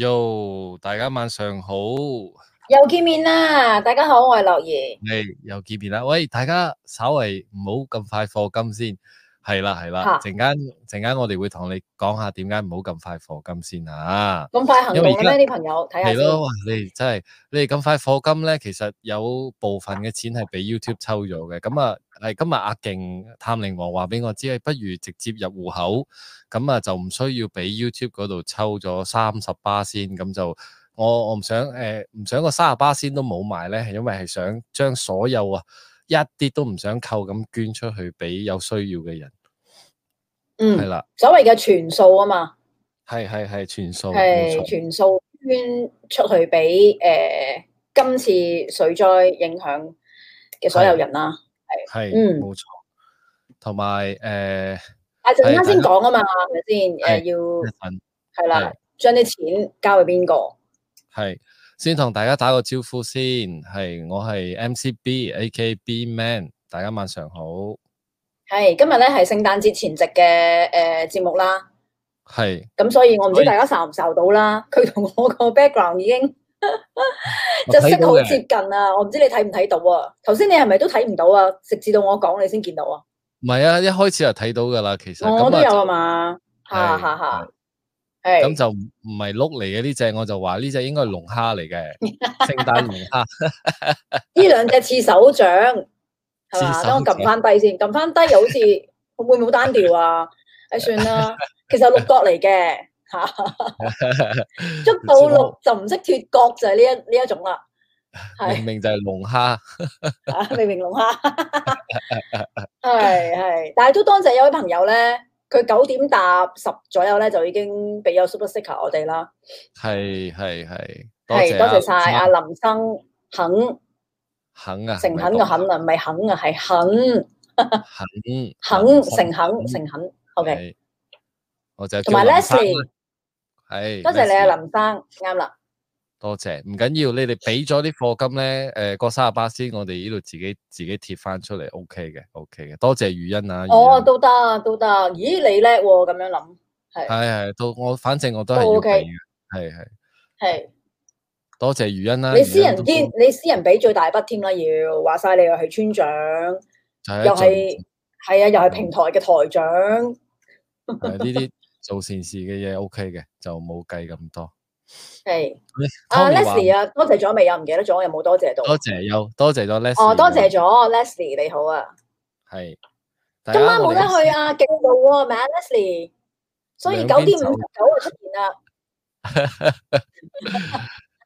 喲，大家晚上好，又見面啦！大家好，我係樂爺，係又見面啦。喂，大家稍微唔好咁快課金先。係啦係啦，陣間陣間我哋會同你講下點解唔好咁快課金先啊！咁快行動呢啲朋友睇下係咯，你真係你哋咁快課金咧，其實有部分嘅錢係俾 YouTube 抽咗嘅。咁啊，係今日阿勁探靈王話俾我知，不如直接入戶口，咁啊就唔需要俾 YouTube 嗰度抽咗三十巴先。咁就我我唔想誒，唔、呃、想個三十巴先都冇埋咧，係因為係想將所有啊。一啲都唔想扣，咁捐出去俾有需要嘅人，嗯，係啦，所謂嘅全數啊嘛，係係係全數，係全數捐出去俾誒、呃、今次水災影響嘅所有人啦，係，係，嗯，冇錯，同埋誒，阿鄭啱先講啊嘛，係咪先？誒，要係啦，將啲錢交俾邊個？係。先同大家打個招呼先，係我係 MCB AKB Man，大家晚上好。係今日咧係聖誕節前夕嘅，誒節目啦。係咁，所以我唔知大家受唔受到啦。佢同我個 background 已經就識好接近啊！我唔知你睇唔睇到啊？頭先你係咪都睇唔到啊？直至到我講你先見到啊？唔係啊，一開始就睇到噶啦，其實我都有啊嘛，哈哈哈。咁、嗯、就唔唔係鹿嚟嘅呢隻，我就話呢隻應該係龍蝦嚟嘅，聖誕龍蝦。呢兩隻似手掌，係嘛？等我撳翻低先，撳翻低又好似 會唔會好單調啊？唉、哎，算啦，其實鹿角嚟嘅吓，捉 到 鹿就唔識脫角就係呢一呢 一種啦。明明就係龍蝦， 明明龍蝦，係 係， 但係都多謝有位朋友咧。佢九點搭十左右咧，就已經俾有 super secret 我哋啦。係係係，係多謝晒阿林生，肯肯啊，誠懇個肯啊，唔係肯啊，係肯，肯肯誠懇誠懇，OK。我就同埋 Leslie，係多謝你啊，林生，啱、啊、啦。 多謝，唔緊要，你哋俾咗啲貨金咧，誒、呃，三廿八先，我哋呢度自己自己貼翻出嚟，OK 嘅，OK 嘅，多謝余欣啊。欣哦，都得，都得，咦，你叻喎、啊，咁樣諗，係係係，都我反正我都係要俾嘅 OK，嘅，係係係，多謝余欣啦、啊。你私人添，你私人俾最大筆添啦，要話晒你又係村長，又係，係啊，又係、啊、平台嘅台長，呢啲、啊、 做善事嘅嘢 OK 嘅，就冇計咁多。係啊，Leslie 啊，多謝咗未啊？唔記得咗有冇多謝到？多謝優，多謝咗 Leslie。哦，多謝咗 Leslie，你好啊。係。今晚冇得去啊，勁到喎，係咪啊，Leslie？所以九點五十九就出現啦。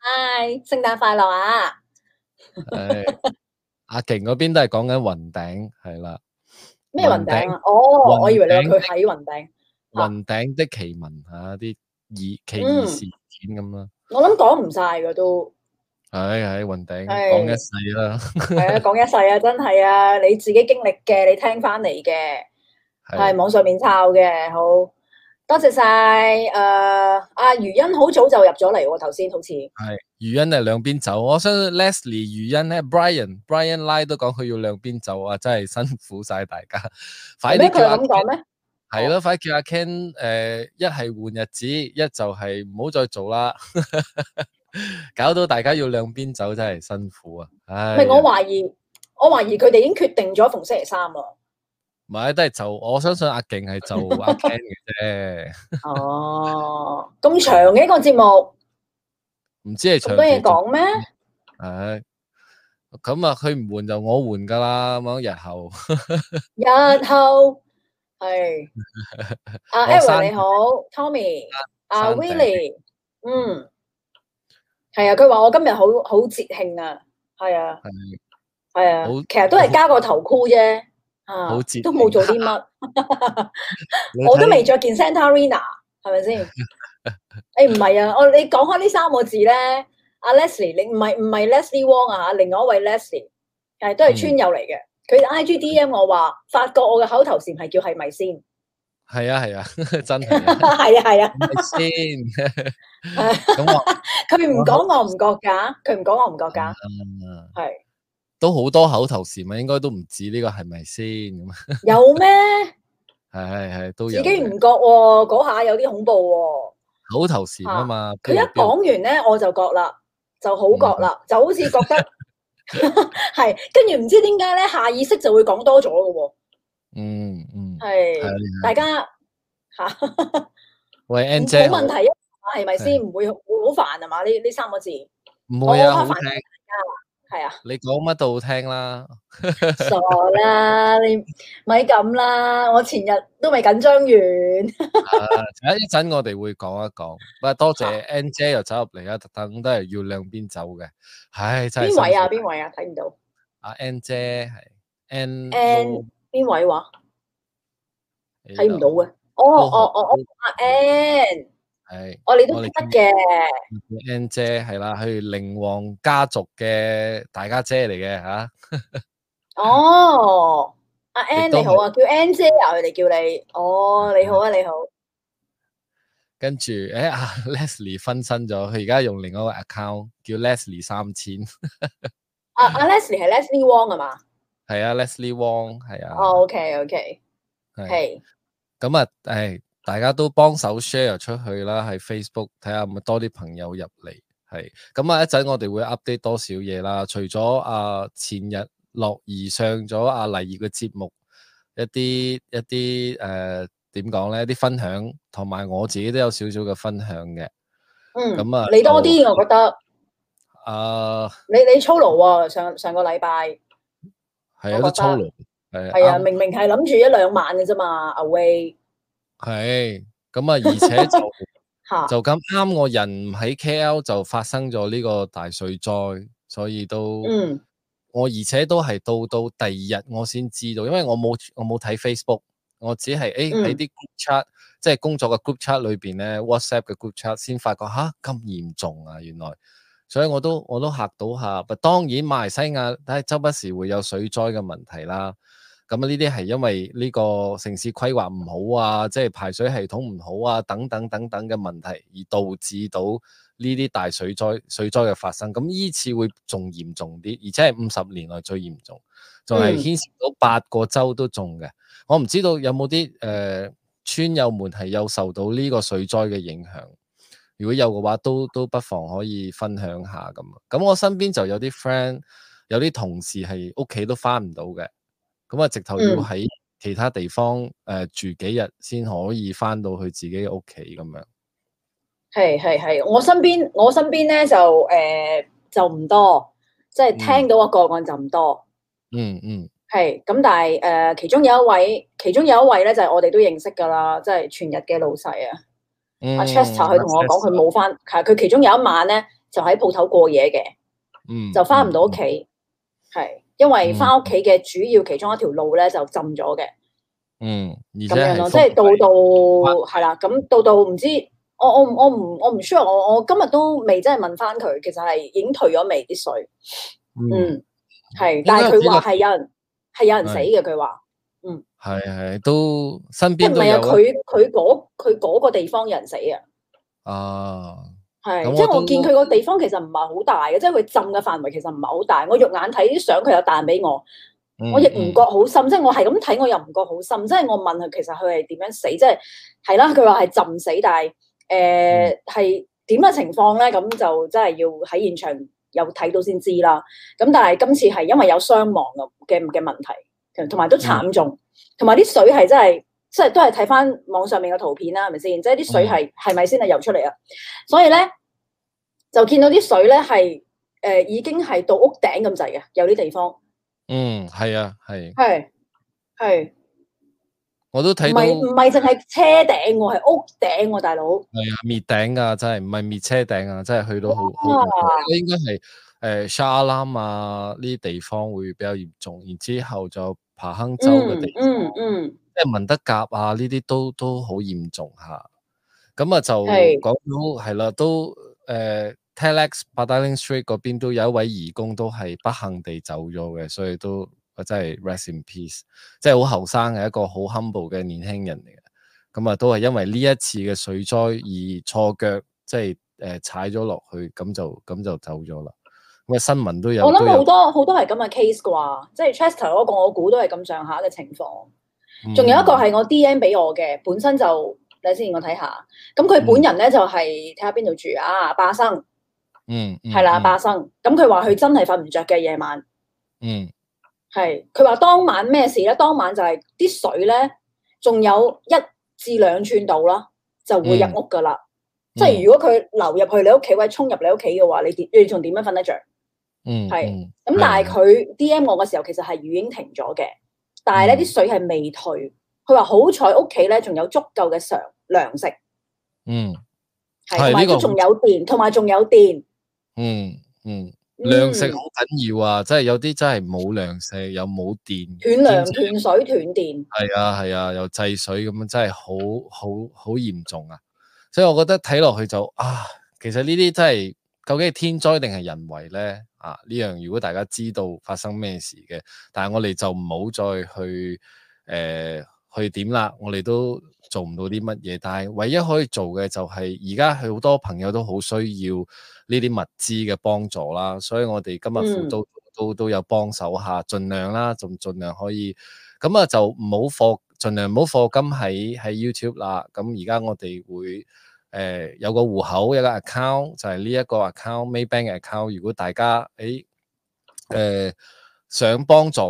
Hi，聖誕快樂啊！係。阿瓊嗰邊都係講緊雲頂，係啦。咩雲頂？哦，我以為你話佢喺雲頂。雲頂的奇聞吓啲。以奇異事件咁、嗯、啦，我諗講唔晒噶都，係喺雲頂講一世啦，係啊講一世啊真係啊，你自己經歷嘅，你聽翻嚟嘅，係網上面抄嘅，好多謝晒。誒、呃，阿、啊、余欣好早就入咗嚟，頭先好似係余欣係兩邊走，我相信 Leslie 余欣咧，Brian Brian l i 拉都講佢要兩邊走啊，真係辛苦晒大家。咩佢咁講咩？ 係、哦、咯，快叫阿 Ken，誒、呃，一係換日子，一就係唔好再做啦， 搞到大家要兩邊走真係辛苦啊！唔係我懷疑，哎、我懷疑佢哋已經決定咗逢星期三喎。唔係，都係就我相信阿勁係就阿 Ken 嘅啫、 啊。 哦，咁長嘅一個節目，唔知係長咩嘢講咩？唉、哎，咁啊，佢唔換就我換噶啦，咁樣日後，日後。 日後係，阿、 uh, Eva 你好，Tommy，阿、啊、Willie，嗯，係、嗯、啊，佢話我今日好好節慶啊，係、嗯、啊，係啊，其實都係加個頭箍啫，啊，好都冇做啲乜， 你看 我都未着件 Santa Rena，係咪先？誒、 哎，唔係啊，我你講開呢三個字咧，阿、 啊、Leslie，你唔係唔係 Leslie Wong 啊，另外一位 Leslie，係都係村友嚟嘅。嗯佢 I G D M 我話，發覺我嘅口頭禪係叫係咪先？係啊係啊，真係。係啊係啊，先咁、啊啊啊啊啊、 我佢唔講我唔覺噶，佢唔講我唔覺噶，係、啊啊啊、都好多口頭禪 啊，應該都唔止呢個係咪先咁？有咩？係係係都有。自己唔覺嗰、啊、下有啲恐怖喎、啊，口頭禪啊嘛。佢、啊、一講完咧，我就覺啦，就好覺啦、啊，就好似覺得。 係， 跟住唔知點解咧，下意識就會講多咗嘅。嗯嗯，係，大家吓， 喂，Angie，冇問題啊，係咪先？唔會，會好煩啊嘛？呢呢三個字，唔會啊。哦。係啊，你講乜都好聽啦，傻啦，你咪咁啦，我前日都未緊張完，一陣我哋會講一講，唔係多謝 N 姐又走入嚟啊，特登都係要兩邊走嘅，唉真係邊位啊邊位啊，睇唔到，阿 N 姐係 N N 邊位話睇唔到嘅，哦哦哦哦阿 N。係，我你都得嘅。叫 N 姐係啦，佢靈王家族嘅大家姐嚟嘅吓。哦，阿 N 你好啊，叫 N 姐啊，佢哋叫你。哦，你好啊，你好。跟住，誒，阿 Leslie 分身咗，佢而家用另一個 account 叫 Leslie 三千。阿阿 Leslie 係 Leslie Wong 係嘛？係啊，Leslie Wong 係啊。OK OK，係。咁啊，誒。大家都幫手 share 出去啦，喺 Facebook 睇下咪多啲朋友入嚟。係咁啊，一陣我哋會 update 多少嘢啦。除咗阿、啊、前日樂兒上咗阿麗兒嘅節目，一啲一啲誒，點講咧？啲分享同埋我自己都有少少嘅分享嘅。嗯，咁啊，你多啲、啊啊啊，我覺得。啊！你你粗魯啊！上上個禮拜係有啲粗魯，係係啊！明明係諗住一兩晚嘅啫嘛，阿、啊啊係咁啊，而且就 就咁啱，我人喺 KL 就發生咗呢個大水災，所以都、嗯、我而且都係到到第二日我先知道，因為我冇我冇睇 Facebook，我只係誒喺啲 group chat，即係工作嘅 group chat 裏邊咧，WhatsApp 嘅 group chat 先發覺吓咁嚴重啊，原來、啊，所以我都我都嚇到下，但當然馬來西亞但係周不時會有水災嘅問題啦。咁呢啲係因為呢個城市規劃唔好啊，即係排水系統唔好啊，等等等等嘅問題而導致到呢啲大水災水災嘅發生。咁依次會仲嚴重啲，而且係五十年來最嚴重，就係牽涉到八個州都中嘅。嗯。我唔知道有冇啲、呃、村友們係有受到呢個水災嘅影響。如果有嘅話，都都不妨可以分享下咁。咁我身邊就有啲 friend，有啲同事係屋企都返唔到嘅。咁啊，直頭要喺其他地方誒、嗯呃、住幾日，先可以翻到去自己屋企咁樣。係係係，我身邊我身邊咧就誒、呃、就唔多，即、就、係、是、聽到個案就唔多。嗯嗯，係咁，但係誒、呃、其中有一位，其中有一位咧就係、是、我哋都認識噶啦，即、就、係、是、全日嘅老細啊。阿、嗯、Chester 佢同我講，佢冇翻，其實佢其中有一晚咧就喺鋪頭過夜嘅，嗯，就翻唔到屋企，係、嗯。因為翻屋企嘅主要其中一條路咧就浸咗嘅，嗯，咁樣咯，即係到到係啦，咁、啊、到到唔知我我我唔我唔 sure，我我今日都未真係問翻佢，其實係已經退咗未啲水，嗯，係，但係佢話係有人係有人死嘅，佢話，嗯，係係都身邊唔係啊，佢佢嗰佢嗰個地方有人死啊，啊。係，即係我見佢個地方其實唔係好大嘅，即係佢浸嘅範圍其實唔係好大。我肉眼睇啲相佢有彈俾我、嗯，我亦唔覺好深、嗯，即係我係咁睇我又唔覺好深。即係我問佢其實佢係點樣死，即係係啦，佢話係浸死，但係誒係點嘅情況咧？咁就真係要喺現場有睇到先知啦。咁但係今次係因為有傷亡嘅嘅問題，同埋都慘重，同埋啲水係真係。即係都係睇翻網上面嘅圖片啦，係咪先？即係啲水係係咪先係流出嚟啊？所以咧就見到啲水咧係誒已經係到屋頂咁滯嘅，有啲地方。嗯，係啊，係係係。我都睇到，唔係淨係車頂喎，啊，係屋頂喎，啊，大佬。係啊，滅頂啊，真係唔係滅車頂啊，真係去到好，啊。應該係誒沙灘啊，呢啲地方會比較嚴重，然之後就爬坑州嘅地。嗯嗯。嗯即係文德甲啊，呢啲都都好嚴重吓，咁啊就講到係啦，都誒、呃、Telex Petaling Street 嗰邊都有一位義工都係不幸地走咗嘅，所以都啊真係 Rest in peace，即係好後生係一個好 humble 嘅年輕人嚟嘅，咁啊都係因為呢一次嘅水災而錯腳，即係誒踩咗落去，咁就咁就走咗啦。咁啊新聞都有，我諗好多好多係咁嘅 case 啩，即係 Chester 嗰個我估都係咁上下嘅情況。仲有一個係我 D M 俾我嘅，本身就睇下先看看，我睇下。咁佢本人咧就係睇下邊度住啊，巴生。嗯，係、嗯、啦，巴生。咁佢話佢真係瞓唔着嘅夜晚。嗯，係。佢話當晚咩事咧？當晚就係啲水咧，仲有一至兩寸度啦，就會入屋噶啦、嗯。即係如果佢流入去你屋企，或者衝入你屋企嘅話，你點你仲點樣瞓得着？嗯，係。咁但係佢 D M 我嘅時候，其實係雨已經停咗嘅。但係咧，啲水係未退。佢話好彩屋企咧，仲有足夠嘅糧糧食。嗯，係同埋仲有電，同埋仲有電。嗯嗯，糧食好緊要啊！即、嗯、係有啲真係冇糧食又冇電，斷糧斷水斷電。係啊係啊，又制、啊、水咁樣，真係好好好嚴重啊！所以我覺得睇落去就啊，其實呢啲真係。究竟係天災定係人為咧？啊，呢樣如果大家知道發生咩事嘅，但係我哋就唔好再去，誒、呃，去點啦？我哋都做唔到啲乜嘢，但係唯一可以做嘅就係而家好多朋友都好需要呢啲物資嘅幫助啦，所以我哋今日都都、嗯、都有幫手下，盡量啦，仲盡量可以，咁啊就唔好課，盡量唔好課金喺喺 YouTube 啦。咁而家我哋會。誒、呃、有個戶口，有個 account 就係呢一個 account，Maybank account。如果大家、哎呃、想幫助、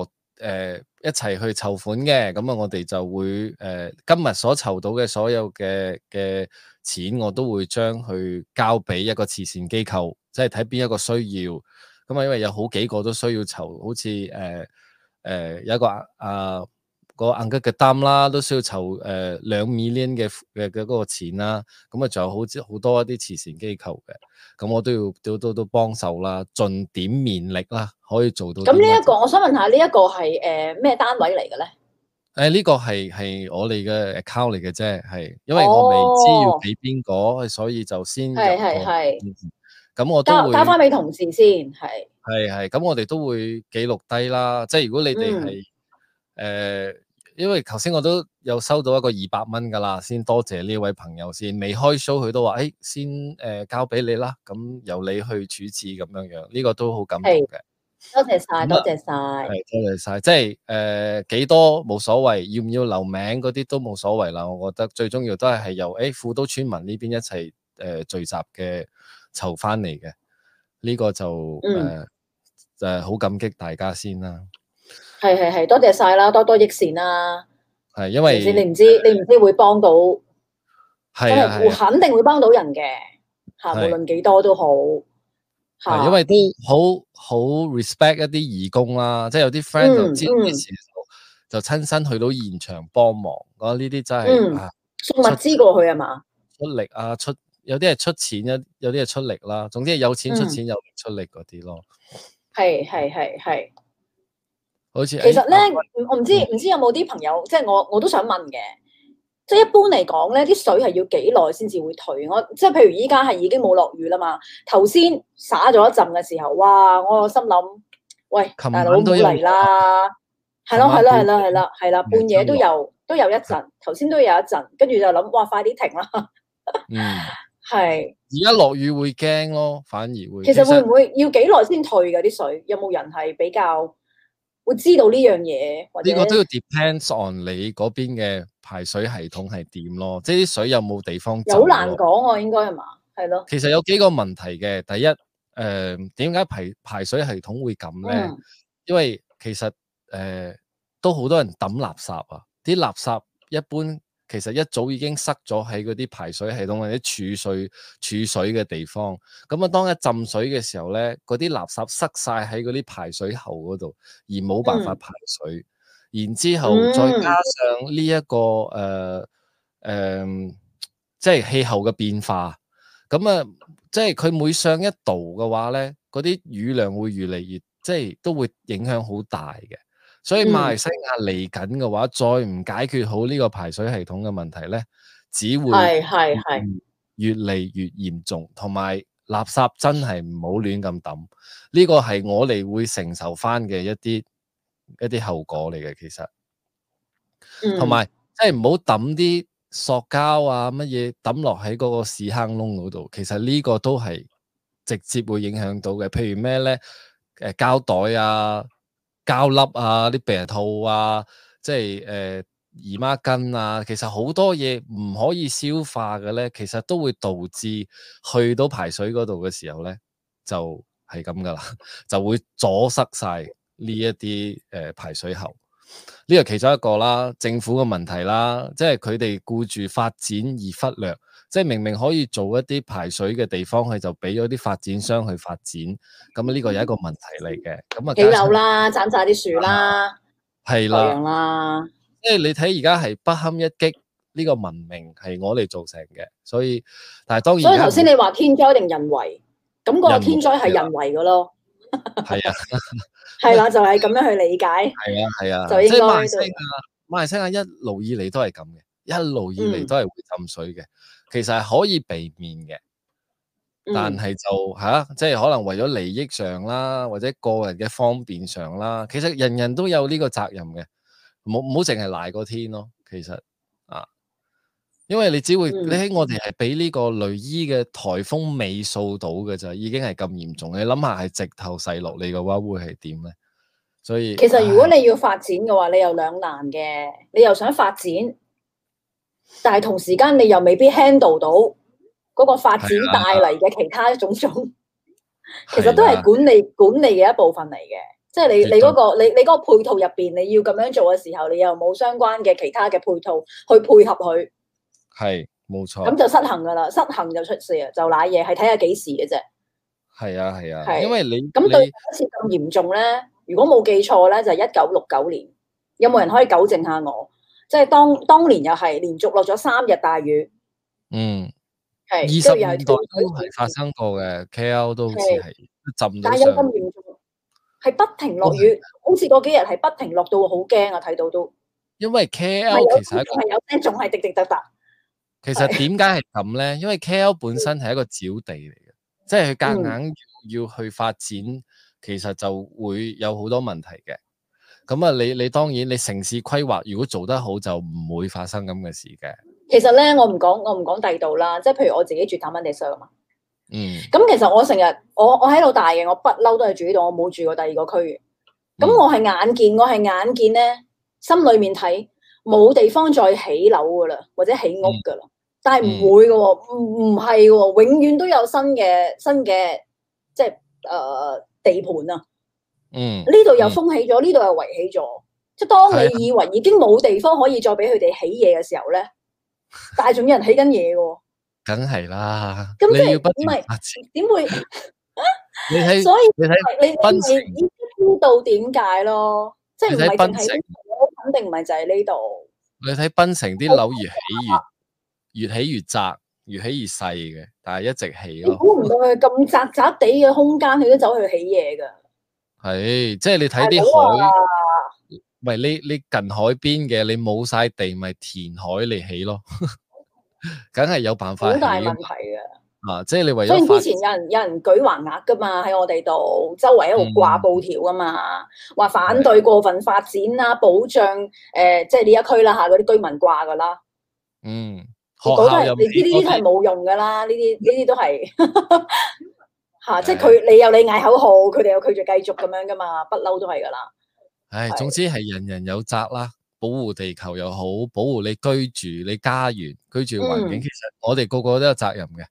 呃、一齊去籌款嘅，咁、嗯、啊我哋就會、呃、今日所籌到嘅所有嘅嘅錢，我都會將佢交俾一個慈善機構，即係睇邊一個需要。咁、嗯、啊，因為有好幾個都需要籌，好似、呃呃、有一有個啊。個應吉嘅單啦，都需要籌誒兩 million 嘅嘅嘅個錢啦。咁啊，仲有好之好多一啲慈善機構嘅，咁我都要都都都幫手啦，盡點勉力啦，可以做到。咁呢一個，我想問下，呢、這、一個係誒咩單位嚟嘅咧？誒、哎，呢、這個係係我哋嘅 account 嚟嘅啫，係因為我未知要俾邊個，所以就先係係。咁、哦、我都會交翻俾同事先，係係係。咁我哋都會記錄低啦。即係如果你哋係誒。嗯因為頭先我都有收到一個二百蚊噶啦，先多謝呢位朋友先。未開 show 佢都話，誒、哎，先誒、呃、交俾你啦，咁由你去處置咁樣樣。呢、這個都好感動嘅。多謝晒，多謝晒。係多謝晒，即係誒幾多冇所謂，要唔要留名嗰啲都冇所謂啦。我覺得最重要都係係由誒富、呃、都村民呢邊一齊誒、呃、聚集嘅籌翻嚟嘅。呢、這個就誒誒好感激大家先啦。係係係，多謝晒啦，多多益善啦、啊。係因為整整你唔知，你唔知會幫到，係會、啊、肯定會幫到人嘅嚇、啊，無論幾多都好嚇。因為啲，好好 respect 一啲義工啦、啊，即係有啲 friend、嗯、就知，就就親身去到現場幫忙。我呢啲真係送物資過去係嘛？出力啊，出有啲係出錢一，有啲係出力啦。總之係有、嗯、有錢出錢，有力出力嗰啲咯。係係係係。好似，其實咧、啊，我唔知唔、嗯、知道有冇啲朋友，即、就、係、是、我我都想問嘅，即、就、係、是、一般嚟講咧，啲水係要幾耐先至會退？我即係、就是、譬如依家係已經冇落雨啦嘛，頭先灑咗一陣嘅時候，哇！我心諗，喂，大佬嚟啦，係咯係啦係啦係啦係啦，半夜都有都有一陣，頭先都有一陣，跟住就諗，哇！快啲停啦，係、嗯。而家落雨會驚咯，反而會。其實，其實會唔會要幾耐先退㗎啲水？有冇人係比較？會知道呢樣嘢，呢個都要 depends on 你嗰邊嘅排水系統係點咯，即係啲水有冇地方走。好難講啊，應該係嘛，係咯。其實有幾個問題嘅，第一，誒，點解排排水系統會咁咧？因為其實誒，都好多人抌垃圾啊，啲垃圾一般。其實一早已經塞咗喺嗰啲排水系統或者儲水儲水嘅地方，咁啊當一浸水嘅時候咧，嗰啲垃圾塞晒喺嗰啲排水喉嗰度，而冇辦法排水，嗯、然之後再加上呢、這、一個誒誒、嗯呃呃，即係氣候嘅變化，咁啊即係佢每上一度嘅話咧，嗰啲雨量會越嚟越即係都會影響好大嘅。所以馬來西亞嚟緊嘅話，嗯、再唔解決好呢個排水系統嘅問題咧，只會係係係越嚟越嚴重，同埋垃圾真係唔好亂咁抌，呢、呢個係我哋會承受翻嘅一啲一啲後果嚟嘅。其實，同、嗯、埋即係唔好抌啲塑膠啊乜嘢抌落喺嗰個屎坑窿嗰度，其實呢個都係直接會影響到嘅。譬如咩咧？誒、呃，膠袋啊。膠粒啊，啲病套啊，即係誒、呃、姨媽巾啊，其實好多嘢唔可以消化嘅咧，其實都會導致去到排水嗰度嘅時候咧，就係咁噶啦，就會阻塞晒呢一啲誒排水喉。呢個其中一個啦，政府嘅問題啦，即係佢哋顧住發展而忽略。即係明明可以做一啲排水嘅地方，佢就俾咗啲發展商去發展，咁呢個有一個問題嚟嘅。咁啊，幾樓啦，斬晒啲樹啦，係啦，即係你睇而家係不堪一擊，呢、呢個文明係我哋造成嘅，所以但係當然。所以頭先你話天災定人為，咁個天災係人為嘅咯。係啊，係 啦，就係、是、咁樣去理解。係啊係啊，即馬來西亞，馬來西亞一路以嚟都係咁嘅，一路以嚟都係會浸水嘅。嗯其實係可以避免嘅，但係就吓、嗯啊，即係可能為咗利益上啦，或者個人嘅方便上啦，其實人人都有呢個責任嘅，唔好淨係賴個天咯。其實啊，因為你只會、嗯、你喺我哋係俾呢個雷伊嘅颱風尾掃到嘅啫，已經係咁嚴重。你諗下係直頭細落嚟，嘅話，會係點咧？所以其實如果你要發展嘅話、哎，你有兩難嘅，你又想發展。但係同時間你又未必 handle 到嗰個發展帶嚟嘅其他種種、啊，其實都係管理、啊、管理嘅一部分嚟嘅，即係你你嗰個你你嗰個配套入邊你要咁樣做嘅時候，你又冇相關嘅其他嘅配套去配合佢，係冇錯，咁就失衡噶啦，失衡就出事，就出事啊，就瀨嘢係睇下幾時嘅啫，係啊係啊，係因為你咁對好似咁嚴重咧。如果冇記錯咧就係一九六九年，有冇人可以糾正下我？即係當當年又係連續落咗三日大雨，嗯，係二十年代都係發生過嘅，KL 都好似係浸到上，係不停落雨，好似嗰幾日係不停落到好驚啊！睇到都，因為 KL 其實係有啲仲係滴滴答答。其實點解係咁咧？因為 KL 本身係一個沼地嚟嘅，即係佢夾硬要、嗯、要去發展，其實就會有好多問題嘅。咁啊，你你當然，你城市規劃如果做得好，就唔會發生咁嘅事嘅。其實咧，我唔講，我唔講第二度啦。即係譬如我自己住坦蚊地商啊嘛。嗯。咁其實我成日，我我喺度大嘅，我不嬲都係住呢度，我冇住，住過第二個區域。咁、嗯、我係眼見，我係眼見咧，心裏面睇冇地方再起樓噶啦，或者起屋噶啦、嗯。但係唔會嘅喎、哦，唔唔係喎，永遠都有新嘅新嘅，即係誒、呃、地盤啊。嗯，呢度又封起咗，呢、嗯、度又圍起咗，即係當你以為已經冇地方可以再俾佢哋起嘢嘅時候咧，但係仲有人起緊嘢嘅，梗係啦。咁即係唔係點會？你睇， 所以你睇，你唔係已經知道點解咯？即係唔係？你睇檳城，我肯定唔係就喺呢度。你睇檳城啲樓越起越越起越窄，越起越細嘅，但係一直起。估唔到佢咁窄窄地嘅空間，佢都走去起嘢噶。係，即係你睇啲海，唔係你你近海邊嘅，你冇晒地，咪填海嚟起咯，梗 係有辦法。好大問題嘅。啊，即係你為咗，所以之前有人有人舉橫額噶嘛，喺我哋度周圍一路掛布條噶嘛，話、嗯、反對過分發展啊，保障誒、呃，即係呢一區啦吓，嗰啲居民掛噶啦。嗯，嗰啲係你知呢啲都係冇用噶啦，呢啲呢啲都係。 吓、啊，即係佢，你有你嗌口號，佢哋有佢就繼續咁樣噶嘛，不嬲都係噶啦。唉，總之係人人有責啦，保護地球又好，保護你居住你家園居住環境，嗯、其實我哋個個都有責任嘅。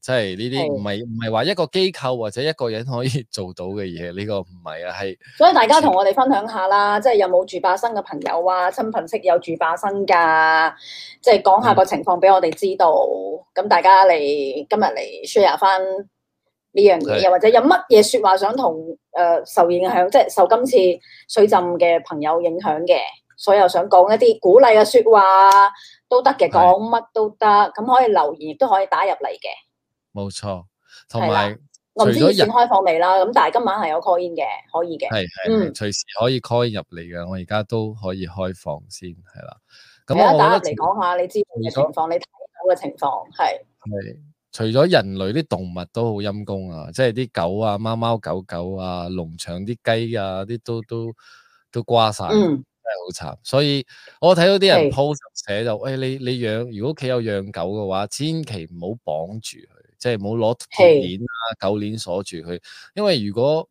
即係呢啲唔係唔係話一個機構或者一個人可以做到嘅嘢，呢個唔係啊，係。所以大家同我哋分享下啦，即係有冇住罷生嘅朋友啊，親朋戚友住罷生噶，即係講下個情況俾我哋知道。咁、嗯、大家嚟今日嚟 share 翻，呢樣嘢，又或者有乜嘢説話想同誒、呃、受影響，即係受今次水浸嘅朋友影響嘅，所以又想講一啲鼓勵嘅説話都得嘅，講乜都得，咁可以留言，都可以打入嚟嘅。冇錯，同埋、啊，我唔知以前開放未啦，咁但係今晚係有 call in 嘅，可以嘅。係係，隨、嗯、時可以 call 入嚟嘅，我而家都可以開放先，係啦、啊。咁打入嚟講下你知道嘅情況，你睇到嘅情況係。除咗人類，啲動物都好陰功啊！即係啲狗啊、貓貓狗狗啊、農場啲雞啊，啲都都都瓜晒、嗯，真係好慘。所以我睇到啲人 po 寫就，誒、哎、你你養，如果屋企有養狗嘅話，千祈唔好綁住佢，即係唔好攞鐵鏈啊、狗鏈鎖住佢，因為如果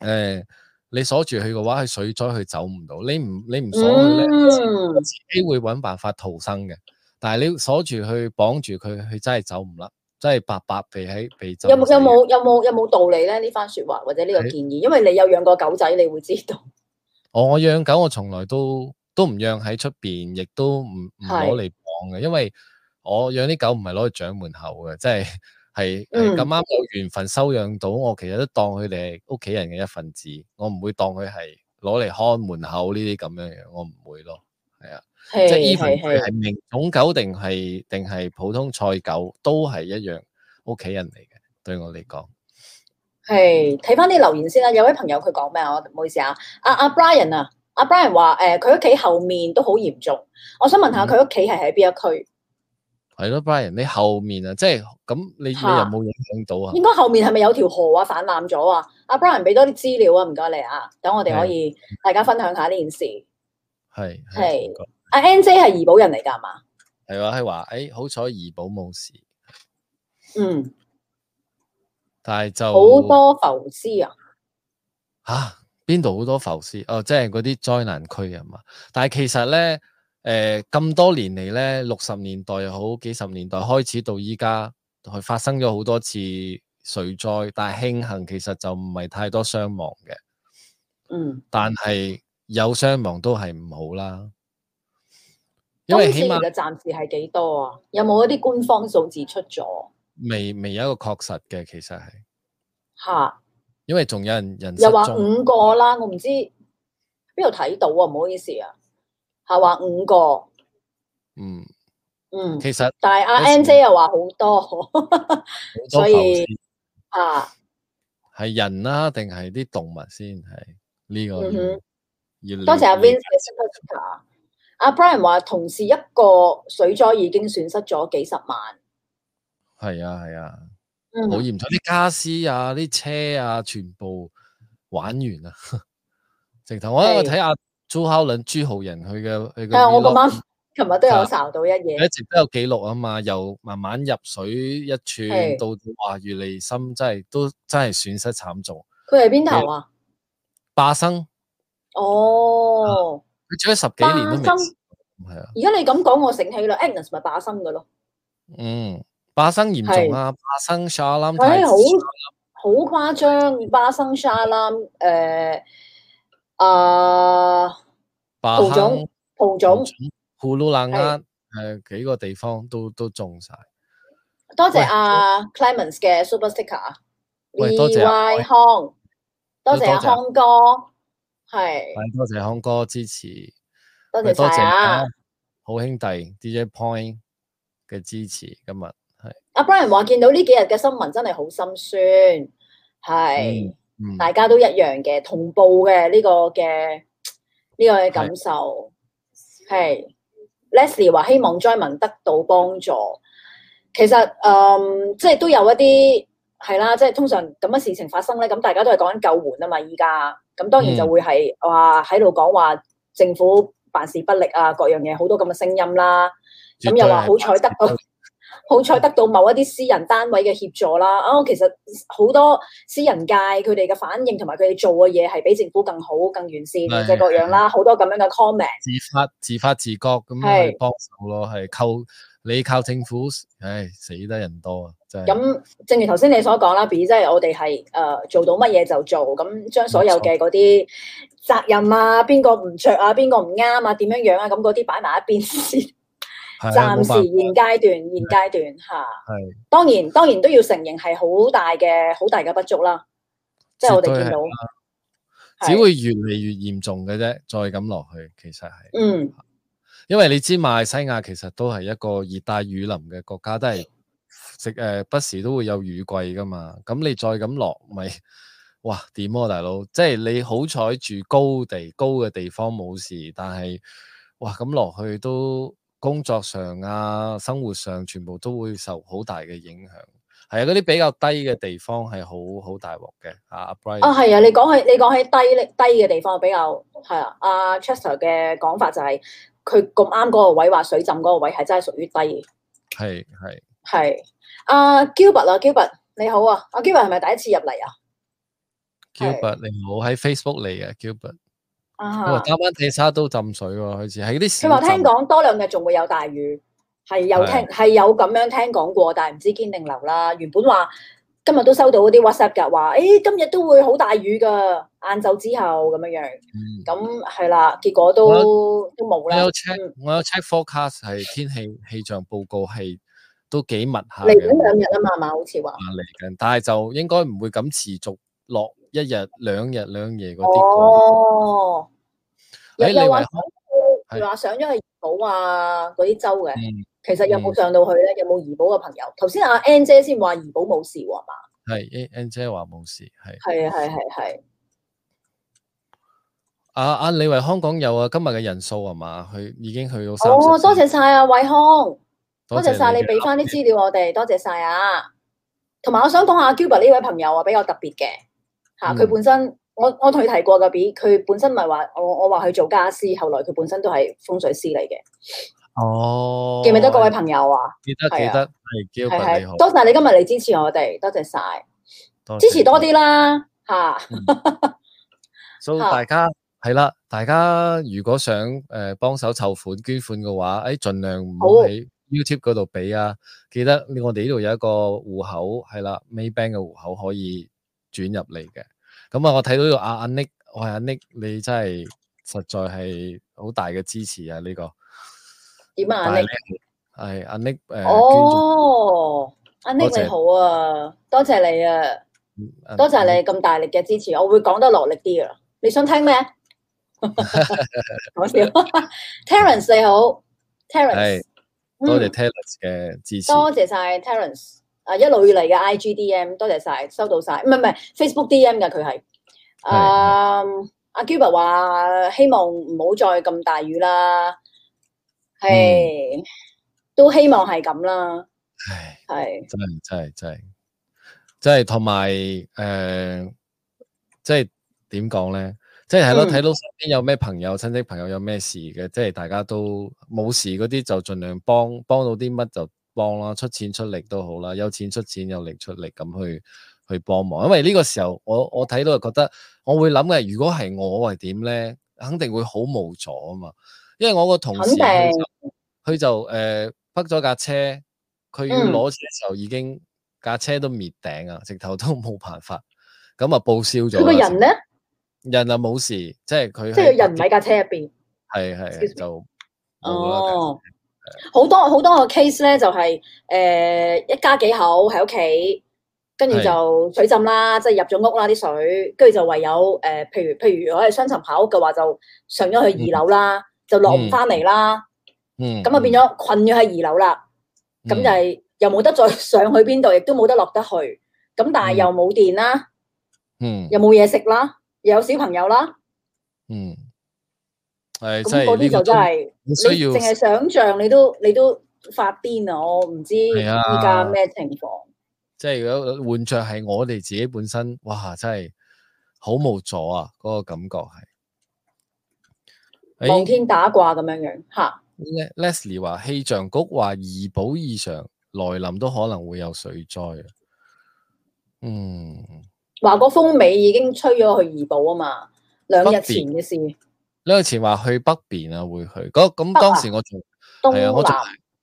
誒、呃、你鎖住佢嘅話，佢水災佢走唔到。你唔你唔鎖佢、嗯、自己會揾辦法逃生嘅。但係你鎖住佢、綁住佢，佢真係走唔甩。即係白白被喺被，有冇有冇有冇有冇道理咧？呢番說話或者呢個建議，因為你有養過狗仔，你會知道。哦、我我養狗，我從來都都唔養喺出邊，亦都唔唔攞嚟講嘅。因為我養啲狗唔係攞去掌門口嘅，即係係咁啱有緣分收養到、嗯、我，其實都當佢哋係屋企人嘅一份子，我唔會當佢係攞嚟看門口呢啲咁樣樣，我唔會咯，係啊。即係，無論佢係名種狗定係定係普通菜狗，都係一樣屋企人嚟嘅。對我嚟講，係睇翻啲留言先啦。有位朋友佢講咩啊？我唔好意思啊，阿、啊、阿、啊、Brian 啊，阿、啊、Brian 話誒，佢屋企後面都好嚴重。我想問下佢屋企係喺邊一區？係咯，Brian，你後面啊，即係咁，你你有冇影響到啊？應該後面係咪有條河啊泛濫咗啊？阿、啊、Brian 俾多啲資料啊，唔該你啊，等我哋可以大家分享下呢件事。係係。阿 NZ 係怡保人嚟噶，係嘛？係啊，係話誒，哎、好彩怡保冇事。嗯，但係就好多浮屍啊！吓，邊度好多浮屍？哦，即係嗰啲災難區啊嘛。但係其實咧，誒、呃、咁多年嚟咧，六十年代又好，幾十年代開始到依家，係發生咗好多次水災，但係慶幸其實就唔係太多傷亡嘅。嗯。但係有傷亡都係唔好啦。因為嘅暫時係幾多啊？有冇一啲官方數字出咗未？未有一個確實嘅，其實係吓。因為仲有人，人又話五個啦，我唔知邊度睇到啊，唔好意思啊，係話五個。嗯嗯，其實但係阿 NJ 又話好多，所以啊，係人啦定係啲動物先係呢、這個嗯這個？多謝阿 Vin。阿 Brian 話，同事一個水災已經損失咗幾十萬。係啊，係啊，好、嗯、嚴重。啲家私啊、啲車啊，全部玩完啊。 直頭，我睇下朱孝倫、朱浩仁佢嘅佢嘅。誒、啊，我咁啱，琴日都有查到一嘢，一直都有記錄啊嘛，又慢慢入水一寸，到哇越嚟越深，真係都真係損失慘重。佢喺邊頭啊？霸生。哦。 做咗十幾年都未，係啊！而家你咁講，我醒起啦。Agnes 咪巴生嘅咯，嗯，巴生嚴重啊，巴生 Shah Alam 好好誇張，罷、哎、生 Shah Alam 誒，啊、呃，蒲、呃、總，蒲總，胡魯冷鴨，誒、呃，幾個地方都都中晒，多謝阿 Clemens 嘅 super sticker，多謝 w h o n 多謝阿 Hong Kong。係，多謝康哥支持，多謝、啊、多謝好兄弟 DJ Point 嘅支持，今日係。阿 Brian 話見到呢幾日嘅新聞真係好心酸，係、嗯嗯，大家都一樣嘅同步嘅呢、這個嘅呢、這個嘅感受。係，Leslie 話希望災民得到幫助。其實，嗯，即係都有一啲係啦，即係通常咁嘅事情發生咧，咁大家都係講緊救援啊嘛，依家。咁當然就會係話喺度講話政府辦事不力啊，各樣嘢好多咁嘅聲音啦。咁又話好彩得到好彩得到某一啲私人單位嘅協助啦。哦，其實好多私人界佢哋嘅反應同埋佢哋做嘅嘢係比政府更好、更完善嘅，即係各樣啦，好多咁樣嘅 comment。自發自發自覺咁樣幫手咯，係溝。是你靠政府，唉，死得人多啊！真係。咁，正如頭先你所講啦，B 即係我哋係誒做到乜嘢就做，咁將所有嘅嗰啲責任啊，邊個唔着啊，邊個唔啱啊，點樣樣啊，咁嗰啲擺埋一邊先，暫時現階段，現階段吓。係、啊。當然，當然都要承認係好大嘅，好大嘅不足啦。即係我哋見到，只會越嚟越嚴重嘅啫。再咁落去，其實係。嗯。因為你知馬來西亞其實都係一個熱帶雨林嘅國家，都係食誒不時都會有雨季噶嘛。咁你再咁落咪，哇，點啊大佬！即係你好彩住高地高嘅地方冇事，但係哇，咁落去都工作上啊、生活上全部都會受好大嘅影響。係啊，嗰啲比較低嘅地方係好好大鑊嘅啊。阿 Brian 啊，係啊，你講起你講起低咧低嘅地方比較係啊。阿 Chester 嘅講法就係，是。佢咁啱嗰個位話水浸嗰個位係真係屬於低，係係係。阿、uh, Gilbert 啊，Gilbert 你好啊，阿、uh, Gilbert 係咪第一次入嚟啊？Gilbert 你唔好，喺 Facebook 嚟啊 Gilbert。啊，渣灣睇沙都浸水喎，啊，好似係啲佢話聽講多兩日仲會有大雨，係有聽係有咁樣聽講過，但係唔知堅定流啦。原本話。今日都收到嗰啲 WhatsApp 噶，話誒今日都會好大雨噶，晏晝之後咁樣樣，咁係啦，結果都都冇啦。我有 check，我有 check forecast 係天氣氣象報告，係都幾密下嘅。嚟緊兩日啊嘛嘛，好似話嚟緊，但係就應該唔會咁持續落一日兩日兩夜嗰啲。哦，有又話上，又話上咗去熱島啊，嗰啲州嘅。其實有冇上到去咧，嗯？有冇怡保嘅朋友？頭先阿 n 姐先話怡保冇事喎，係嘛？係 n n 姐話冇事，係。係啊，係係係。阿阿李維康講有啊，今日嘅人數啊，嘛？佢已經去到三十。哦，多謝晒啊，維康，多謝晒你俾翻啲資料我哋，多謝晒啊。同埋，啊，我想講下 Guber 呢位朋友啊，比較特別嘅吓，佢，嗯啊，本身我我同佢提過噶，佢本身咪話我我話佢做家私，後來佢本身都係風水師嚟嘅。哦，記唔記得各位朋友啊？記得記得係，係係、啊、多謝你今日嚟支持我哋，多謝晒，支持多啲啦吓。所以、啊嗯 so, 大家係啦、啊，大家如果想誒幫手籌款捐款嘅話，誒、哎、盡量唔、啊、好喺 YouTube 嗰度俾啊，記得我哋呢度有一個戶口係啦，Maybank 嘅戶口可以轉入嚟嘅。咁、嗯、啊，我睇到呢阿阿 Nick，我係阿 Nick，你真係實在係好大嘅支持啊，呢、這個。點啊，Nick，係，Nick，哦，阿 Nick 你好啊，多謝你啊，啊多謝你咁大力嘅支持，我會講得落力啲噶啦，你想聽咩？講, 笑，Terence 你好，Terence，、嗯、多謝 Terence 嘅支持，多謝晒 Terence，誒一路以嚟嘅 IGDM，多謝晒，收到晒，唔係唔係 Facebook DM 噶佢係，阿 Kuba 話希望唔好再咁大雨啦。係，都希望係咁啦。係真係真係真係，真係同埋誒，即係點講咧？即係係咯，睇、呃、到身邊有咩朋友、親、嗯、戚朋友有咩事嘅，即係大家都冇事嗰啲就盡量幫，幫到啲乜就幫啦，出錢出力都好啦，有錢出錢，有力出力咁去去幫忙。因為呢個時候，我我睇到係覺得我會諗嘅，如果係我係點咧，肯定會好無助啊嘛。因為我個同事佢就誒，泊咗架車，佢攞車嘅時候已經架、嗯、車都滅頂啊，直頭都冇辦法，咁啊報銷咗。佢、個人咧？人啊冇事，即係佢。即係人唔喺架車入邊。係係啊，就哦、是，好多好多個 case 咧，就係誒一家幾口喺屋企，跟住就水浸啦，即係、就是、入咗屋啦啲水，跟住就唯有誒、呃，譬如譬如我係雙層排屋嘅話，就上咗去二樓啦。嗯就落唔翻嚟啦，嗯，咁啊變咗困咗喺二樓啦，咁就係又冇得再上去邊度，亦都冇得落得去，咁但係又冇電啦，嗯，又冇嘢食啦，又有小朋友啦，嗯，係，咁嗰啲就真係，你要淨係想象你都你都發癲啊！我唔知依家咩情況？即係如果換着係我哋自己本身，哇，真係好無助啊！嗰個感覺係。望天打卦咁樣樣吓。Leslie 話氣象局話怡保以上來臨都可能會有水災啊。嗯、哎。話個 風尾已經吹咗去怡保啊嘛，兩日前嘅事。兩日前話去北邊啊，會去。咁咁當時我仲係啊，啊我仲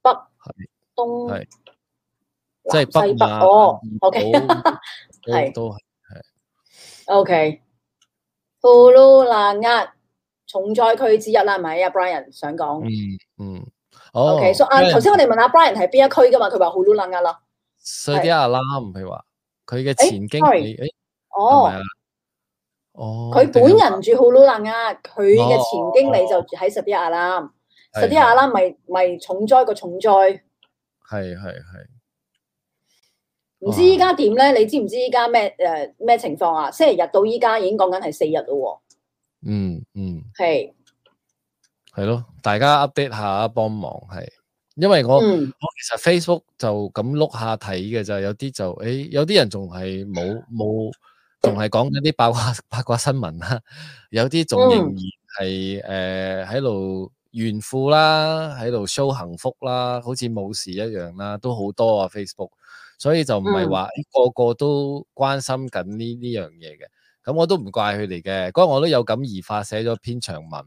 北係東係，即係西北，北哦。O K 係都係係。O K，呼嚕難壓。 重災區之一啦，係咪阿 Brian 想講？嗯嗯、哦、OK so, 嗯。所以啊，頭先我哋問阿 Brian 係邊一區噶嘛？佢話好魯冷啊！啦。實地亞啦，唔係話佢嘅前經理哦、欸、哦，佢、哦、本人住好魯冷啊，佢嘅前經理就住喺實地亞啦。實地亞啦，咪咪重災個重災係係係。唔、啊、知依家點咧？你知唔知依家咩誒咩情況啊？星期日到依家已經講緊係四日啦。喎，嗯嗯。係，係咯，大家 update 下，幫忙係，因為我、嗯、我其實 Facebook 就咁碌下睇嘅，就有啲就誒，有啲人仲係冇冇，仲係講緊啲八卦八卦新聞還、嗯呃、啦，有啲仲仍然係誒喺度炫富啦，喺度 show 幸福啦，好似冇事一樣啦，都好多啊 Facebook，所以就唔係話個個都關心緊呢呢樣嘢嘅。咁我都唔怪佢哋嘅，嗰、那個、我都有感而發，寫咗篇長文，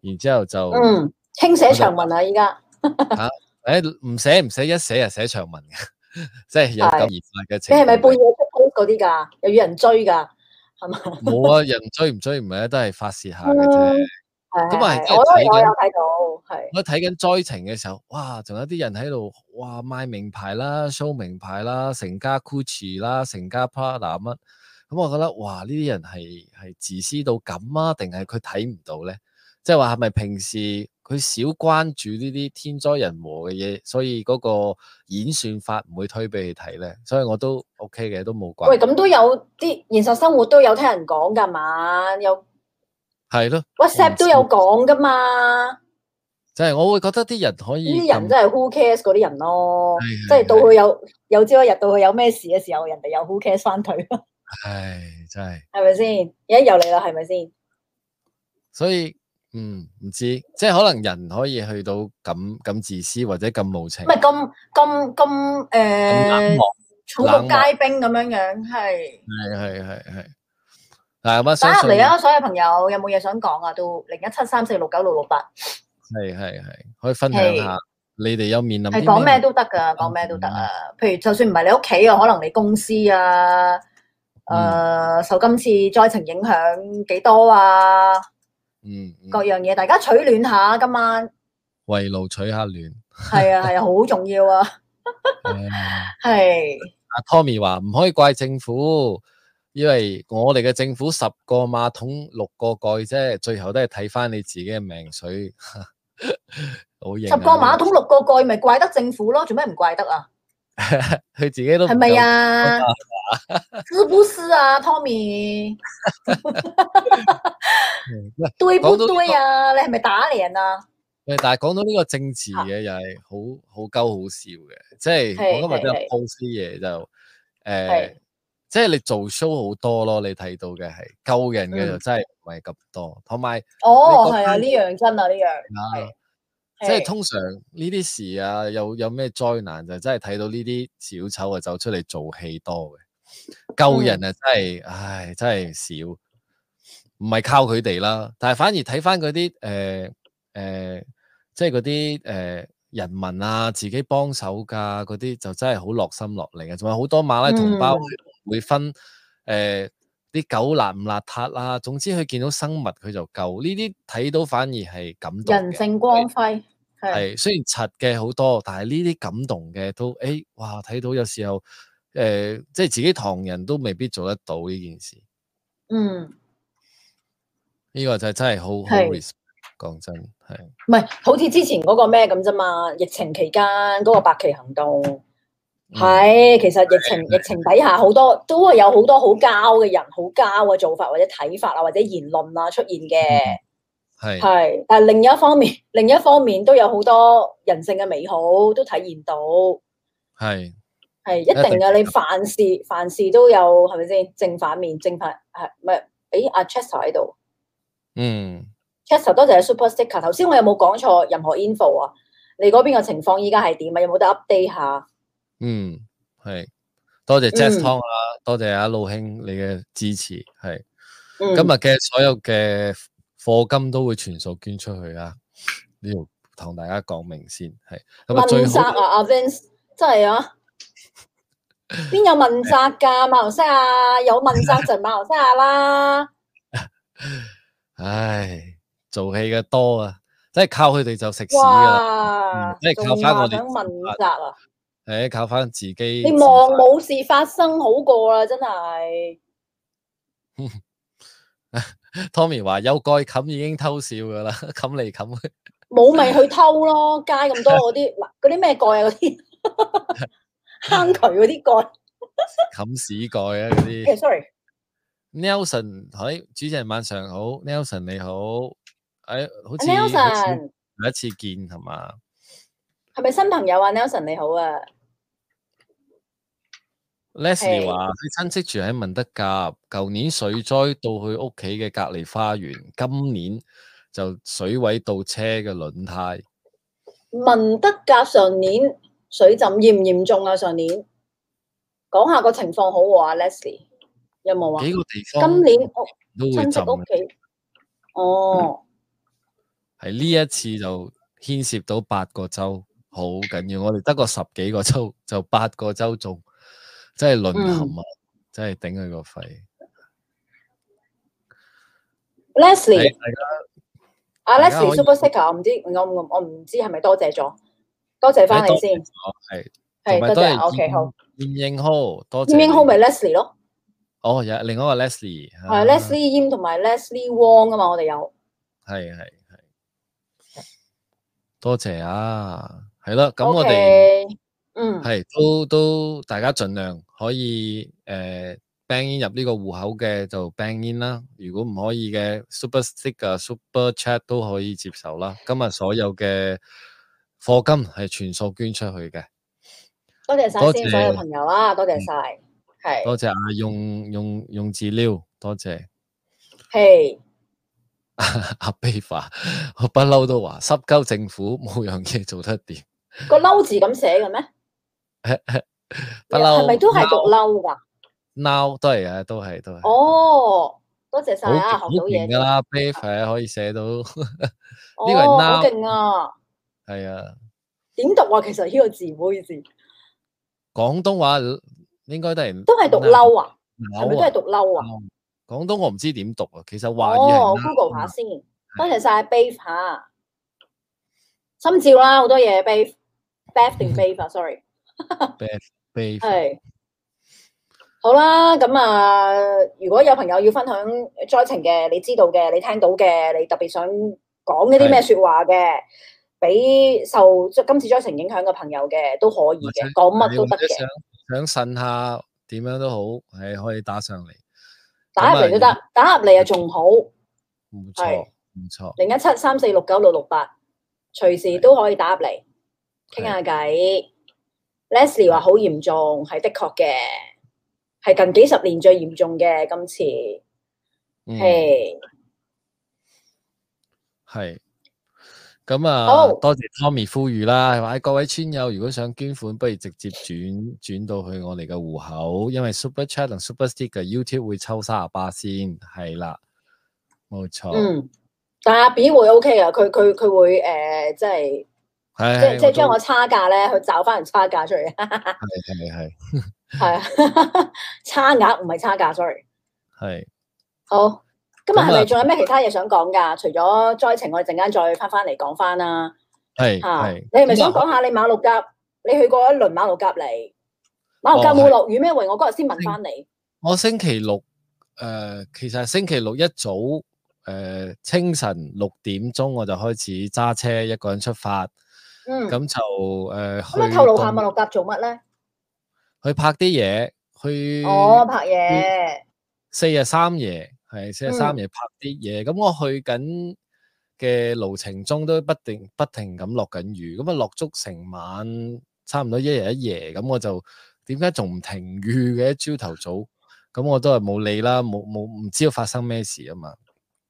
然之後就嗯，傾寫長文啊，依家吓，誒，唔寫唔寫，一寫就寫長文嘅，即 係有感而發嘅情況是。你係咪半夜出 k 嗰啲噶？又要人追噶，係、嗯、嘛？冇啊， 人追唔追唔係，都係發洩下嘅啫。咁、嗯、啊，我都睇到，係我睇緊災情嘅時候，哇，仲有啲人喺度，哇，賣名牌啦，show 名牌啦，成家 Gucci 啦，成家 Prada 乜。咁、嗯、我覺得哇，呢啲人係係自私到咁啊？定係佢睇唔到咧？即係話係咪平時佢少關注呢啲天災人禍嘅嘢，所以嗰個演算法唔會推俾你睇咧？所以我都 OK 嘅，都冇關。喂，咁都有啲現實生活都有聽人講噶嘛？有係咯，WhatsApp 都有講噶嘛。就係、是、我會覺得啲人可以啲人真係 who cares 嗰啲人咯，即係、就是、到佢有有朝一日到佢有咩事嘅時候，人哋又 who cares 翻佢。唉，真係係咪先而家又嚟啦，係咪先？所以，嗯，唔知，即係可能人可以去到咁咁自私或者咁無情，唔係咁咁咁誒，草木皆兵咁樣樣，係係係係係。嗱，咁啊，嚟啊，所有朋友有冇嘢想講啊？到零一七三四六九六六八，係係係，可以分享下你哋有面臨係講咩都得噶，講咩都得啊。譬如就算唔係你屋企啊，可能你公司啊。誒、嗯呃，受今次災情影響幾多少啊嗯？嗯，各樣嘢大家取暖下今晚，圍爐取下暖，係啊係啊，好、 啊、重要啊，係、啊。阿、 啊啊、Tommy 話唔可以怪政府，因為我哋嘅政府十個馬桶六個蓋啫，最後都係睇翻你自己嘅命水， 好型。十個馬桶六個蓋，咪怪得政府咯？做咩唔怪得啊？佢自己都係咪啊？是不是啊 是不是啊，Tommy？ 對不對啊？你係咪大連啊？誒，但係講到呢個政治嘅又係好好鳩好笑嘅，即係我今日即係 post 啲嘢就誒，即係你做 show 好多咯，你睇到嘅係救人嘅，就真係唔係咁多，嗯、同埋哦係啊，呢樣真樣啊，呢樣係即係通常呢啲事啊，有有咩災難就真係睇到呢啲小丑啊走出嚟做戲多嘅。救人啊，真、嗯、係，唉，真係少，唔係靠佢哋啦。但係反而睇翻嗰啲，誒、呃，誒、呃，即係嗰啲，誒、呃，人民啊，自己幫手噶嗰啲，就真係好落心落力嘅。仲有好多馬拉同胞會分，誒、嗯，啲、呃、狗邋唔邋遢啦。總之佢見到生物佢就救呢啲，睇到反而係感動。人性光輝係，雖然柒嘅好多，但係呢啲感動嘅都，誒、哎，哇，睇到有時候。誒、呃，即係自己唐人都未必做得到呢件事。嗯，呢、呢個就係、真係好好講，真係，唔係好似之前嗰個咩咁啫嘛？疫情期間嗰個白旗行動，係、嗯、其實疫情疫情底下好多都係有好多好膠嘅人、好膠嘅做法或者睇法啊，或者言論啦出現嘅。係、嗯、係，但係另一方面，另一方面都有好多人性嘅美好都體現到。係。係一定噶，你凡事凡事都有係咪先？正反面，正反係咪？誒，阿 Chester 喺度，嗯，Chester 多謝 Super Sticker。頭先我有冇講錯任何 info 啊？你嗰邊嘅情況依家係點啊？有冇得 update 下？嗯，係，多謝 Jeff Tong、嗯、啊，多謝阿老兄你嘅支持。係、嗯、今日嘅所有嘅貨金都會全數捐出去啊！呢度同大家講明先，係咁啊！最阿阿 Vince 真係啊！Vince, 邊有問責噶，馬來西亞啊？有問責就馬來西亞下啦。 唉，做戲嘅多啊，即係靠佢哋就食屎噶啦。即係靠翻我哋問責啊！誒、欸，靠翻自己自。你望冇事發生好過啦，真係。 Tommy 話有蓋冚已經偷笑噶啦，冚嚟冚去。冇咪去偷咯， 街咁多嗰啲嗱，嗰啲咩蓋啊嗰啲。 坑渠嗰啲蓋，冚 屎蓋啊！嗰啲。sorry Nelson，喺、哎，主持人晚上好，Nelson 你好。喺、哎，好似。Nelson。第一次見係嘛？係咪新朋友啊？Nelson 你好啊。Leslie 話：佢、hey. 親戚住喺文德甲，舊年水災到佢屋企嘅隔離花園，今年就水位到車嘅輪胎。文德甲上年。水浸嚴唔嚴重啊？上年講下個情況好喎，阿 Leslie 有冇啊？幾個地方今年屋親戚屋企哦，係呢、哦、一次就牽涉到八個州，好緊要。我哋得個十幾個州，就八個州中，真係淪陷啊、嗯！真係頂佢個肺。Leslie，阿 Leslie，super secret，我唔知我我我唔知係咪多謝咗。多謝翻你先，係係多謝，O K 好，嚴英浩多謝，嚴英浩咪 Leslie 咯，哦，有另一個 Leslie，係 Leslie Yam 同埋 Leslie Wong 啊嘛，我哋有，係係係，多謝啊，係咯，咁我哋，嗯，係好是 Lesley，是啊啊 okay，嗯、都都大家盡量可以誒呃、ban in 入呢個戶口嘅就 ban in 啦，如果唔可以嘅 super sticker、super chat 都可以接受啦，今日所有嘅。課金係全數捐出去嘅，多謝晒先所有朋友啊！多謝晒，係多謝阿用用用字溜，多謝，係阿阿貝華，我不嬲都話，濕鳩政府冇樣嘢做得掂。個嬲字咁寫嘅咩？不嬲係咪都係讀嬲噶？嬲都係啊，都係都係。哦，多謝晒啊，學到嘢啦，貝華可以寫到，呢個人嬲，好勁啊！係啊，點讀啊？其實呢個字，唔好意思，廣東話應該都係都係讀嬲啊，係咪都係讀嬲啊，哦？廣東我唔知點讀啊。其實華、哦、我 Google 下先，多、嗯、謝晒 Bath，心照啦 Bave, 好多嘢 Bath，Bath 定 Bath，sorry，Bath，係好啦。咁啊、呃，如果有朋友要分享災情嘅，你知道嘅，你聽到嘅，你特別想講一啲咩說話嘅？俾受今次災情影響嘅朋友嘅都可以嘅，講乜都得嘅。想呻下點樣都好，係可以打上嚟，打入嚟都得，打入嚟啊仲好。唔錯，唔錯。零一七三四六九六六八，隨時都可以打入嚟傾下偈。Leslie 話好嚴重，係的確嘅，係近幾十年最嚴重嘅今次。係、嗯，係。咁啊好，多謝 Tommy 呼籲啦，係嘛？各位村友，如果想捐款，不如直接轉轉到去我哋嘅戶口，因為 Super Chat 同 Super Sticker YouTube 會抽三十八先，係啦，冇錯。嗯，但阿 B 會 OK 啊，佢佢佢會誒，呃、係係係即係即係即係將個差價咧去找翻人差價出嚟。係係係係啊，差額唔係差價，sorry。係好。今日係咪仲有咩其他嘢想講噶？除咗災情，我哋陣間再翻翻嚟講翻啦。係吓，你係咪想講下你馬六甲？你去過一輪馬六甲嚟？馬六甲冇落雨咩？榮、哦，我嗰日先問翻你。我星期六誒、呃，其實係星期六一早誒、呃，清晨六點鐘我就開始揸車，一個人出發。咁、嗯、就誒，可唔可以透、呃、露下馬六甲做乜咧？去拍啲嘢。去。哦，拍嘢。四日三夜。係，星期三夜拍啲嘢，咁、嗯、我去緊嘅路程中都不停不停咁落緊雨，咁啊落足成晚，差唔多一日一夜，咁我就點解仲唔停雨嘅？朝頭早，咁我都係冇理啦，冇冇唔知道發生咩事啊嘛。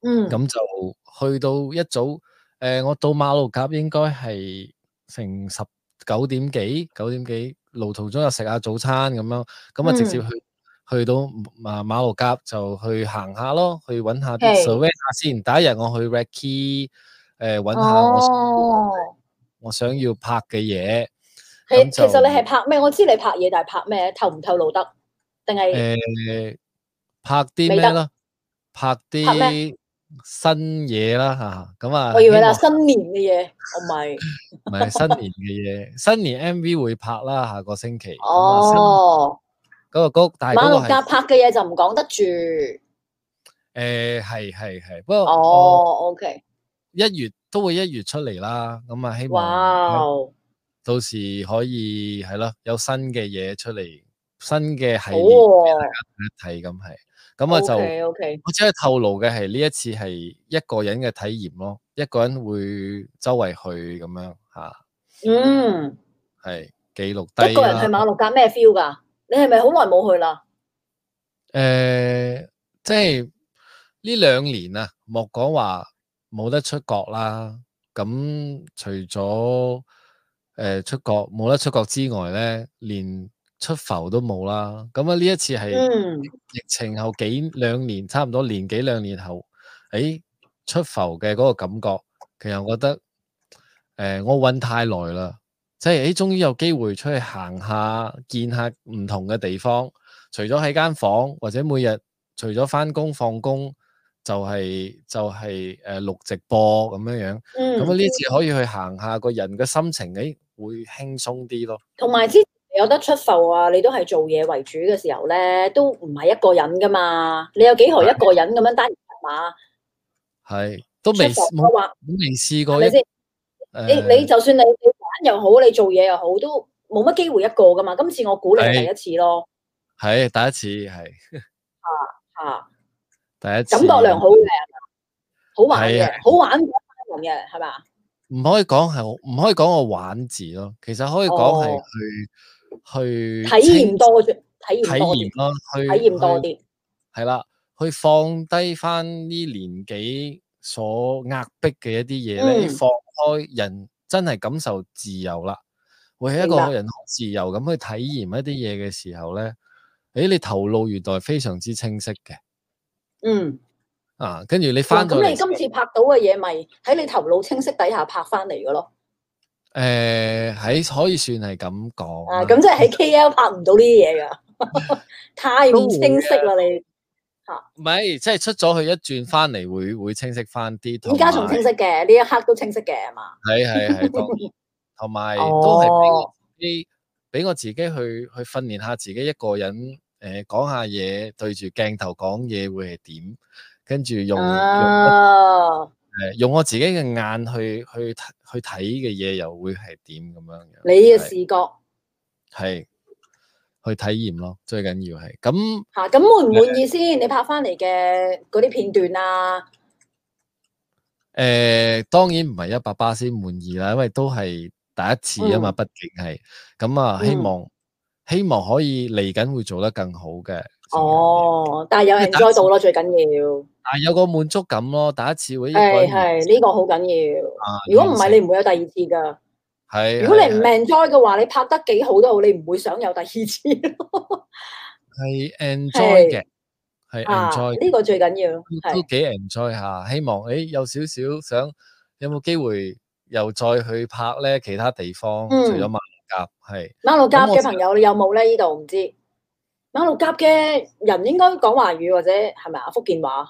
嗯，咁就去到一早，誒、呃、我到馬路甲應該係成十九點幾，九點幾路途中又食下早餐咁樣，咁啊直接去。去到馬馬路甲，就去行下咯，去揾下啲 survey 下先。第一日我去 rec key 誒，揾下我想，哦，我想要拍嘅嘢。其其實你係拍咩？我知你拍嘢，但係拍咩？透唔透露得？定係誒，拍啲咩咯？拍啲新嘢啦吓。咁啊，啊，我以為啦新年嘅嘢，唔係唔係新年嘅嘢。新年、， 哦、年， 年 M V 會拍啦，下個星期。哦。嗰、那個嗰馬六甲拍嘅嘢就唔講得住，誒係係係，不過哦，OK，一月、哦、一月都會一月出嚟啦，咁、哦、啊希望、哦，到時可以係咯，有新嘅嘢出嚟，新嘅系列睇咁係，咁啊、哦、就 okay, okay，我只係透露嘅係呢一次係一個人嘅體驗咯，一個人會周圍去咁樣吓，嗯，係記錄低一個人去馬六甲咩 feel 噶？你係咪好耐冇去啦？誒、呃，即係呢兩年啊，莫講話冇得出國啦。咁除咗誒、呃、出國冇得出國之外咧，連出埠都冇啦。咁啊呢一次係疫情後幾兩年，嗯、差唔多年幾兩年後，誒、哎、出埠嘅嗰個感覺，其實我覺得誒、呃、我穩太耐啦。即係，誒，終於有機會出去行下，見下唔同嘅地方。除咗喺間房或者每日，除咗翻工放工，就係就係誒錄直播咁樣樣。咁啊，呢次可以去行下，個人嘅心情誒會輕鬆啲咯。同埋之前有得出埠啊，你都係做嘢為主嘅時候咧，都唔係一個人噶嘛。你有幾何一個人咁樣單人馬？係都未冇話，未試過係咪先？你你就算你，又好，你做嘢又好，都冇乜機會一個噶嘛。今次我鼓勵第一次咯，係第一次，係啊啊，第一次感覺良好嘅，好玩嘅，好玩嘅，係嘛？唔可以講係，唔可以講個玩字咯。其實可以講係去去體驗多啲，體驗多啲咯，體驗多啲係啦。去放低翻呢年紀所壓迫嘅一啲嘢咧，放開人。真係感受自由啦！會係一個人自由咁去體驗一啲嘢嘅時候咧，誒、哎，你頭腦原來非常之清晰嘅。嗯。啊，跟住你翻咗。咁、嗯、你今次拍到嘅嘢，咪喺你頭腦清晰底下拍翻嚟嘅咯？誒、呃，喺可以算係咁講。啊，咁即係喺 K. L. 拍唔到呢啲嘢噶， 太清晰啦你。唔係，即係出咗去一轉翻嚟會會清晰翻啲。而家仲清晰嘅，呢一刻都清晰嘅啊嘛。係係係，同埋都係俾 我啲俾我自己去去訓練下自己一個人，誒、呃，講下嘢，對住鏡頭講嘢會係點，跟住用誒用、用、呃、用我自己嘅眼去去去睇嘅嘢又會係點咁樣樣。你嘅視覺，係。去體驗咯，最緊要係咁吓，咁滿唔滿意先？你拍翻嚟嘅嗰啲片段啊？誒，當然唔係一百八先滿意啦，因為都係第一次啊嘛，畢竟係咁啊，希望希望可以嚟緊會做得更好嘅。哦，但係有人再到咯，最緊要啊，有個滿足感咯，第一次會誒係呢個好緊要。如果唔係，你唔會有第二次噶。如果你唔 enjoy 嘅話，你拍得幾好都好，你唔會想有第二次咯。係 enjoy 嘅，係 enjoy 呢個最緊要咯，都幾 enjoy 下。希望誒有少少想，有冇機會又再去拍咧？其他地方除咗馬六甲，係馬六甲嘅朋友，你有冇咧？呢度唔知馬六甲嘅人應該講華語或者係咪啊？福建話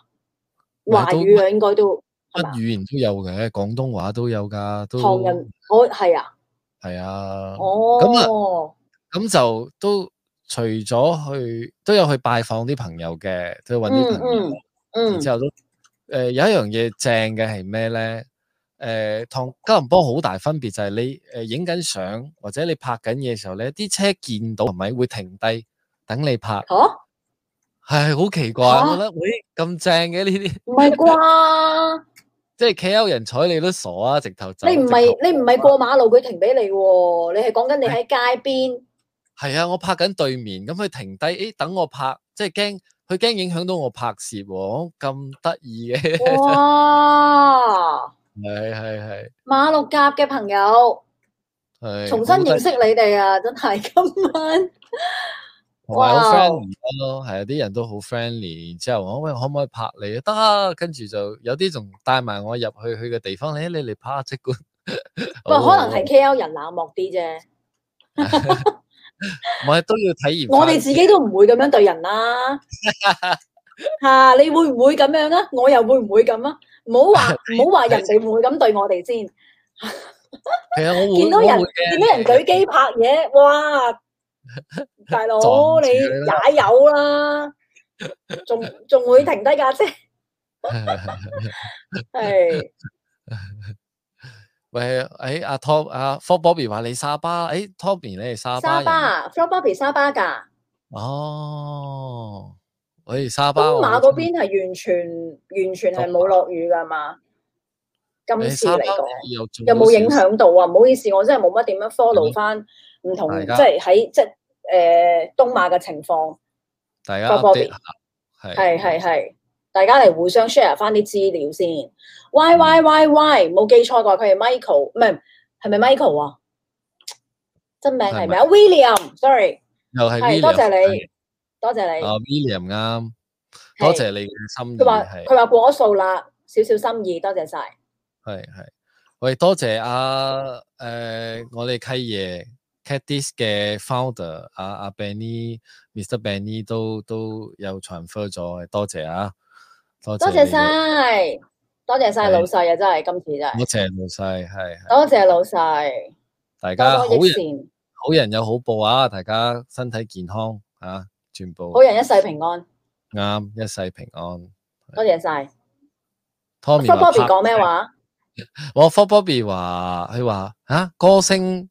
華語啊，應該都。乜語言都有嘅，廣東話都有㗎，都唐人係、哦、啊，係啊，哦咁啊，咁就都除咗去都有去拜訪啲朋友嘅，都揾啲朋友、嗯嗯，然之後都、嗯呃、有一樣嘢正嘅係咩咧？誒、呃，同吉隆坡好大分別就係、是、你影緊相或者你拍緊嘢嘅時候咧，啲車見到係咪會停低等你拍啊？係好奇怪，啊、我覺得喂咁、哎、正嘅呢啲唔係啩？即係企喺人睬你都傻啊！直頭走。你唔係、啊、你唔係過馬路佢停俾你喎、啊，你係講緊你喺街邊。係、欸、啊，我在拍緊對面，咁佢停低，誒、欸，等我拍，即係驚佢驚影響到我拍攝、啊，咁得意嘅。哇！係係係。馬六甲嘅朋友，係重新認識你哋啊！真係今晚。 同埋好 friendly 咯，係啊，啲人都好 friendly 然。然之後我喂可唔可以拍你啊？得，跟住就有啲仲帶埋我入去去嘅地方咧、哎，你嚟拍下、啊、即管。喂，哦、可能係 KL 人冷漠啲啫。唔 都要體驗。我哋自己都唔會咁樣對人啦、啊。吓， 你會唔會咁樣啊？我又會唔會咁啊？唔好話唔好話人哋唔會咁對我哋先。係 啊我，我 見到人見到人舉機拍嘢， 哇！大佬，你踩油啦，仲仲會停低架車，係 喂，誒、哎，阿 Tom 阿 Flo Bobby 話你沙巴，誒，Tommy 你係沙巴，沙巴，Flo、啊、Bobby 沙巴噶，哦，喂、哎，沙巴，東馬嗰邊係完全完全係冇落雨噶嘛？哎、今次嚟講、欸、有冇影響到啊？唔好意思，我真係冇乜點樣 follow 翻，嗯。唔同，即係喺，即係，誒東馬嘅情況，大家係係係係，大家嚟互相 share 翻啲資料先。Why why why why？冇記錯啩？佢係 Michael，唔係係咪 Michael 啊？真名係咪啊 William？Sorry，又係 i l i 多謝你，多謝你。啊 William 啱，多謝你，多謝你，uh, 多謝你心佢話係，佢話過咗數啦，少少心意，多謝晒。係係，喂，多謝阿、啊、誒、呃、我哋溪爺。Cattis 嘅 founder 阿、啊、阿、啊、Benny，Mr Benny 都都有 transfer 咗，多謝啊，多謝晒，多謝晒老細啊，真係今次真係，多謝老細係，多謝老細，大家好人好人有好，好報啊，大家身體健康啊，全部好人一世平安，啱一世平安，多謝晒，Tommy，For Bobby 講咩話？我、啊、For Bobby 話佢話啊，歌星。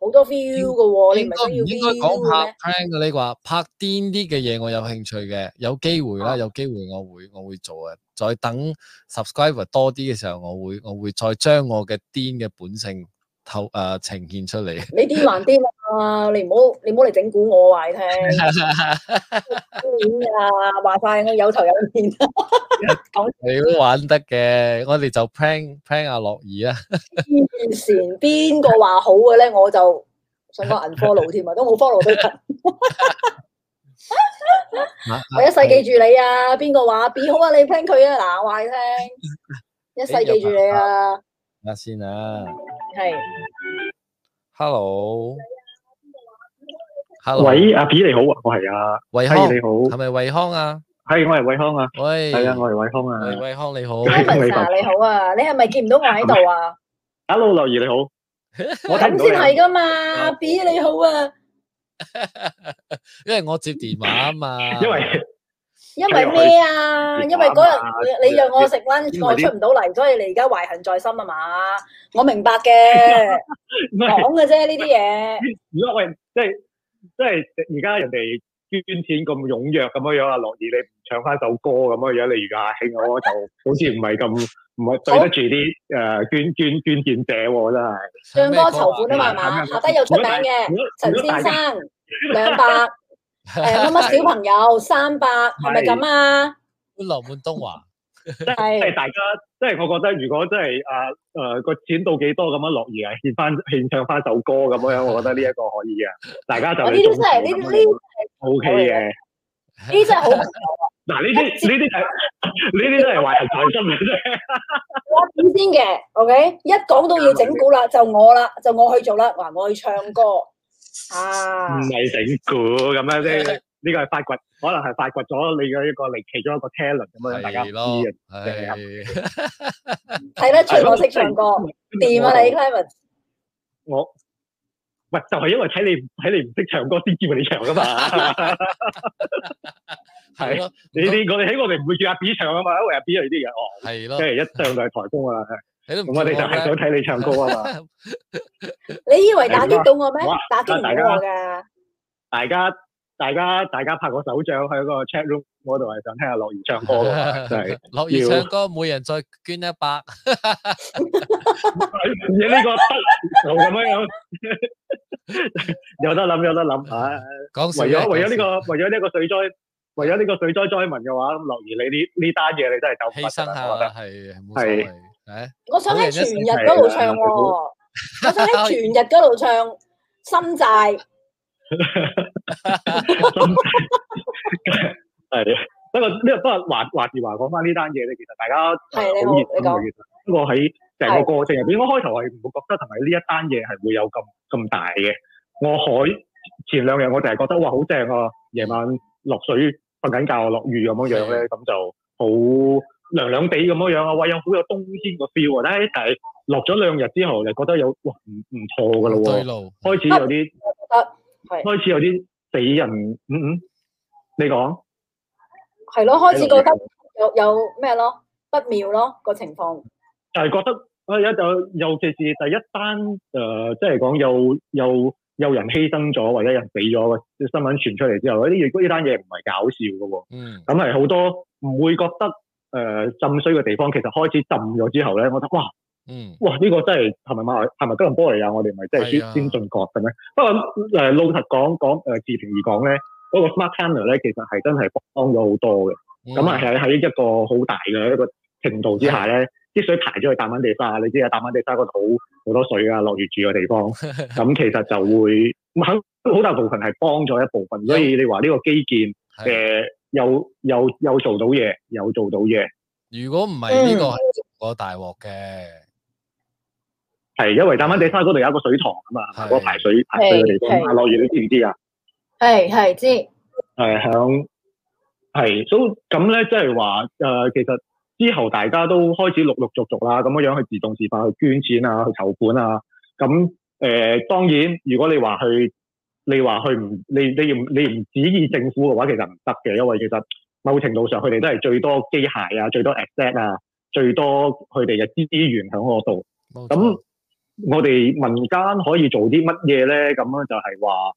好多 feel 嘅喎，應該唔應該講拍 plan 嘅，你話拍癲啲嘅嘢我有興趣嘅，有機會啦、啊，有機會我會我會做嘅。再等 subscriber 多啲嘅時候，我會我會再將我嘅癲嘅本性。透、呃、誒、呃、呈現出嚟，你癲還癲啊！你唔好你唔好嚟整蠱我話你聽，癲 啊！話晒我有頭有面， 你都玩得嘅。我哋就 plan plan 阿、啊、樂兒啊，以前邊個話好嘅咧？我就想講銀科路添啊， 都冇 follow 得， 我一世記住你啊！邊個話變好啊？你 plan 佢啊嗱，話你聽， 一世記住你啊！哎阿先啊，係，Hello，Hello，喂，阿 B 你好啊，我係阿，衛康你好，係咪衛康啊？係，我係衛康啊，喂，係啊，我係衛康啊，衛康你好，喂，你好啊，你係咪見唔到我喺度啊？Hello，劉怡你好，我聽到，咁先係噶嘛，B 你好啊，因為我接電話啊嘛，因為。因為咩啊？因為嗰日你你讓我食返，我出唔到嚟，所以你而家懷恨在心啊嘛！我明白嘅，唔係講嘅啫呢啲嘢。如果我即係即係而家人哋捐錢咁踴躍咁樣樣啊，樂兒你唔唱翻首歌咁樣樣，你而家阿慶我就好似唔係咁唔係對得住啲誒捐捐捐獻者，我真係唱歌籌款啊嘛嘛，下低有出名嘅陳先生兩百。係 乜小朋友，三百係咪咁啊？流滿東華，即係即係大家，即係我覺得，如果真係啊啊個錢到幾多咁樣樂意啊獻翻獻唱翻首歌咁 樣，我覺得呢一個可以啊！大家、 okay、 就呢啲真係呢呢 O K 嘅，呢真係好朋友。嗱， 呢啲呢啲就呢啲都係懷心嘅啫。我點先嘅？O K，一講到要整蠱啦，就我啦，就我去做啦。嗱，我去唱歌。唔係整蠱咁樣啫，呢個係發掘，可能係發掘咗你嘅一個嚟其中一個 talent 咁樣，大家知嘅。係咯，睇得出我識唱歌，掂啊你，Clarence。我，唔係就係因為睇你睇你唔識唱歌先叫你唱噶嘛。係，呢啲我哋喺我哋唔會叫阿 B 唱啊嘛，因為阿 B 係啲嘢。係咯，即係一上就係台風啦。我哋就係想睇你唱歌啊嘛！你以為打擊到我咩？打擊唔到我噶。大家大家大家拍個手掌，去個 chat room 嗰度，係想聽下樂兒唱歌。真係樂兒唱歌，每人再捐一百。你呢個得同咁樣，有得諗有得諗啊！講為咗為咗呢個為咗呢個水災，為咗呢個水災災民嘅話，樂兒你呢呢單嘢你真係走唔得。犧牲下係係。我想喺全日嗰度唱，哦，我想喺全日嗰度唱心債。係不過呢，不過話話時話，講翻呢單嘢咧，其實大家熱好熱嘅。不過喺成個過程入邊，為我開頭係唔會覺得同埋呢一單嘢係會有咁咁大嘅。我海前兩日我淨係覺得哇，好正啊！夜晚落水瞓緊覺，落雨咁樣樣咧，咁就好。涼涼地咁樣樣啊，哇有好有冬天個 feel 啊！咧，但係落咗兩日之後，就覺得有哇唔唔錯噶咯喎，開始有啲，係開始有啲死人嗯嗯，你講係咯，開始覺得有有咩咯不妙咯個情況，但係覺得啊有就尤其是第一單誒，即係講有有有人犧牲咗或者人死咗，啲新聞傳出嚟之後，啲如果呢單嘢唔係搞笑噶，嗯，咁係好多唔會覺得。誒、呃，浸水嘅地方其實開始浸咗之後咧，我覺得哇，嗯，哇呢、這個真係係咪馬係咪吉隆坡嚟啊？我哋咪真係先先進國嘅咩？不過誒，老實講講誒、呃，自評而講咧，嗰、那個 smart tunnel 咧，其實係真係幫咗好多嘅。咁、嗯、啊，係一個好大嘅一個程度之下咧，啲、啊、水排咗去淡灣地沙，你知啊，淡灣地沙嗰度好好多水啊，落雨住嘅地方，咁 其實就會好好大部分係幫咗一部分。嗯、所以你話呢個基建嘅。又又又做到嘢，又做到嘢。如果唔係呢個大鑊嘅，係因為大灣地山嗰度有一個水塘啊嘛，嗰個排水排水嘅地方啊，落雨你知唔知啊？係係知係響係咁咁咧，即係話誒，其實之後大家都開始陸陸續續啦，咁樣樣去自動自發去捐錢啊，去籌款啊。咁誒、呃，當然如果你話去。你話佢唔你你要你唔指意政府嘅話，其實唔得嘅，因為其實某程度上佢哋都係最多機械啊，最多 asset 啊，最多佢哋嘅資源喺嗰度。咁、okay. 我哋民間可以做啲乜嘢咧？咁咧就係話，誒、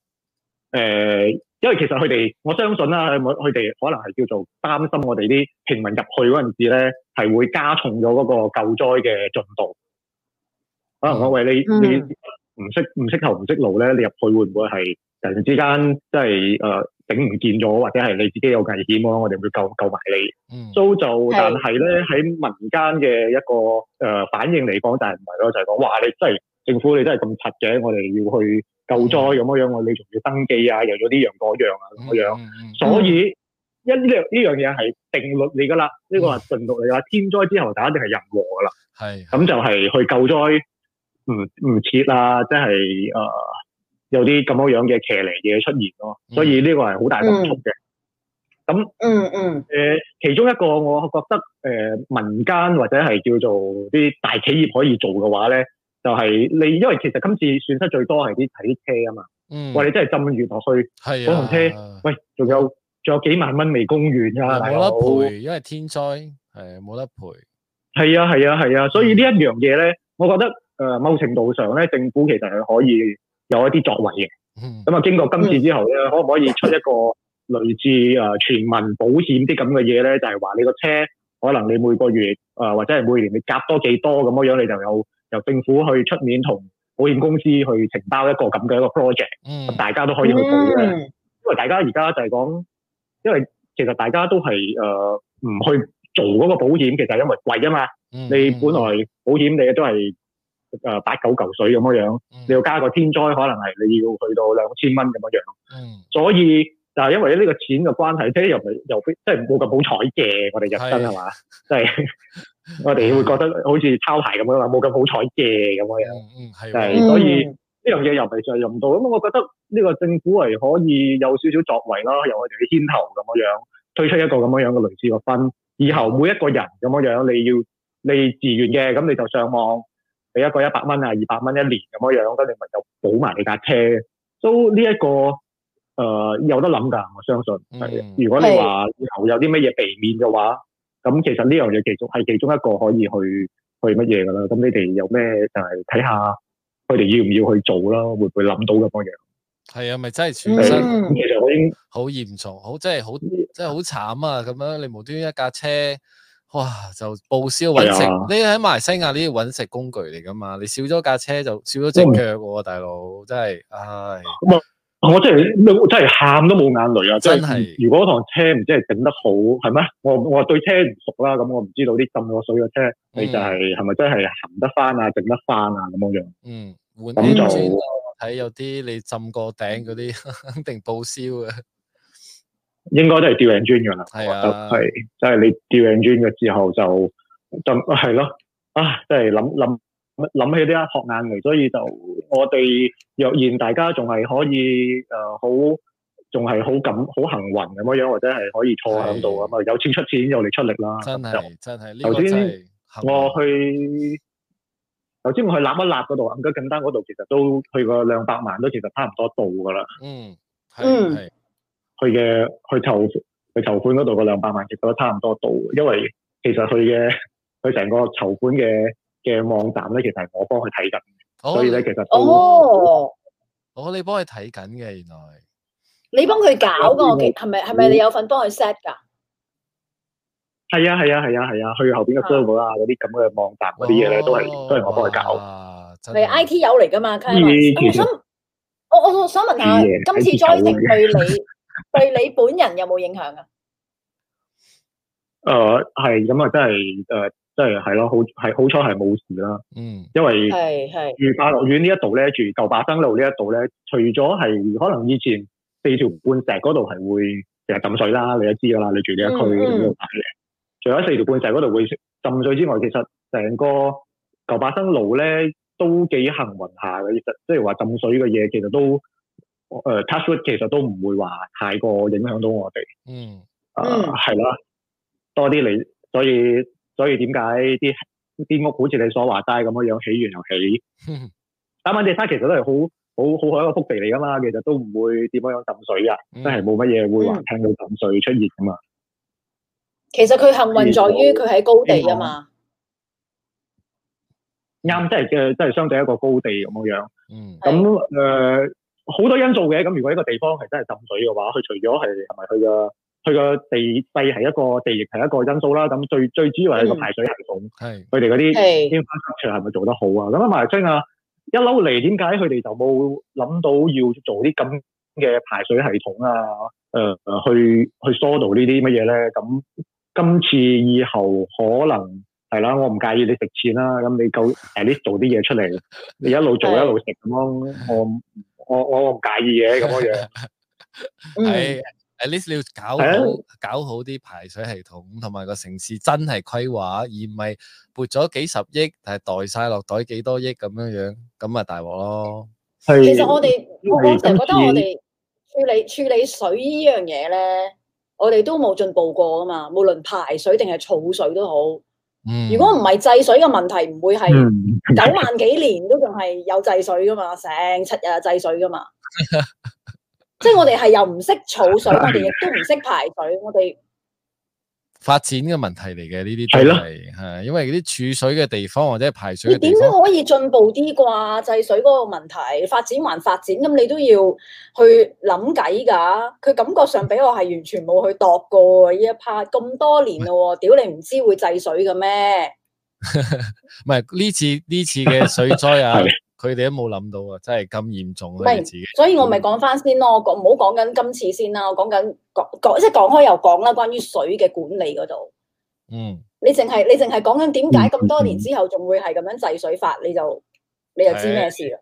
呃，因為其實佢哋我相信啦，佢哋可能係叫做擔心我哋啲平民入去嗰陣時咧，係會加重咗嗰個救災嘅進度。可能啊，喂，你你。Mm -hmm. 唔識唔識頭唔識路咧，你入去會唔會係人之間即係誒頂唔見咗，或者係你自己有危險，我哋會救救埋你。都、嗯、就、so, 但係咧喺民間嘅一個誒、呃、反應嚟講，但係唔係咯，就係、是、講哇你，你真係政府你真係咁柒嘅，我哋要去救災咁樣樣，我你仲要登記啊，又咗呢樣嗰樣啊咁樣、嗯。所以一呢呢樣嘢係定律嚟噶啦，呢、嗯這個是定律嚟啦、嗯，天災之後是任何的是就一定係人禍噶啦。係咁就係去救災。唔唔切啦，即係誒、呃，有啲咁樣樣嘅騎呢嘢出現咯、嗯，所以呢個係好大感觸嘅。咁，嗯嗯，誒、嗯呃，其中一個我覺得，誒、呃，民間或者係叫做啲大企業可以做嘅話咧，就係、是、你，因為其實今次損失最多係啲睇車啊嘛。嗯。喂，你真係浸完落去嗰台車、啊，喂，仲有仲有幾萬蚊未供完啊，冇得賠，因為天災係冇得賠。係啊係啊係啊，啊，啊，所以一呢一樣嘢咧，我覺得。誒、呃、某程度上咧，政府其實係可以有一啲作為嘅。咁、嗯、啊，經過今次之後咧，可唔可以出一個類似誒、呃、全民保險啲咁嘅嘢咧？就係、是、話你個車可能你每個月誒、呃、或者係每年你夾多幾多咁樣你就有由政府去出面同保險公司去承包一個咁嘅一個 project，、嗯、大家都可以去保嘅、嗯。因為大家而家就係講，因為其實大家都係誒唔去做嗰個保險，其實因為貴啊嘛、嗯。你本來保險你都係。誒，八九嚿水咁樣樣，嗯，你要加個天災，可能係你要去到兩千蚊咁樣樣。嗯，所以就係因為呢個錢嘅關係，即係又又非，即係冇咁好彩嘅。我哋入身係嘛，即係 我哋會覺得好似抄牌咁樣啦，冇咁好彩嘅咁樣樣。對，嗯，係，所以呢樣嘢又嚟上用唔到。咁我覺得呢個政府係可以有少少作為咯，由我哋去牽頭咁樣樣，推出一個咁樣樣嘅類似嘅分。以後每一個人咁樣樣，你要你自願嘅，咁你就上網。俾一個一百蚊啊，二百蚊一年咁樣樣，跟住咪就保埋你架車，都呢一個誒、呃、有得諗噶，我相信。嗯、如果你話以後有啲乜嘢避免嘅話，咁其實呢樣嘢其中係其中一個可以去去乜嘢噶啦。咁你哋有咩就係睇下，佢哋要唔要去做啦？會唔會諗到咁樣樣？係啊，咪真係全身，嗯、其實好嚴重，好真係好真係好慘啊！咁樣你無端端一架車。哇！就報銷搵食。哎、你喺馬來西亞呢啲搵食工具嚟噶嘛？你少咗架車就少咗隻腳、啊，大、嗯、佬真係，唉、哎！我真的我真係真係喊都冇眼淚啊！真係、就是，如果嗰趟車唔真係整得好係咩？我我對車唔熟啦，咁我唔知道啲浸過水嘅車，你就係係咪真係行得翻啊？整得翻啊？咁樣樣，嗯，咁、啊啊嗯、A2 就睇有啲你浸過頂嗰啲，肯定報銷嘅。應該都係吊眼珠樣啦，係啊，係即係你吊眼珠嘅，之後就就係咯啊，即係諗諗諗起啲黑眼嚟，所以就我哋若然大家仲係可以誒好仲係好感好幸運咁樣，或者係可以坐喺度咁啊，有錢出錢，有力出力啦，真係真係。頭先我去頭先、這個、我去納一納嗰度，唔該，近單嗰度其實都去過兩百萬，都其實差唔多到噶啦。嗯，係係。佢嘅去籌去籌款嗰度個兩百萬亦都差唔多到，因為其實佢嘅佢成個籌款嘅嘅網站咧，其實係我幫佢睇緊，所以咧其實哦哦，你幫佢睇緊嘅，原來，你幫佢搞噶，係咪係咪你有份幫佢 set 噶？係啊係啊係啊係啊，去後邊嘅 Google 啊嗰啲咁嘅網站嗰啲嘢咧，都係都係我幫佢搞，係 I T 友嚟噶嘛。哎？我想我我想問下，今次再直去你。 對你本人有冇影響啊？誒、 呃，係咁啊，真係誒，真係係咯，好係好彩係冇事啦。嗯，因為如百樂苑呢一度咧，住舊百生路呢一度咧，除咗係可能以前四條半石嗰度係會其實浸水啦，你都知噶啦，你住呢一區嘅。除咗四條半石嗰度會浸水之外，其實成個舊百生路咧都幾幸運下嘅。其實即係話浸水嘅嘢，其實都。誒，task load 其實都唔會話太過影響到我哋。嗯、誒、呃，係啦，多啲嚟，所以所以點解啲啲屋好似你所話齋咁嘅樣起完又起？打、嗯、萬地山其實都係好好，好好一個福地嚟噶嘛，其實都唔會點樣樣浸水噶，即係冇乜嘢會話聽到浸水出現噶嘛。其實佢幸運在於佢喺高地啊嘛。啱，即係嘅，即、就、係、是就是、相對一個高地咁嘅樣。嗯、咁、嗯、誒。好多因素嘅，咁如果呢個地方係真係浸水嘅話，佢除咗係係咪佢個佢個地勢係一個地形係一個因素啦，咁最最主要係個排水系統，係佢哋嗰啲天花出係咪做得好啊？咁啊，埋真啊，一樓嚟點解佢哋就冇諗到要做啲咁嘅排水系統啊？誒、呃，去去疏導呢啲乜嘢咧？咁今次以後可能係啦，我唔介意你食錢啦，咁你夠誒，你 at least 做啲嘢出嚟，你一路做一路食咁咯，我。我我我唔介意嘅咁樣樣，係、 嗯、，at least 你要搞好搞好啲排水系統、really rule, hundred, hundred,，同埋個城市真係規劃，而唔係撥咗幾十億，但係袋晒落袋幾多億咁樣樣，咁咪大鑊咯。其實我哋，我成日覺得我哋處理處理水呢樣嘢咧，我哋都冇進步過噶嘛，無論排水定係儲水都好。如果唔係制水嘅問題，唔會係九萬幾年都仲係有制水噶嘛，成七日制水噶嘛， 即係我哋係又唔識儲水，我哋亦都唔識排水，我哋。發展嘅問題嚟嘅呢啲係咯，係因為嗰啲儲水嘅地方或者排水的地方，你點都可以進步啲啩？制水嗰個問題發展還發展咁，那你都要去諗計噶。佢感覺上俾我係完全冇去度過呢一 part 咁多年咯，屌 你唔知會制水嘅咩？唔係呢次呢次嘅水災啊！ 佢哋都冇諗到啊！真係咁嚴重啊！唔係，所以我咪講翻先咯。我講唔好講緊今次先啦。我講緊講講，即係講開又講啦。關於水嘅管理嗰度，嗯，你淨係你淨係講緊點解咁多年之後仲會係咁樣制水法，嗯嗯、你就你就知咩事啦。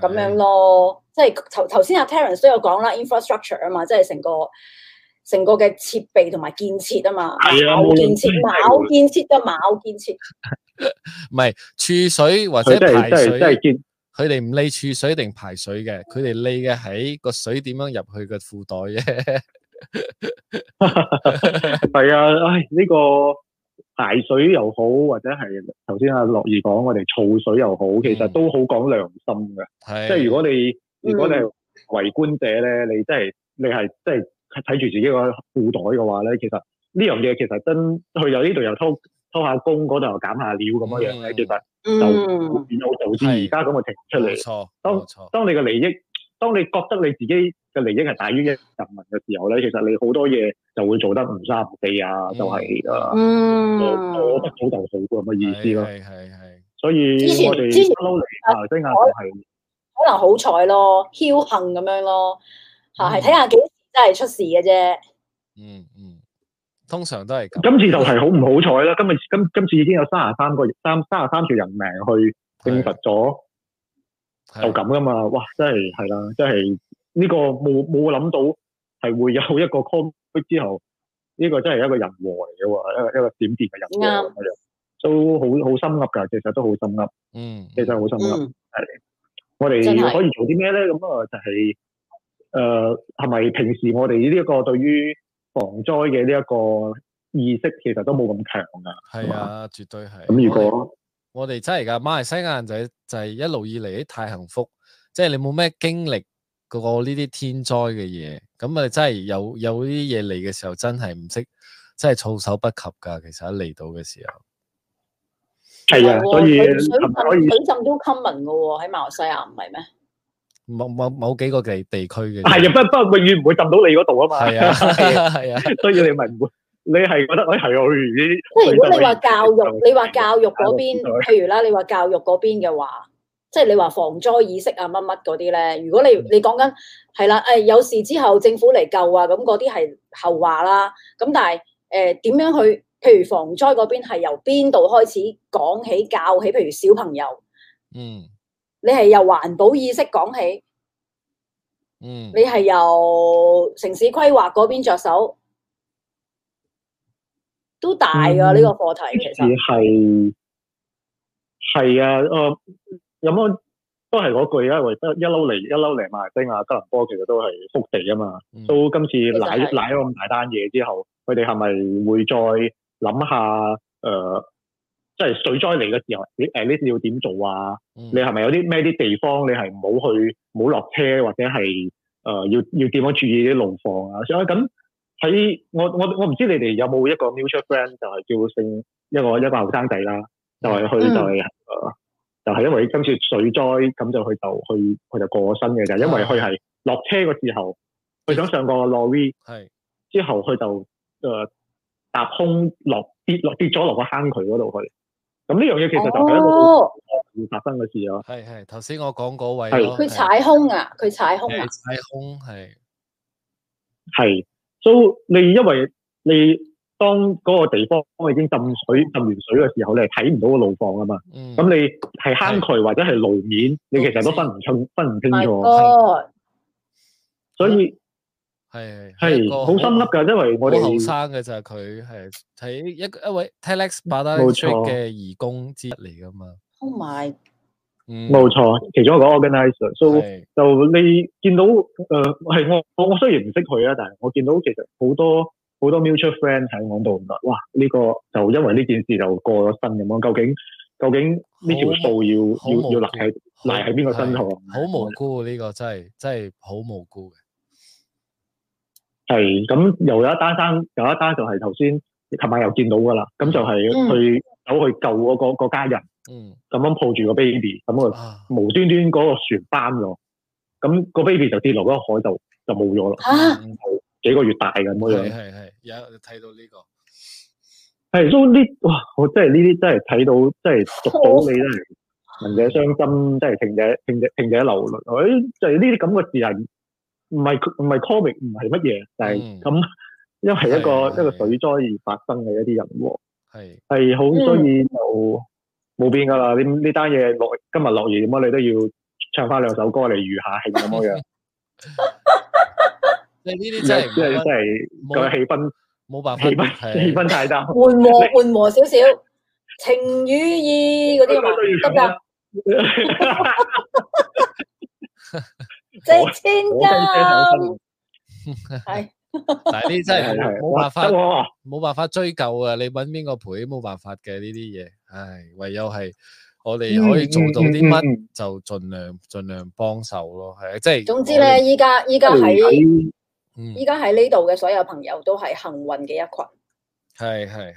咁樣咯，即係頭頭先阿 Terence 都有講啦，infrastructure 啊嘛，即係成個成個嘅設備同埋建設啊嘛，冇建設冇建設就冇建設。唔係儲水或者排水都係、就是、建。佢哋唔理儲水定排水嘅，佢哋理嘅係個水點樣入去個褲袋啫。係啊，唉，呢個排水又好，或者係頭先阿樂兒講，我哋儲水又好，其實都好講良心嘅。即係如果你如果你圍觀者咧，你真係你係即係睇住自己個褲袋嘅話咧，其實呢樣嘢其實真佢又呢度又通。拖下工嗰度減下料咁樣樣，其實就然後好似而家咁嘅情出嚟。錯、嗯，當你嘅利益，當你覺得你自己嘅利益係大於一人民嘅時候咧，其實你好多嘢，就會做得唔三唔四啊，就、嗯、係啊，坐不坐就好咁嘅意思咯、啊。係係係。所以我哋之前撈係可能好彩咯，僥倖咁樣咯，吓係睇下幾時真係出事嘅啫。嗯嗯。通常都係咁，今次就係好唔好彩啦！今日今今次已經有三十三個三三十三條人命去證實咗就咁噶嘛？哇！真係係啦，真係呢個冇冇諗到係會有一個 conclude 之後，呢個真係一個人禍嚟嘅喎，一個一個閃電嘅人禍。咁樣，都好好心悒噶，其實都好心悒。嗯，其實好心悒。係，我哋可以做啲咩咧？咁啊，就係誒，係咪平時我哋呢一個對於？防災嘅呢一個意識其實都冇咁強噶，係啊是，絕對係。咁如果我哋真係噶，馬來西亞人仔就係、是就是、一路以嚟太幸福，即、就、係、是、你冇咩經歷過呢啲天災嘅嘢，咁啊真係有有啲嘢嚟嘅時候，真係唔識，真係措手不及噶。其實喺嚟到嘅時候，係啊，所以、哦、水浸水浸都 common 噶喎，喺馬來西亞唔係咩？某冇冇幾個地地區嘅係啊，不不永遠唔會揼到你嗰度啊嘛，係啊，係 啊，啊啊 所以你咪唔會，你係覺得我係啊，如果你話教育， 你話教育嗰邊，譬如啦，你話教育嗰邊嘅話，即係你話防災意識啊，乜乜嗰啲咧，如果你、嗯、你講緊係啦，誒、啊、有事之後政府嚟救啊，咁嗰啲係後話啦，咁但係誒點樣去，譬如防災嗰邊係由邊度開始講起教起，譬如小朋友，嗯。你係由環保意識講起，嗯，你係由城市規劃嗰邊着手，都大噶呢、嗯，這個課題其實係係啊，誒、呃，咁啊，都係嗰句啊，一來一溜嚟，一嬲嚟，馬來西亞、吉隆坡其實都係福地啊嘛、嗯，都今次瀨瀨咗咁大單嘢之後，佢哋係咪會再諗下誒？呃即係水災嚟嘅時候，你誒你要點做啊？嗯、你係咪有啲咩啲地方你係唔好去、唔好落車，或者係誒、呃、要要點樣注意啲路況啊？所以咁喺我我我唔知你哋有冇一個 mutual friend 就係、是、叫姓一個一個後生仔啦，就係、是、佢就係、是、誒、嗯呃、就係、是、因為今次水災咁就佢就去佢就，就過咗身嘅，就因為佢係落車嘅時候，佢、嗯、想上個 lorry 之後佢就誒搭、呃、空落跌落跌咗落個坑渠嗰度去。咁呢樣嘢其實就係一個會發生嘅事啊。係係頭先我講嗰位置，佢踩空啊，佢踩空啊，踩空係係，所以你因為你當嗰個地方已經浸水浸完水嘅時候，你係睇唔到個路況啊嘛，咁、嗯、你係坑渠或者係路面，你其實都分唔清分唔清楚，所以。嗯係係個好心粒噶，因為我哋後生嘅就係佢係睇一一位 telex 巴打嘅義工之一嚟噶嘛。同埋，冇錯，其中一個 organiser，so 就你見到誒，係我我雖然唔識佢啊，但係我見到其實好多好多 mutual friend 喺我度度，哇！呢個就因為呢件事就過咗身咁啊？究竟究竟呢條數要要要賴喺賴喺邊個身上啊？好無辜呢個真係真係好無辜嘅。係咁，又有一單生，又一單就係頭先你琴晚又見到噶啦。咁就係去走、嗯、去救嗰、嗰個家人，咁、嗯、樣抱住個 baby，咁個無端端嗰個船翻咗，咁、啊、個 baby 就跌落嗰海度，就冇咗啦。啊、幾個月大咁樣，係係有睇到呢、呢個，係都呢哇！我真係呢啲，真係睇到，真係捉到你啦。係 聞者傷心，真係聽者聽者聽者流淚。誒、哎，就係呢啲咁嘅事係。唔係唔係 comic，唔係乜嘢，但係咁，因為係一個一個水災而發生嘅一啲人禍，係係好所以就冇變噶啦。呢呢單嘢落今日落雨點啊，你都要唱翻兩首歌嚟娛下興咁樣。你呢啲真係真係真係個氣氛，冇辦法，氣氛氣氛太差，緩和緩和少少，情與義嗰啲咁啊。即千金，係， 但係呢真係冇辦法，冇辦法追究啊！你揾邊個賠冇辦法嘅呢啲嘢，唉、哎，唯有係我哋可以做到啲乜就盡量、嗯、就盡量盡量幫手咯，係、嗯、即係。總之咧，依家依家喺，依家喺呢度嘅所有朋友都係幸運嘅一群，係係係。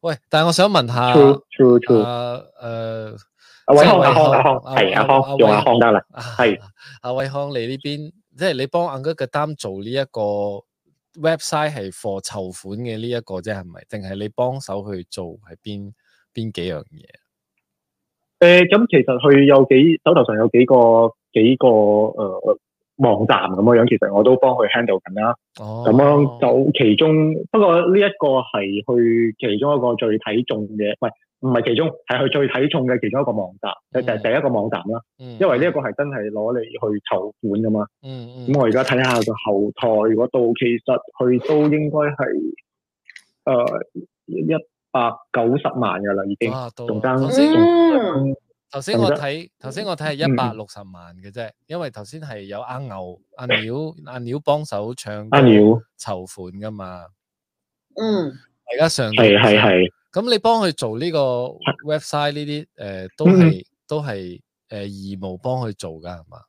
喂，但係我想問下啊誒。True, true, true. 啊呃阿威康，威康阿康係阿康，用阿康得啦。係阿威、啊、康，你呢邊即係你幫阿哥嘅單做呢、這、一個 website 係 for 籌款嘅呢一個啫，係咪？定係你幫手去做係邊邊幾樣嘢？誒、呃，咁其實佢有幾手頭上有幾個幾個誒、呃、網站咁樣樣，其實我都幫佢 handle 緊啦。哦，咁樣就其中不過呢一個係去其中一個最睇重嘅，唔唔係其中，係佢最睇重嘅其中一個網站，誒就係第一個網站啦。因為呢一個係真係攞嚟去籌款噶嘛。嗯嗯。咁我而家睇下個後台，如果到其實佢都應該係誒一百九十萬噶啦，已經。啊，到。仲爭。頭先我睇，頭先我睇係一百六十萬嘅啫，因為頭先係有阿牛、阿鳥、阿鳥幫手唱、阿鳥籌款噶嘛。嗯。而家上係係係。咁你幫佢做呢個 website 呢啲，誒，都係、嗯、都係誒、呃、義務幫佢做噶係嘛？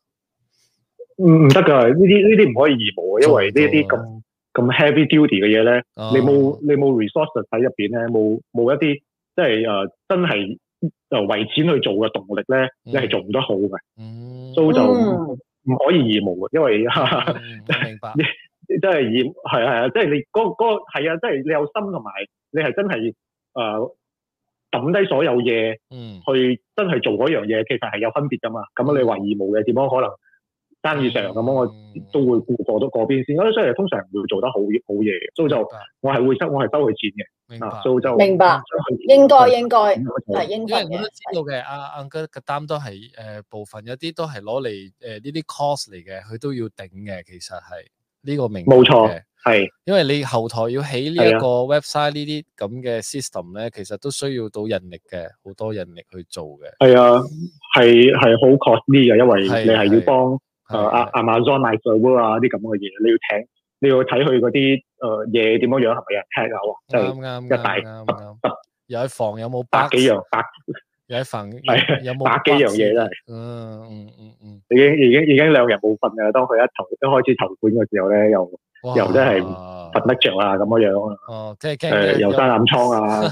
唔唔得噶，呢啲呢啲唔可以義務，因為呢啲咁咁 heavy duty 嘅嘢咧，你冇你冇 resource 喺入邊咧，冇冇一啲即係誒真係誒為錢去做嘅動力咧、嗯，你係做唔得好嘅、嗯，所以就唔、嗯、可以義務嘅，因為、嗯、 明白 你真係義務，係啊係啊，即係你個，係啊，即係你有心同埋你係真係。誒，抌低所有嘢，嗯，去真係做嗰樣嘢，其實係有分別噶嘛？咁樣你話義務嘅，點樣可能生意上，咁我都會顧過到嗰邊先。咁所以通常唔會做得好好嘢嘅，所以就我係會收，我係收佢錢嘅。明白，所以就明白，應該應該係應該。因為我都知道嘅，阿阿哥個擔都係誒部分，有啲都係攞嚟誒呢啲 cost 嚟嘅，佢都要頂嘅，其實係。呢、這個名冇錯，係因為你後台要起呢一個 website 呢啲咁嘅 system 咧，其實都需要到人力嘅，好多人力去做嘅。係啊，係係好 cost 啲嘅，因為你係要幫阿阿、啊呃啊、Amazon、Microsoft 啊啲咁嘅嘢，你要聽，你要睇佢嗰啲誒嘢點樣樣係咪啊？有人聽吓啊，啱、就、啱、是、一大 有一房有冇百幾樣百。百一份係打幾樣嘢都係，嗯嗯嗯嗯，已經已經已經兩日冇瞓啦。當佢一頭都開始籌款嘅時候咧，又又真係瞓得着啊，咁樣啊，哦，即係誒又生暗瘡啊。咁、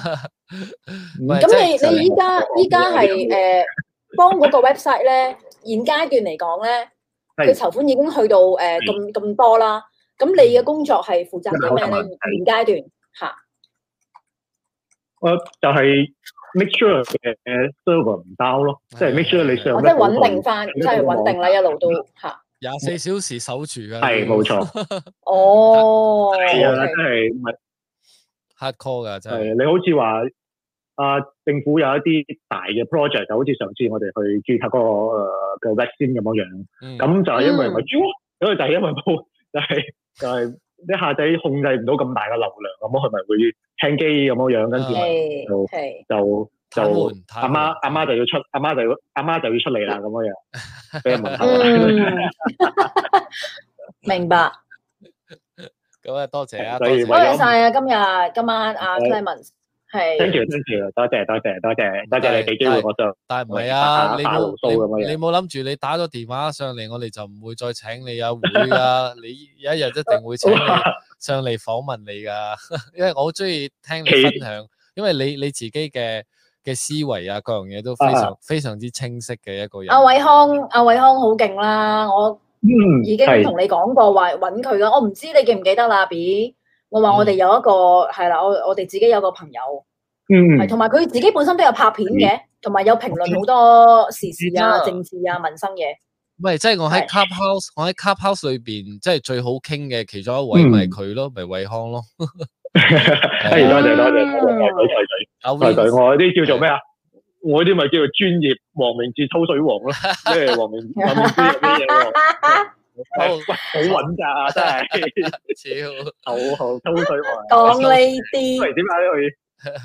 嗯、你、就是、你依家，依家係誒幫嗰個 website 咧，現階段嚟講咧，佢籌款已經去到誒咁咁多啦。咁你嘅工作係負責啲咩咧？現階段吓？我就係 make sure 嘅 server 唔 down 咯，即係 make sure 你上即係穩定翻，即係穩定啦一路都吓。廿四小時守住嘅係冇錯。哦，係啊，真係 hard call 噶真係。你好似話啊，政府有一啲大嘅 project，就好似上次我哋去注冊嗰個嘅 vaccine 咁樣樣，咁就係因為，因為就係因為冇，就係就係。一下仔控制唔到咁大嘅流量，咁佢咪會停機咁樣樣，跟住就就就阿媽阿媽就要出，阿媽就阿媽就要出嚟啦，咁樣樣俾人問。嗯，明白。咁啊，多謝啊，多謝晒啊，今日今晚啊，Clarence。聽住，聽住，多謝，多謝 músik,，多謝，多謝你俾機會我做。但係唔係啊，你到、right。你冇諗住你打咗電話上嚟，我哋就唔會再請你啊會 啊！你有一日一定會請你上嚟訪問你噶，因為我好中意聽你分享，Damn, 因為你你自己嘅嘅思維啊，各樣嘢都非常、uh -huh. 非常之清晰嘅一個人。 阿偉康，阿偉康好勁啦！我已經同你講過話搵佢噶，我唔知你記唔記得啦，阿 B。我話我哋有一個係啦、嗯，我我哋自己有個朋友，嗯，同埋佢自己本身都有拍片嘅，同、嗯、埋有評論好多時事啊、嗯、政治啊、民生嘢。唔即係我喺 clubhouse，我喺 clubhouse 裏邊，即係最好傾嘅其中一位，咪佢咯，咪、嗯、偉、就是、康咯。多 謝 多謝，排隊排隊，排隊我啲叫做咩啊？ 我啲咪叫做專業黃明志抽水王啦，即咩黃明志？王明治好穩架，真係超好好都好衰望。講呢啲，喂，點解去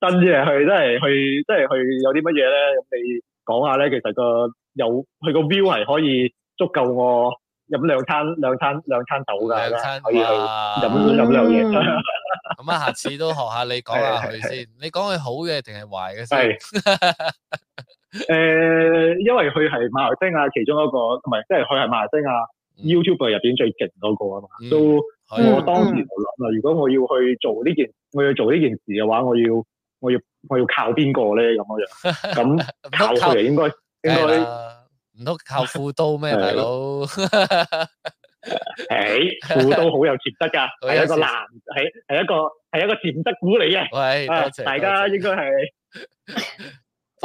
新嘢，去，真係去，真係去有啲乜嘢咧？咁你講下咧，其實個有佢個 view 係可以足夠我飲兩餐，兩餐兩餐到噶，兩餐可以去飲飲兩嘢。咁啊，下次都學下你講下佢先。你講佢好嘅定係壞嘅先？誒，因為佢係馬來西亞其中一個，唔係即係佢係馬來西亞 YouTuber 入邊最勁嗰個啊嘛。都我當然諗啦，如果我要去做呢件，我要做呢件事嘅話，我要我要我要靠邊個咧咁樣？咁靠佢應該應該唔通靠富都咩大佬？誒，富都好有潛質噶，係一個男，係係一個係一個潛質股嚟嘅。喂，大家應該係。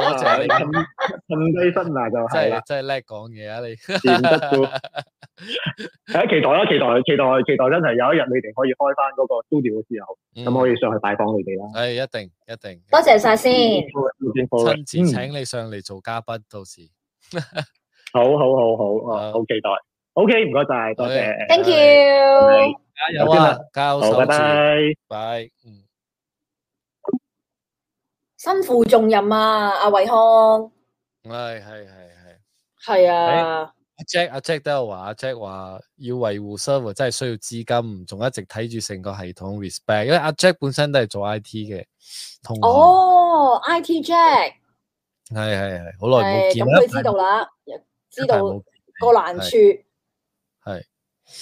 趁趁機生嗱就係真係叻講嘢，啊你，點得噶？係啊，期待啦，期待，期待，期待，真係有一日你哋可以開翻嗰個 studio 嘅時候，咁可以上去拜訪你哋啦。係，一定，一定。多謝晒先，親自請你上嚟做嘉賓，到時好好好好哦，好期待。OK，唔該晒，多謝，thank you，加油啊，加油，拜拜，拜。身負重任啊，阿偉康，係係係係係啊！阿、哎、Jack 阿 Jack 都有話，阿 Jack 話要維護 server 真係需要資金，仲一直睇住成個系統 respect，因為阿 Jack 本身都係做 IT 嘅，同哦 IT Jack，係係係，好耐冇見，咁佢知道啦，知道個難處，係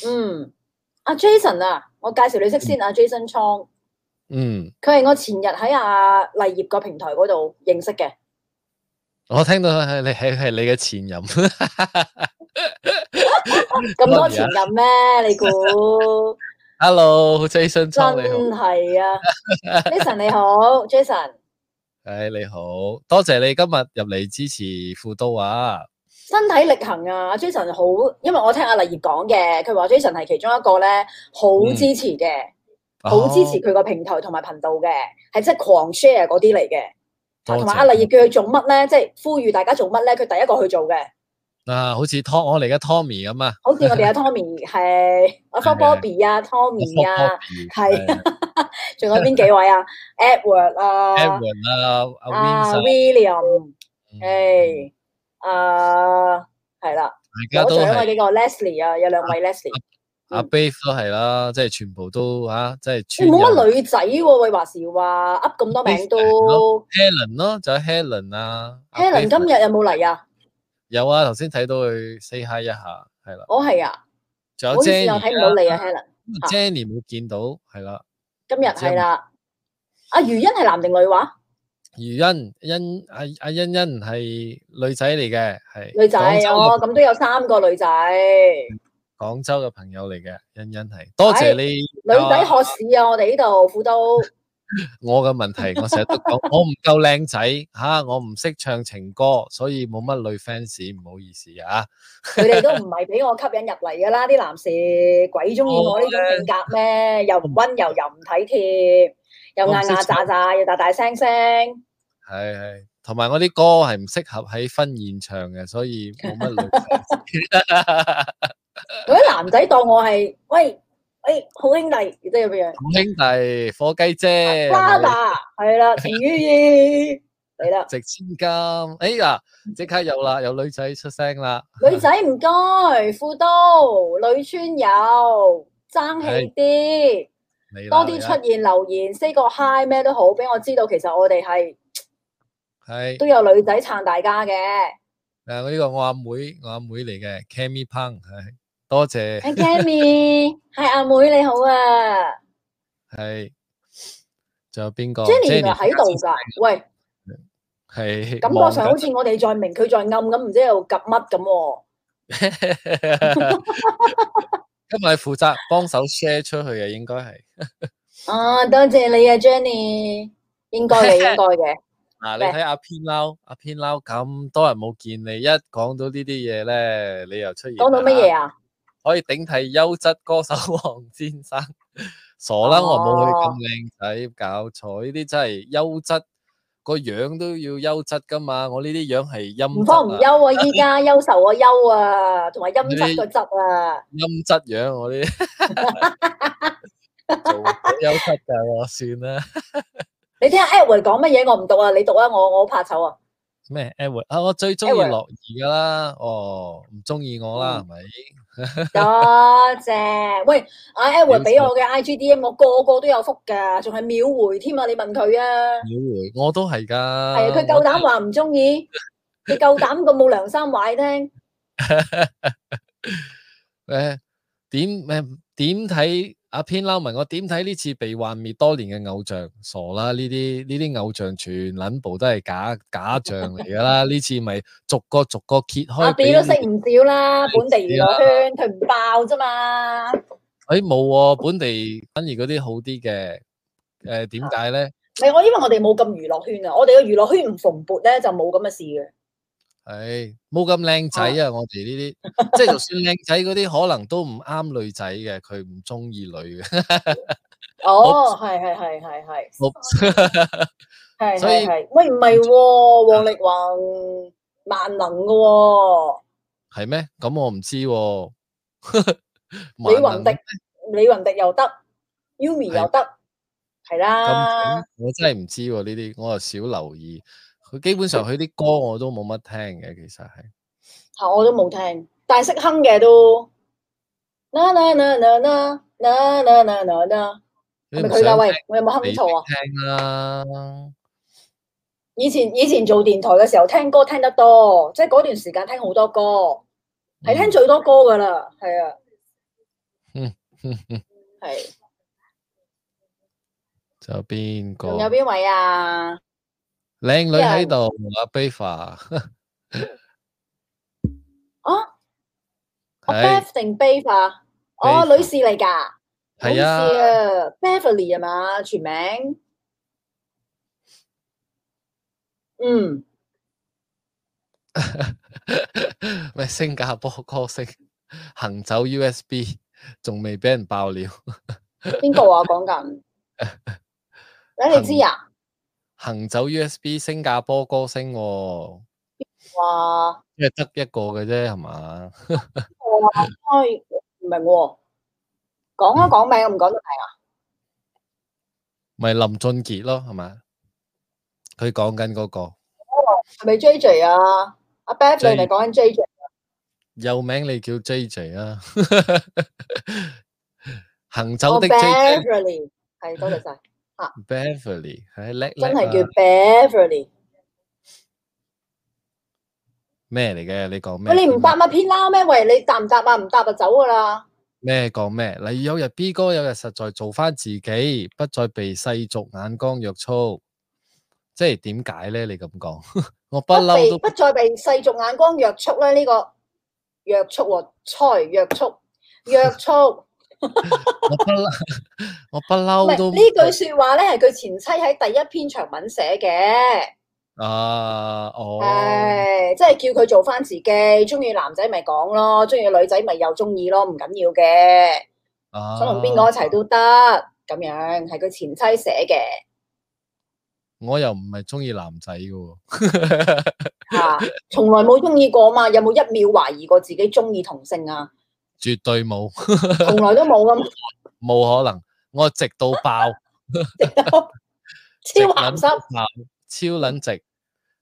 嗯阿 Jason 啊，我介紹你識先阿 Jason Chong 嗯，佢係我前日喺阿麗葉個平台嗰度認識嘅。我聽到係你係係你嘅前任，咁 多前任咩？ 你估？Hello，Jason，真係啊，Jason 你好 ，Jason，誒、哎，你好，多謝你今日入嚟支持輔導啊！身體力行啊，Jason 好，因為我聽阿麗葉講嘅，佢話 Jason 係其中一個咧，好支持嘅。嗯好支持佢個平台同埋頻道嘅，係真係狂 share 嗰啲嚟嘅，同埋、啊、阿麗亦叫佢做乜咧？即、就、係、是、呼籲大家做乜咧？佢第一個去做嘅。啊，好似我嚟，嘅 Tommy 咁啊。好似我哋阿 Tommy 係我方 Bobby 啊，啊，Tommy 啊，係仲 有邊幾位啊 ？Edward 啊，Edward 啊，William，誒，啊，係啦，我想啊幾個 Leslie 啊，啊，有兩位、啊、Leslie、啊。阿貝夫都係啦，即係全部都吓，即係全。你冇乜女仔喎喂，話時話噏咁多名都。Helen 咯，仲有 Helen 啦。Helen 今日有冇嚟啊？有啊，頭先睇到佢 say hi 一下，係啦。我係啊。仲有 Jenny 睇唔到你啊，Helen。咁 Jenny 冇見到，係啦。今日係啦。阿余欣係男定女話？余欣欣阿阿欣欣係女仔嚟嘅，係。女仔，咁都有三個女仔。廣州嘅朋友嚟嘅，欣欣係，多謝你、哎、女仔學士啊！我哋呢度輔導我嘅問題，我成日都講，我唔夠靚仔吓，我唔識唱情歌，所以冇乜女 fans，唔好意思啊！佢 哋都唔係俾我吸引入嚟噶啦，啲男士鬼中意我呢種性格咩？ 又唔溫柔，又唔體貼，又嗌嗌喳喳，又大大聲聲，係係，同埋我啲歌係唔適合喺婚宴唱嘅，所以冇乜女。乖乖乖乖乖乖 嗰啲男仔當我係喂喂好兄弟，即係咩嘢？好兄弟火雞姐，係啦，陳宇義，係啦，值千金。哎呀，即刻有啦，有女仔出聲啦。女仔唔該，富都女村友爭氣啲，多啲出現留言 say 個 hi 咩都好，俾我知道，其實我哋係係都有女仔撐大家嘅。誒，我呢個我阿妹，我阿妹嚟嘅，Cammy Punk 係。多謝，係 Kenny，係阿妹你好啊，係，仲有邊個？Jenny 原來喺度噶，喂，係，感覺上好似我哋在明，佢在暗咁，唔知又夾乜咁，今日負責幫手 share 出去嘅應該係，哦，多謝你啊 Jenny，應該嘅，應該嘅，嗱，你睇阿偏撈，阿偏撈咁多日冇見你，一講到呢啲嘢咧，你又出現，講到乜嘢啊？.可以頂替優質歌手黃先生，傻啦、哦！我冇佢咁靚仔，搞錯，呢啲真係優質個樣都要優質噶嘛！我呢啲樣係陰唔方唔優啊， 啊！依家優秀啊優啊，同埋陰質個質啊，陰質樣我啲，唔優質我算啦。 你聽下 Edward 講乜嘢？我唔讀啊，你讀啊！我我好怕醜啊。咩 Edward 啊？我最中意樂兒噶啦，Edward. 哦，唔中意我啦，係、嗯、咪？多謝，喂，阿 Edward 俾我嘅 IGDM，我個個都有福噶，仲係秒回添啊！你問佢啊，秒回我都係噶，係啊，佢夠膽話唔中意，你夠膽咁冇良心話聽？誒，點誒點睇？阿偏撈文，我點睇呢次被幻滅多年嘅偶像？傻啦，呢啲呢啲偶像全撚部都係假假象嚟噶啦！呢 次咪逐個逐個揭開，啊。阿 B 都識唔少啦，本地娛樂圈佢唔爆啫嘛。誒、哎，冇、啊，本地反而嗰啲好啲嘅。誒、呃，點解咧？係我因為我哋冇咁娛樂圈啊，我哋個娛樂圈唔蓬勃咧，就冇咁嘅事嘅。係冇咁靚仔啊！我哋呢啲，即係就算靚仔嗰啲，可能都唔啱女仔嘅，佢唔中意女嘅。哦，係係係係係，所以係。喂，唔係王力宏萬能㗎喎？係咩？咁我唔知。李雲迪，李雲迪又得，Umi 又得，係啦。我真係唔知呢啲，我啊少留意。佢基本上佢啲歌我都冇乜聽嘅，其實係，吓我都冇聽，但係識哼嘅都啦啦啦啦啦啦啦啦啦啦，係咪佢嗱？喂，我有冇哼錯啊？聽啦，以前以前做電台嘅時候聽歌聽得多，即係嗰段時間聽好多歌，係、嗯、聽最多歌噶啦，係啊，嗯嗯嗯，係，就邊個？有邊位啊？靚女喺度，同阿 Beffa 啊 b e f f 定 Beffa？哦，女士嚟噶、啊，係啊，啊，Beverly 啊嘛？全名嗯，咪 新加坡歌星行走 USB，仲未俾人爆料，邊 個啊？講、啊、緊，你你知啊？行走 U S B 新加坡歌星，哇！即係得一個嘅啫，係嘛？我唔明，講一講名，唔講都明啊？咪林俊傑咯，係嘛？佢講緊嗰個係咪 J J 啊？阿 Ben，你咪講緊 J J 啊？有名你叫 J J 啊？行走的 J J，係多謝晒。b e v e r l y 係、啊、叻、啊、真係叫 Beverly 咩嚟、啊、嘅？你講咩、啊？你唔答咪偏撈咩？喂，你答唔答啊？唔答就走噶啦。咩講咩？例如有日 B 哥有日實在做返自己，不再被世俗眼光約束，即係點解咧？你咁講， 我不嬲都不再被世俗眼光約束咧。呢、這個約束，猜約束，約束。 我不嬲我不嬲都呢句說話咧，係佢前妻喺第一篇長文寫嘅。啊，哦，係即係叫佢做返自己，中意男仔咪講咯，中意女仔咪又中意咯，唔緊要嘅。想同邊個一齊都得，咁樣係佢前妻寫嘅。我又唔係中意男仔嘅，吓、 啊，從來冇中意過嘛，有冇一秒懷疑過自己中意同性啊？絕對冇，從來都冇咁，冇可能，我直到爆，超鹹濕，超撚直，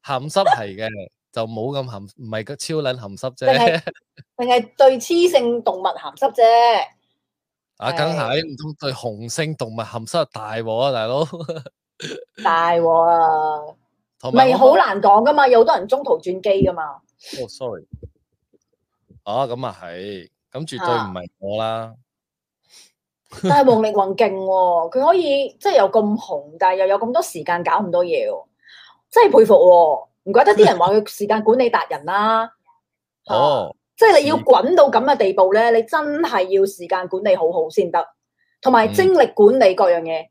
鹹濕係嘅，就冇咁咸，唔係個超撚鹹濕啫，定係定係對雌性動物鹹濕啫，啊，梗係唔通對雄性動物鹹濕係大鑊啊，大佬，大鑊啊，唔係好難講㗎嘛，有好多人中途轉機㗎嘛，哦，sorry，啊，咁啊係。咁絕對唔係我啦，啊、但係王力宏勁喎，佢可以即係又咁紅，但係又有咁多時間搞咁多嘢喎、哦，真係佩服喎、哦！唔怪得啲人話佢時間管理達人啦、啊？哦，啊、即係你要滾到咁嘅地步咧，你真係要時間管理好好先得，同埋精力管理各樣嘢，嗯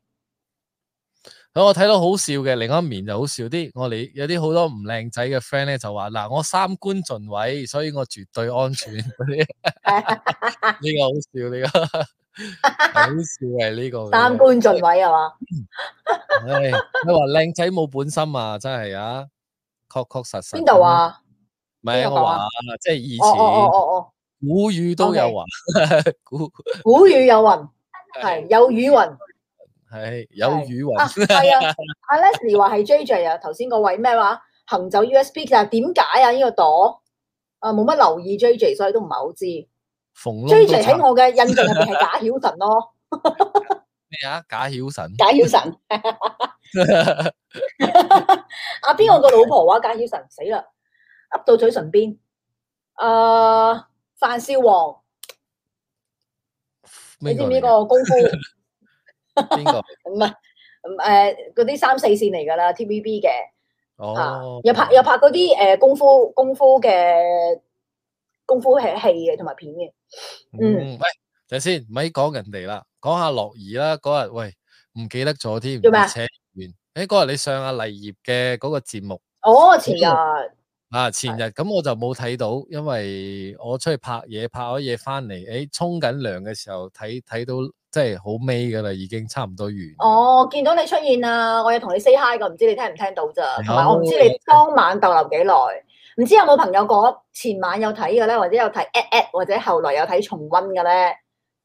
我睇到好笑嘅，另一面就好笑啲。我哋有啲好多唔靚仔嘅 friend 咧，就話嗱我三觀盡毀，所以我絕對安全。呢個好笑，呢個好笑係呢個三觀盡毀係嘛？唉、 哎，你話靚仔冇本心啊，真係啊，確確實實。邊度啊？唔係我話，即係以前、哦哦哦、古語都有云古、okay. 古語有云係 有語云。 係有語王係啊，Leslie 話係 J J 啊，頭先、啊 啊、個位咩話、啊、行走 U S P 啊？點、這、解、個、啊？呢個朵啊，冇乜留意 J J，所以都唔係好知。J J 喺我嘅印象入邊係賈曉晨咯。咩 啊？賈曉晨，賈曉晨。阿邊個個老婆話賈曉晨死啦，噏到嘴唇邊。誒、啊，范少王，你知唔知個功夫？ 邊個唔係唔，誒嗰啲三四線嚟噶啦，TVB 嘅，哦又拍又拍嗰啲誒功夫功夫嘅功夫戲嘅同埋片嘅。嗯，喂，等先，咪講人哋啦，講下樂兒啦。嗰日，喂，唔記得咗添，做咩，誒嗰日你上阿麗葉嘅嗰個節目，哦前日。啊！前日咁我就冇睇到，因為我出去拍嘢，拍咗嘢翻嚟，誒，沖緊涼嘅時候睇睇到，即係好尾噶啦，已經差唔多完。哦，見到你出現啦，我有同你 say hi 㗎，唔知你聽唔聽到咋？同埋我唔知你當晚逗留幾耐，唔、哦嗯，知有冇朋友講前晚有睇嘅咧，或者有睇 at at，或者後來有睇重温嘅咧，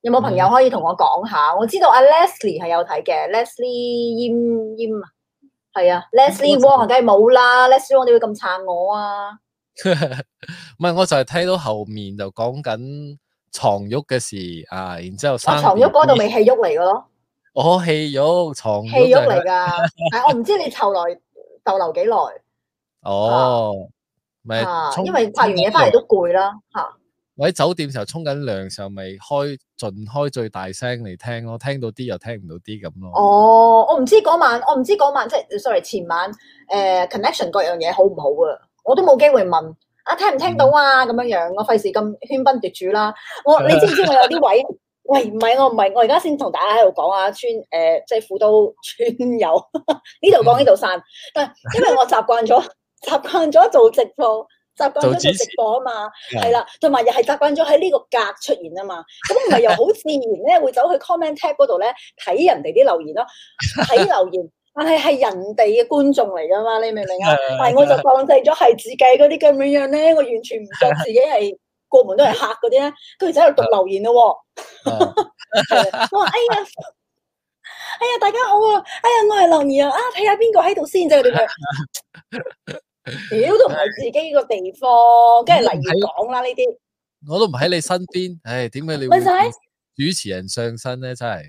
有冇朋友可以同我講下，嗯？我知道阿、啊、Leslie 係有睇嘅，Leslie Yim 係啊，Leslie Wong 梗係冇啦，Leslie Wong 點會咁撐我啊？唔 係，我就係睇到後面就講緊床褥嘅事啊，然之後、啊、床褥嗰度未係褥嚟嘅咯，哦，係褥床褥嚟噶，我唔知道你湊來逗留幾耐。哦，咪、啊啊，因為拍完嘢翻嚟都攰啦，吓、啊。喺酒店的時候沖緊涼時候咪開盡開最大聲嚟聽咯，聽到啲又聽唔到啲咁咯。哦，我唔知嗰晚，我唔知嗰晚即係 sorry 前晚誒、呃、connection 各樣嘢好唔好啊？我都冇機會問啊，聽唔聽到啊咁樣、嗯、樣，我費事咁喧賓奪主啦。我你知唔知我有啲位？ 喂，唔係我唔係我而家先同大家喺度講啊，村，誒即係褲都村有呢度講呢度散、嗯，但因為我習慣咗， 習慣咗做直播。習慣咗做直播啊嘛，係啦，同埋又係習慣咗喺呢個格，格出現啊嘛，咁唔係又好自然咧，會走去 comment tab 嗰度咧睇人哋啲留言咯，睇留言，但係係人哋嘅觀眾嚟㗎嘛，你明唔明啊？ 但係我就當制咗係自己嗰啲咁樣樣咧，我完全唔覺自己係 過門都係客嗰啲咧，跟住就喺度讀留言咯，我 話 哎呀，哎呀大家好啊，哎呀我係留言啊，啊睇下邊個喺度先即係點樣，佢哋。 屌都唔係自己個地方，梗係嚟講啦呢啲。我都唔喺你身邊，唉、 哎，點解你會？唔使主持人上身咧，真係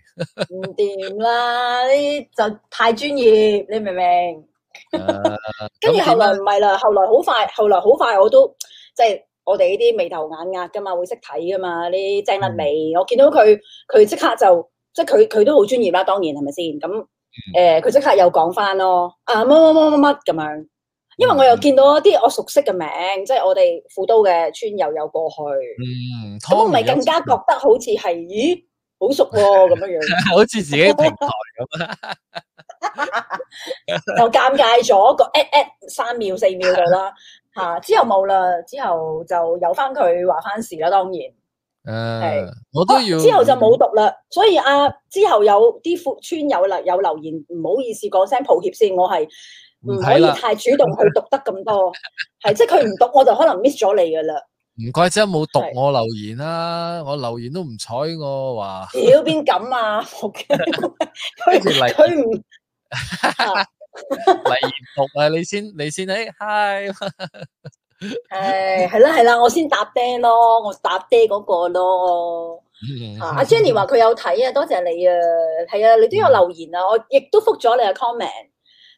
唔掂啦！呢 就太專業，你明唔明？跟、啊、住 後，後來唔係啦，後來好快，後來好快，我都即係、就是、我哋呢啲眉頭眼額噶嘛，會識睇噶嘛，啲正立眉、嗯。我見到佢，佢即刻就即係佢，佢都好專業啦。當然係咪先咁？誒，佢、呃、即刻又講翻咯，啊乜乜乜乜乜咁樣。因為我又見到一啲我熟悉嘅名，即、就、係、是、我哋富都嘅村友有過去，咁、嗯、我咪更加覺得好似係、嗯、咦好熟喎咁樣樣，好似自己平台咁啦，又 尷 尬咗個 at at 三秒四秒噶啦，吓 之後冇啦，之後就由翻佢話翻事啦，當然，係、啊、我都要、啊、之後就冇讀啦，所以啊，之後有啲村友啦有留言，唔好意思講聲抱歉先，我係。唔可以太主動去讀得咁多，係 即係佢唔讀我就可能 miss 咗你噶啦。唔怪之得冇讀我留言啦、啊，我留言都唔睬我話。屌邊敢啊！推唔嚟，推唔嚟讀啊！你先，你先，你係，係係啦係啦，我先答釘咯，我答爹嗰、那個咯。阿、 啊啊、 Jenny 話佢有睇啊，多謝你啊，係啊，你都有留言啊，嗯、我亦都覆咗你嘅 comment。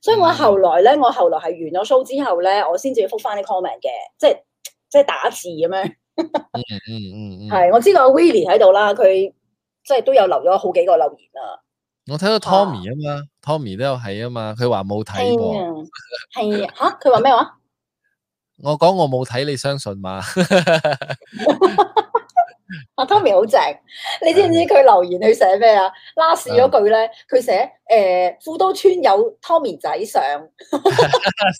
所以我後來咧，我後來係完咗 show 之後咧，我先至要覆返啲 comment 嘅，即係即係打字咁樣、 嗯。嗯嗯嗯嗯，係，我知道 Willie 喺度啦，佢即係都有留咗好幾個留言啦、啊。我睇到 Tommy 啊嘛，Tommy 都有喺啊嘛，佢話冇睇過。係吓？佢話咩話？我講我冇睇，你相信嘛？ 阿、啊、Tommy 好正，你知唔知佢留言佢寫咩啊？Last 嗰句咧，佢寫誒富都村有 Tommy 仔相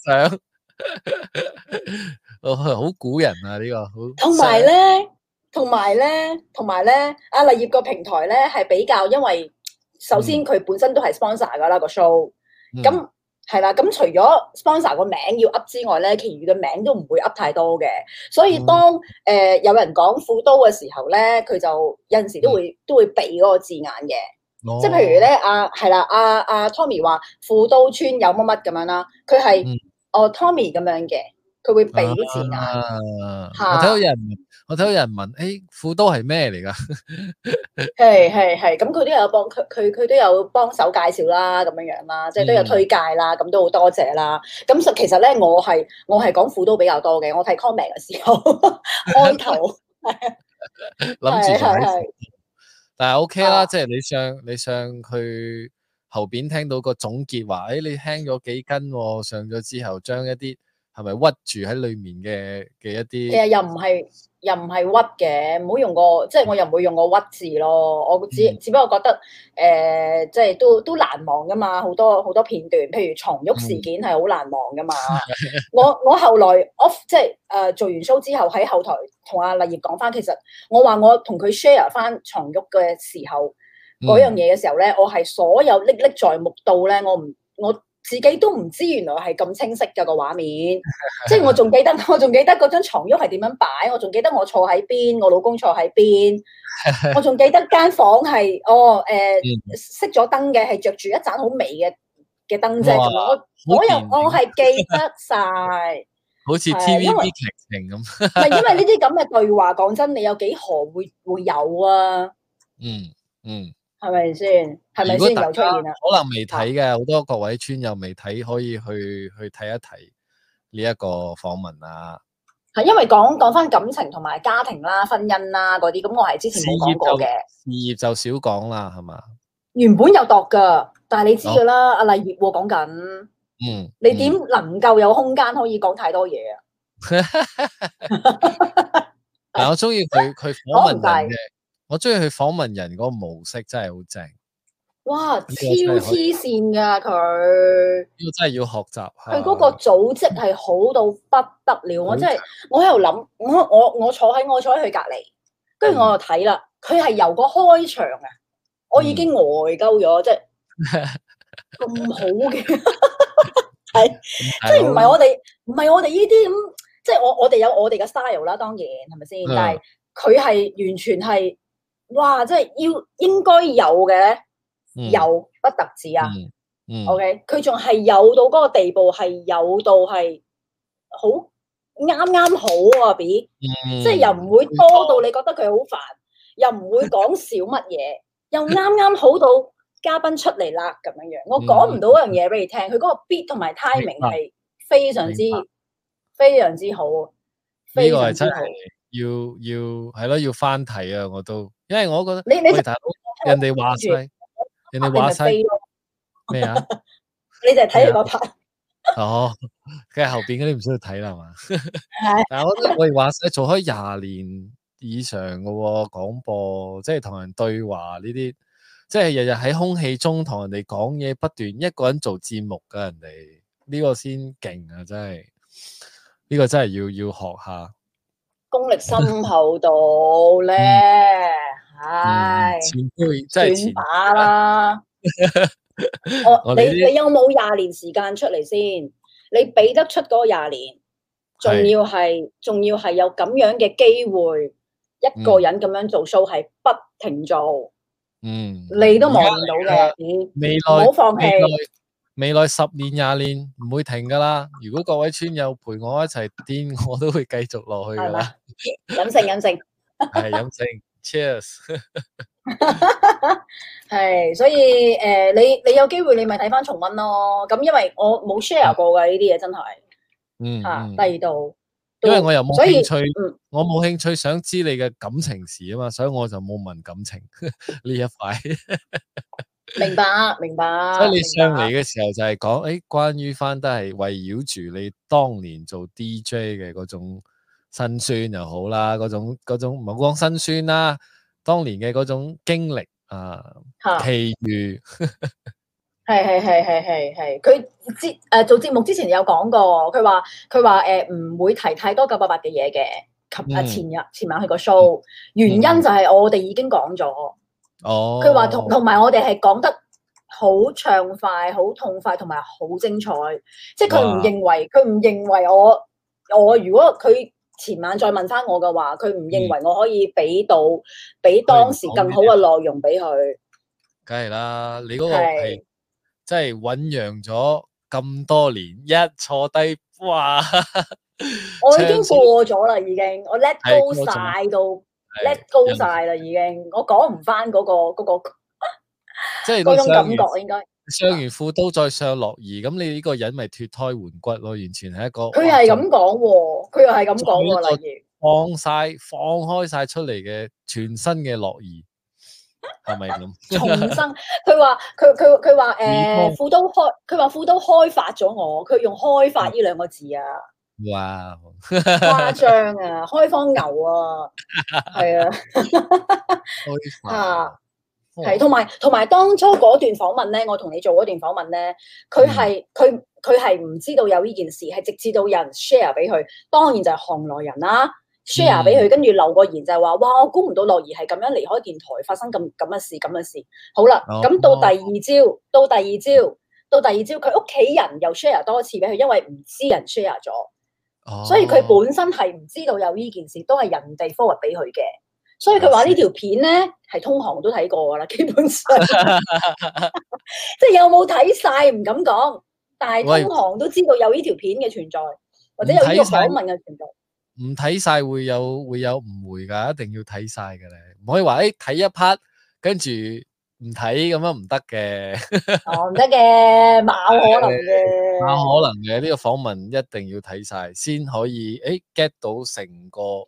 相， 上 好古人啊呢、這個，同埋咧，同埋咧，同埋咧，阿麗葉個平台咧係比較，因為首先佢本身都係 sponsor 噶啦個 show，咁、嗯。係啦、啊，咁除咗 sponsor 個名要 up 之外咧，其餘嘅名都唔會 up 太多嘅。所以當誒、嗯、呃、有人講富都嘅時候咧，佢就有陣時都會、嗯、都會避嗰個字眼嘅、哦。即係譬如咧，阿係啦，阿阿、啊啊啊啊、Tommy 話富都村有乜乜咁樣啦，佢係、嗯、哦 Tommy 咁樣嘅，佢會避啲字眼。啊啊、我睇到有人。我睇到有人問，誒、哎，斧刀係咩嚟噶？係係係，咁佢都有幫佢佢佢都有幫手介紹啦，咁樣樣啦，即係都有推介啦，咁都好多謝啦。咁、嗯、實、嗯、其實咧，我係我係講斧刀比較多嘅。我睇 comment 嘅時候開 按頭諗住， 但係 OK 啦，即、啊、係、就是、你上你上去後邊聽到個總結話，誒、哎，你聽咗幾根、哦、上咗之後，將一啲。係咪屈住喺裏面嘅嘅一啲？其實又唔係又唔係屈嘅，唔好用個即係我又唔會用個屈字咯。我只、嗯、只不過覺得誒、呃，即係都都難忘噶嘛，好多好多片段，譬如床褥事件係好難忘噶嘛。嗯、 我我後來 off 即係誒、呃、做完 show 之後喺後台同阿麗葉講翻，其實我話我同佢 share 翻床褥嘅時候嗰、嗯、樣嘢嘅時候咧，我係所有歷歷在目到咧，我唔我。自己都唔知原來係咁清晰嘅個畫面，即係我仲記得，我仲記得嗰張牀褥係點樣擺，我仲記得我坐喺邊，我老公坐喺邊，我仲記得間房係哦、誒、熄咗燈嘅，係、呃、着住一盞好微嘅嘅燈啫。我又我係記得晒，好似 T V B 劇情咁。唔係因為呢啲咁嘅對話，講真，你有幾何會會有啊？嗯、嗯。係咪先？如果大家可能未睇嘅，好、哦、多各位村友未睇，可以去去睇一睇呢一個訪問啊。係因為講講翻感情同埋家庭啦、婚姻啦嗰啲，咁我係之前冇講過嘅。事業就,就少講啦，係嘛？原本有度噶，但係你知噶啦，阿麗葉講緊，嗯，你點能夠有空間可以講太多嘢啊？ 但我中意佢佢訪問嘅。哦謝謝我中意去訪問人嗰個模式真係好正，哇，超黐線噶佢，佢佢真係要學習。佢嗰個組織係好到不得了，嗯、我真係我喺度諗，我我我坐喺我坐喺佢隔籬，跟住我就睇啦，佢係由個開場啊，我已經呆鳩咗、嗯，即係咁 好嘅，係即係唔係我哋唔係我哋呢啲咁，即係我我哋有我哋嘅 style 啦，當然，係咪先？但係佢係完全係。哇！即係要應該有嘅、嗯，有不特止啊。嗯嗯、OK，佢仲係有到嗰個地步，係有到係好啱啱好啊 beat、嗯、即係又唔會多到你覺得佢好煩，又唔會講少乜嘢，又啱啱好到嘉賓出嚟啦咁樣樣。嗯、我講唔到嗰樣嘢俾你聽，佢嗰個 beat 同埋 timing 係非常之非常之好。呢、呢個係真係要要係咯，要翻睇啊！我都。因為我覺得你覺得你人哋話晒，人哋話晒咩啊？啊 你就係睇住個牌哦。其實後邊嗰啲唔需要睇啦嘛。 但我都我哋話晒做開廿年以上嘅、哦、廣播，即係同人對話呢啲，即係日日喺空氣中同人哋講嘢，不斷一個人做節目嘅人哋，呢、呢個先勁啊！真係呢、呢個真係要要學下功力深厚到咧。 嗯唉、嗯，前輩真係斷把啦！我 你你有冇廿年時間出嚟先？你俾得出嗰廿年，仲要係仲要係有咁樣嘅機會、嗯，一個人咁樣做 show 係不停做，嗯，你都望唔到嘅、嗯。未來唔好放棄，未來十年廿年唔會停噶啦！如果各位村友陪我一齊癲，我都會繼續落去噶啦。隱性隱性，係隱性。 Cheers，係，所以誒，你你有機會你咪睇翻重温咯。咁因為我冇 share 過嘅呢啲嘢，真係，嗯，第二度，因為我又冇興趣，我冇興趣想知你嘅感情事啊嘛，所以我就冇問感情呢一塊。明白，明白。所以你上嚟嘅時候就係講誒，關於翻都係圍繞住你當年做 DJ 嘅嗰種。辛酸又好啦，嗰種嗰種唔係講辛酸啦、啊，當年嘅嗰種經歷啊、呃，奇遇，係係係係係係，佢節誒做節目之前有講過，佢話佢話誒唔會提太多九八八嘅嘢嘅，琴日前日、嗯、前晚去個 show，嗯嗯、原因就係我哋已經講咗，佢、哦、話同同埋我哋係講得好暢快，好痛快，同埋好精彩，即係佢唔認為佢唔認為我我如果佢。前晚再問翻我嘅話，佢唔認為我可以俾到比、嗯、當時更好嘅內容俾佢。梗係啦，你嗰個係即係醞釀咗咁多年，一坐低哇，我已經過咗啦， 已經我 let go 晒到 let go 晒啦，已經我講唔翻嗰個嗰個即係嗰種感覺應該。上完庫都再上樂意，咁、嗯、你呢個人咪脫胎換骨咯？完全係一個佢係咁講，佢又係咁講，例如放晒放開晒出嚟嘅全新嘅樂意，係咪咁？重生，佢話佢佢佢話誒，斧、 呃、刀開，佢話斧刀開發咗我，佢用開發呢兩個字啊！哇，誇 張啊，開荒牛啊，係 啊，啊！ 同埋同埋，當初嗰段訪問咧，我同你做嗰段訪問咧，佢係佢佢係唔知道有呢件事，係直至到有人 share 俾佢，當然就係行內人啦、啊。share 俾佢，跟住留個言就係話，哇，我估唔到樂兒係咁樣離開電台，發生咁咁嘅事，咁嘅事。好啦，咁、哦、到第二朝、哦，到第二朝，到第二朝，佢屋企人又 share 多一次俾佢，因為唔知人 share 咗、哦，所以佢本身係唔知道有呢件事，都係人哋 forward 俾佢嘅。所以佢話呢條片咧係通行都睇過噶啦，基本上，即係有冇睇晒唔敢講，但係通行都知道有呢條片嘅存在，或者有呢個訪問嘅存在。唔睇晒會有會有誤會噶，一定要睇晒嘅咧，唔可以話誒睇一 part 跟住唔睇咁樣唔得嘅。哦，唔得嘅，冇可能嘅，冇可能嘅。呢個訪問一定要睇晒先可以誒 get 到成個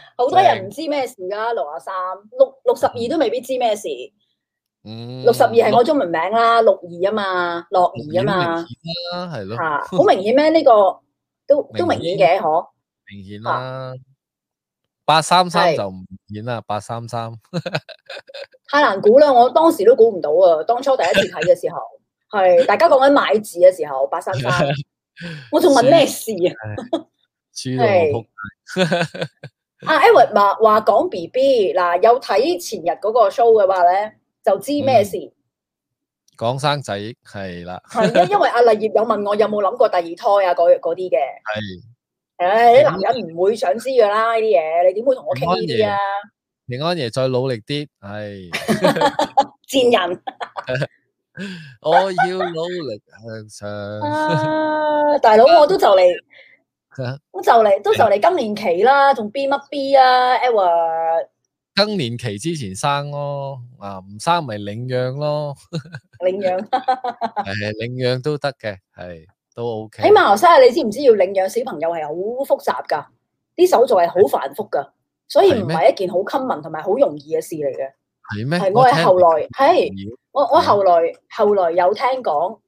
好多人唔知咩事噶，六啊三六六十二都未必知咩事。嗯，六十二係我中文名啦，六二啊嘛，六二啊嘛。明顯啦，係咯、啊。吓，好明顯咩？呢、這個都明顯都明顯嘅，嗬。明顯啦、啊，八三三就唔明顯啦，八三三。833, 太難估啦！我當時都估唔到啊！當初第一次睇嘅時候，係 大家講緊買字嘅時候，八三三，我仲問咩事啊？係。 阿 Aaron 話話講 B B 嗱有睇前日嗰個 show 嘅話咧就知咩事，講、嗯、生仔係啦，係因為阿麗葉有問我有冇諗過第二胎啊嗰嗰啲嘅係，誒啲、哎、男人唔會想知噶啦呢啲嘢，你點會同我傾呢啲啊？平安夜再努力啲係，賤 賤人， 我要努力向上 、啊、大佬，我都就嚟。咁就嚟都就嚟更年期啦，仲 B 乜 B 啊？Edward，更年期之前生咯，啊唔生咪領養咯，領養誒領養都得嘅，係都 O K。起碼後生啊，你知唔知要領養小朋友係好複雜噶？啲手續係好繁複噶，所以唔係一件好 common 同埋好容易嘅事嚟嘅。係咩？我係後來係我我後來後來有聽講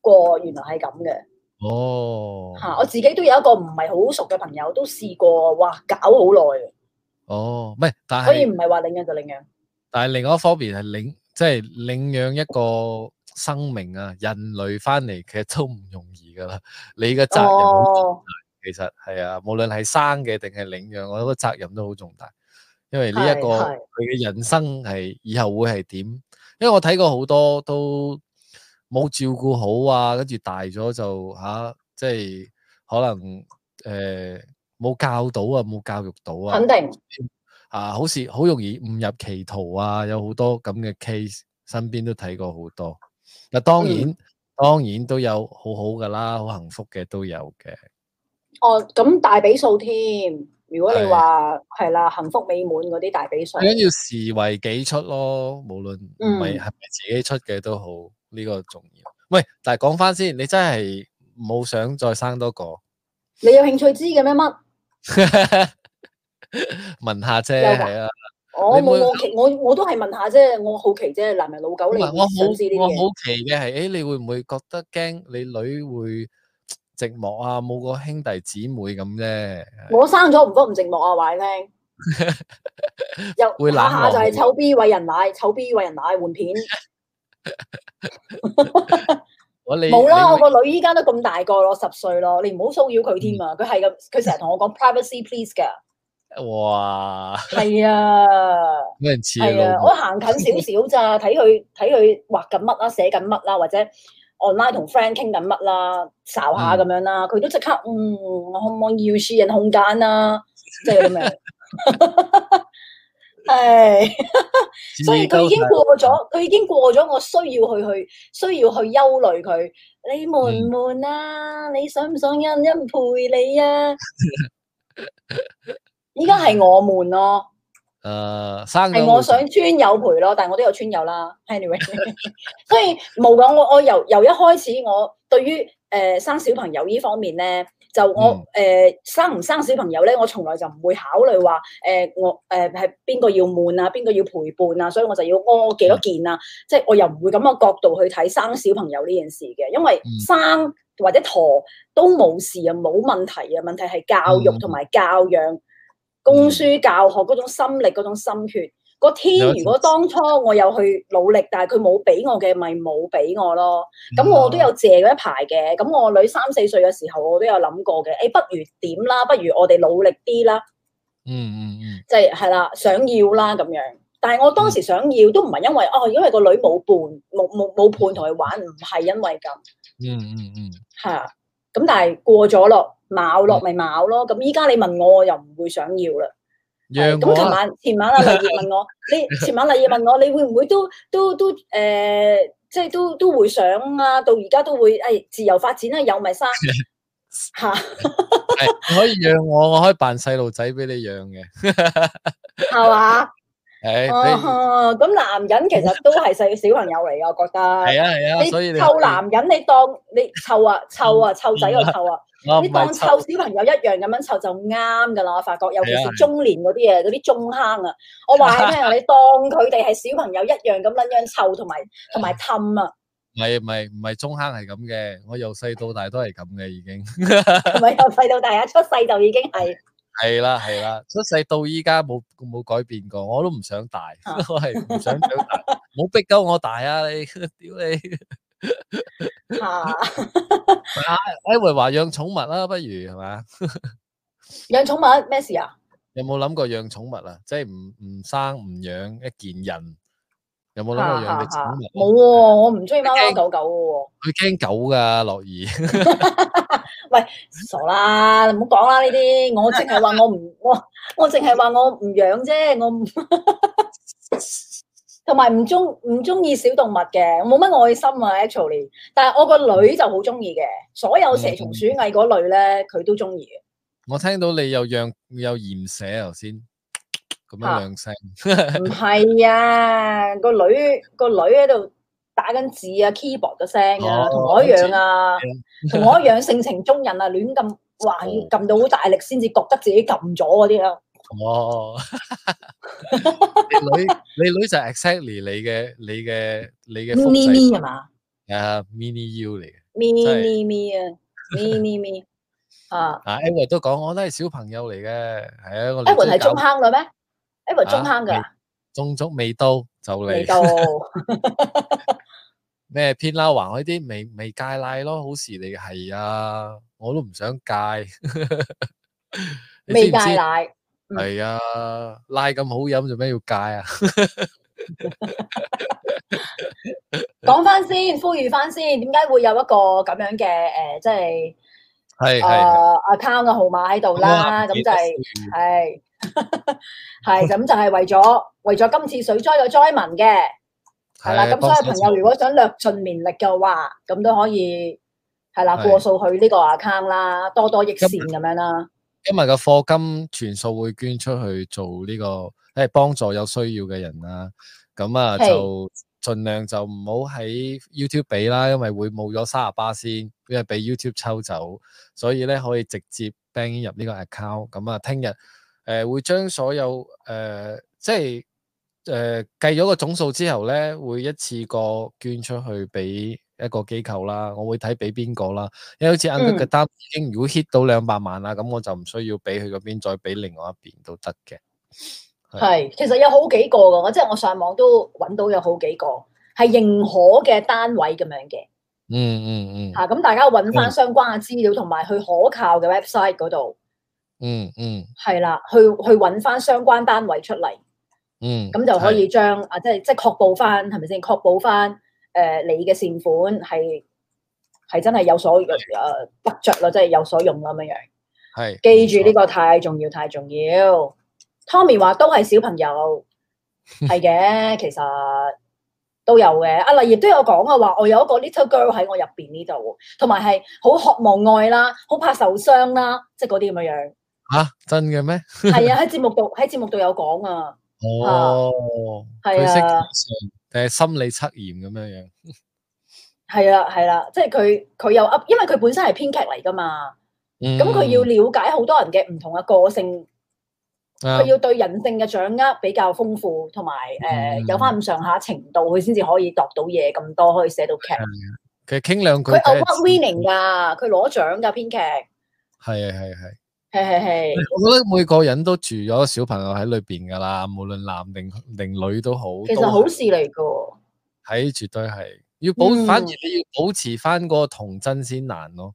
過，原來係咁嘅。哦，吓，我自己都有一個唔係好熟嘅朋友，都試過，哇，搞好耐嘅。哦，唔係，所以唔係話領養就領養。但係另外一方面係領，即係領養一個生命啊，人類翻嚟，其實都唔容易噶啦。你嘅責任好重大，其實係啊，無論係生嘅定係領養，我覺得責任都好重大，因為呢一個佢嘅人生係以後會係點？因為我睇過好多都。冇照顧好啊，跟住大咗就吓、啊，即係可能誒、冇、呃、教到啊，冇教育到啊，肯定啊，好似好容易誤入歧途啊，有好多咁嘅 case，身邊都睇過好多。嗱、啊，當然、嗯、當然都有好好噶啦，好幸福嘅都有嘅。哦，咁大比數添，如果你話係啦，幸福美滿嗰啲大比數，最緊要視為己出咯，無論唔係係咪自己出嘅都好。嗯呢個重要，喂！但係講翻先，你真係冇想再生多個？你有興趣知嘅咩乜？問下啫，係啊！我冇好奇，我我都係問下啫，我好奇啫。男人老狗嚟？我好奇呢啲嘢。我好奇嘅係，誒，你會唔會覺得驚？你女會寂寞啊？冇個兄弟姊妹咁啫。我生咗唔複唔寂寞啊！話你聽，又下下就係臭 B 餵人奶，臭 B 餵人奶換片。冇 啦你， 我個女依家都咁大個咯，十歲咯，你唔好騷擾佢添啊！佢係咁，佢成日同我講 Privacy please 噶。哇，係啊，咩似啊？啊我行近少少咋，睇佢睇佢畫緊乜啦，寫緊乜啦，或者 online 同 friend 傾緊乜啦，稍下咁樣啦，佢、嗯、都即刻嗯，我可唔可以要私人空間啦、啊？即係咁樣。 係，所以佢已經過咗，佢已經過咗，我需要去去，需要去憂慮佢。你悶唔悶啊、嗯？你想唔想欣欣陪你啊？依家係我悶咯。誒、呃，生係我想穿有陪咯，但係我都有穿友啦。Anyway， 所以冇講，我我由由一開始我對於誒、呃、生小朋友呢方面咧。就我誒、嗯呃、生唔生小朋友咧，我從來就唔會考慮話誒我誒係邊個要悶啊，邊個要陪伴啊，所以我就要屙幾多，多件啊，即、嗯、係、就是、我又唔會咁嘅角度去睇生小朋友呢件事嘅，因為生或者陀都冇事啊，冇問題啊，問題係教育同埋教養、供、嗯、書教學嗰種心力、嗰種心血。個天，如果當初我有去努力，但係佢冇俾我嘅，咪冇俾我咯。咁、mm -hmm. 我都有借過一排嘅。咁我女三四歲嘅時候，我都有諗過嘅。誒、欸，不如點啦？不如我哋努力啲啦。嗯嗯嗯，即係係啦，想要啦咁樣。但係我當時想要都唔係因為哦，因為個女冇伴，冇冇冇伴同佢玩，唔係因為咁。嗯嗯嗯，嚇。咁但係過咗落，冇落咪冇咯。咁依家你問我，我又唔會想要啦。咁琴、啊、晚，前晚啊，麗葉問我， 你前晚麗葉問我，你會唔會都都都誒、呃，即係都都會想啊？到而家都會，誒、哎，自由發展啊，有咪生吓、啊？ 可以養我，我可以扮細路仔俾你養嘅，係 嘛？咁、 啊、男人其實都係細個小朋友嚟，我覺得係啊係啊，啊你臭男人，你當你臭啊臭啊臭仔啊臭啊！臭啊臭你當湊小朋友一樣咁樣湊就啱㗎喇！我發覺，尤其是中年嗰啲嘢，嗰啲、啊、中坑啊，我話咩啊？你當佢哋係小朋友一樣咁樣樣湊，同埋同埋氹啊，啊唔係！唔係唔係唔係中坑係咁嘅，我由細到大都係咁嘅已經。唔係由細到大是是啊，啊，出世就已經係。係啦係啦，出世到依家冇冇改變過，我都唔想大，啊、我係唔想長大，冇逼鳩我大啊！你屌你。啊，我一會話養寵物啦，不如係嘛？養寵 物咩事啊？有冇諗過養寵物啊？即係唔唔生唔養一件人，有冇諗過養隻寵物？冇 喎、 啊，我唔中意貓貓狗狗嘅。佢驚狗噶樂兒， 喂傻啦，你唔好講啦呢啲。我淨係話我唔 我我淨係話我唔養啫，我唔。 同埋唔中唔中意小動物嘅，我冇乜愛心啊 actually 但係我個女就好中意嘅，所有蛇蟲鼠蟻嗰類咧，佢都中意。我聽到你讓有讓又嫌寫頭先咁樣兩聲，唔係啊，不是啊 個，個女個女喺度打緊字啊，keyboard 嘅聲啊，哦、同我一樣啊，哦、同我一樣性情中人啊， 亂撳，哇要撳到好大力先至覺得自己撳咗嗰啲啊～哦，你女你女就 exactly 你嘅你嘅你嘅，mini 係嘛？係啊，mini U 嚟嘅，mini mini 啊，mini mini 啊，啊，Evan 都講我都係小朋友嚟嘅，係啊，Evan 係中坑啦咩？Evan 中坑嘅，中足未到就嚟到，咩偏啦橫開啲未未戒奶咯，好事嚟，係啊，我都唔想戒，未戒奶。係啊，拉，咁好飲，做咩要戒啊？講返先，呼籲返先，點解會有一個咁樣嘅誒，即係係啊，account 嘅號碼喺度啦，咁就係係係咁就係為咗為咗今次水災嘅災民嘅，係啦。咁所以朋友如果想略盡綿力嘅話，咁都可以係啦，過數去呢個 account 啦，多多益善咁樣啦。因為個課金全數會捐出去做呢個，誒幫助有需要嘅人啦。咁啊就盡量就唔好喺 YouTube 俾啦，因為會冇咗三十巴仙，因為俾 YouTube 抽走，所以咧可以直接 bank 入呢個 account。咁啊聽日誒會將所有誒、呃、即係誒、呃、計咗個總數之後咧，會一次過捐出去俾。一個機構啦，我會睇俾邊個啦，因為好似啱啱嘅單已經如果 hit 到兩百萬啦，咁我就唔需要俾佢嗰邊再俾另外一邊都得嘅。係，其實有好幾個噶，即係我上網都揾到有好幾個係認可嘅單位咁樣嘅。嗯嗯嗯。嚇、嗯，咁、啊、大家揾翻相關嘅資料，同、嗯、埋去可靠嘅 website 嗰度。嗯嗯。係啦，去去揾翻相關單位出嚟。嗯。咁就可以將啊，即係即係確保翻係咪先？確保翻。誒，你嘅善款係係真係有所誒得着咯，即係有所用咁樣樣。係，記住呢個太重要，太重要。Tommy 話都係小朋友，係嘅，其實都有嘅。阿麗亦都有講啊，話我有一個 little girl 喺我入邊呢度，同埋係好渴望愛啦，好怕受傷啦，即係嗰啲咁樣樣。吓，真嘅咩？係啊，喺節目度喺節目度有講啊。哦，係啊。誒，心理測驗咁樣樣，係啦係啦，即係佢佢有噏，因為佢本身係編劇嚟噶嘛，咁、嗯、佢要了解好多人嘅唔同嘅個性，佢、嗯、要對人性嘅掌握比較豐富，同埋誒有翻咁、呃嗯、上下程度，佢先至可以度到嘢咁多，可以寫到劇。佢傾兩句他有，佢 Award Winning 噶，佢攞獎噶編劇，係啊係啊係。系系系，我覺得每個人都住咗小朋友喺裏邊噶啦，無論男定定女都好。其實好事嚟噶，係絕對係要保、嗯，反而你要保持翻個童真先難咯、哦。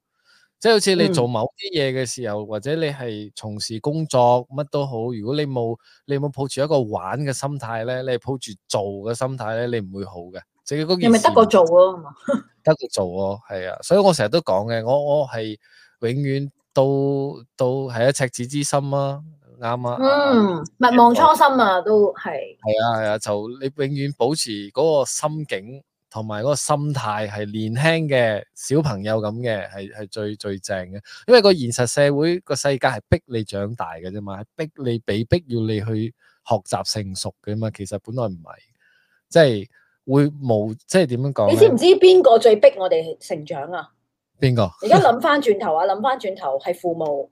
即係好似你做某啲嘢嘅時候，或者你係從事工作乜都好，如果你冇你冇抱住一個玩嘅心態咧，你係抱住做嘅心態咧，你唔會好嘅。即係件咪得個做啊 得個做哦、啊，係啊，所以我成日都講嘅，我我係永遠。都都係一赤子之心啊，啱啊！嗯，勿、啊、忘初心啊，都係。係啊係啊，就是，你永遠保持嗰個心境同埋嗰個心態，係年輕嘅小朋友咁嘅，係係最最正嘅。因為個現實社會、個世界係逼你長大嘅啫嘛，係逼你被逼要你去學習成熟嘅嘛。其實本來唔係，即係會冇即係點樣講？你知唔知邊個最逼我哋成長啊？邊個？而家諗翻轉頭啊！諗翻轉頭，係父母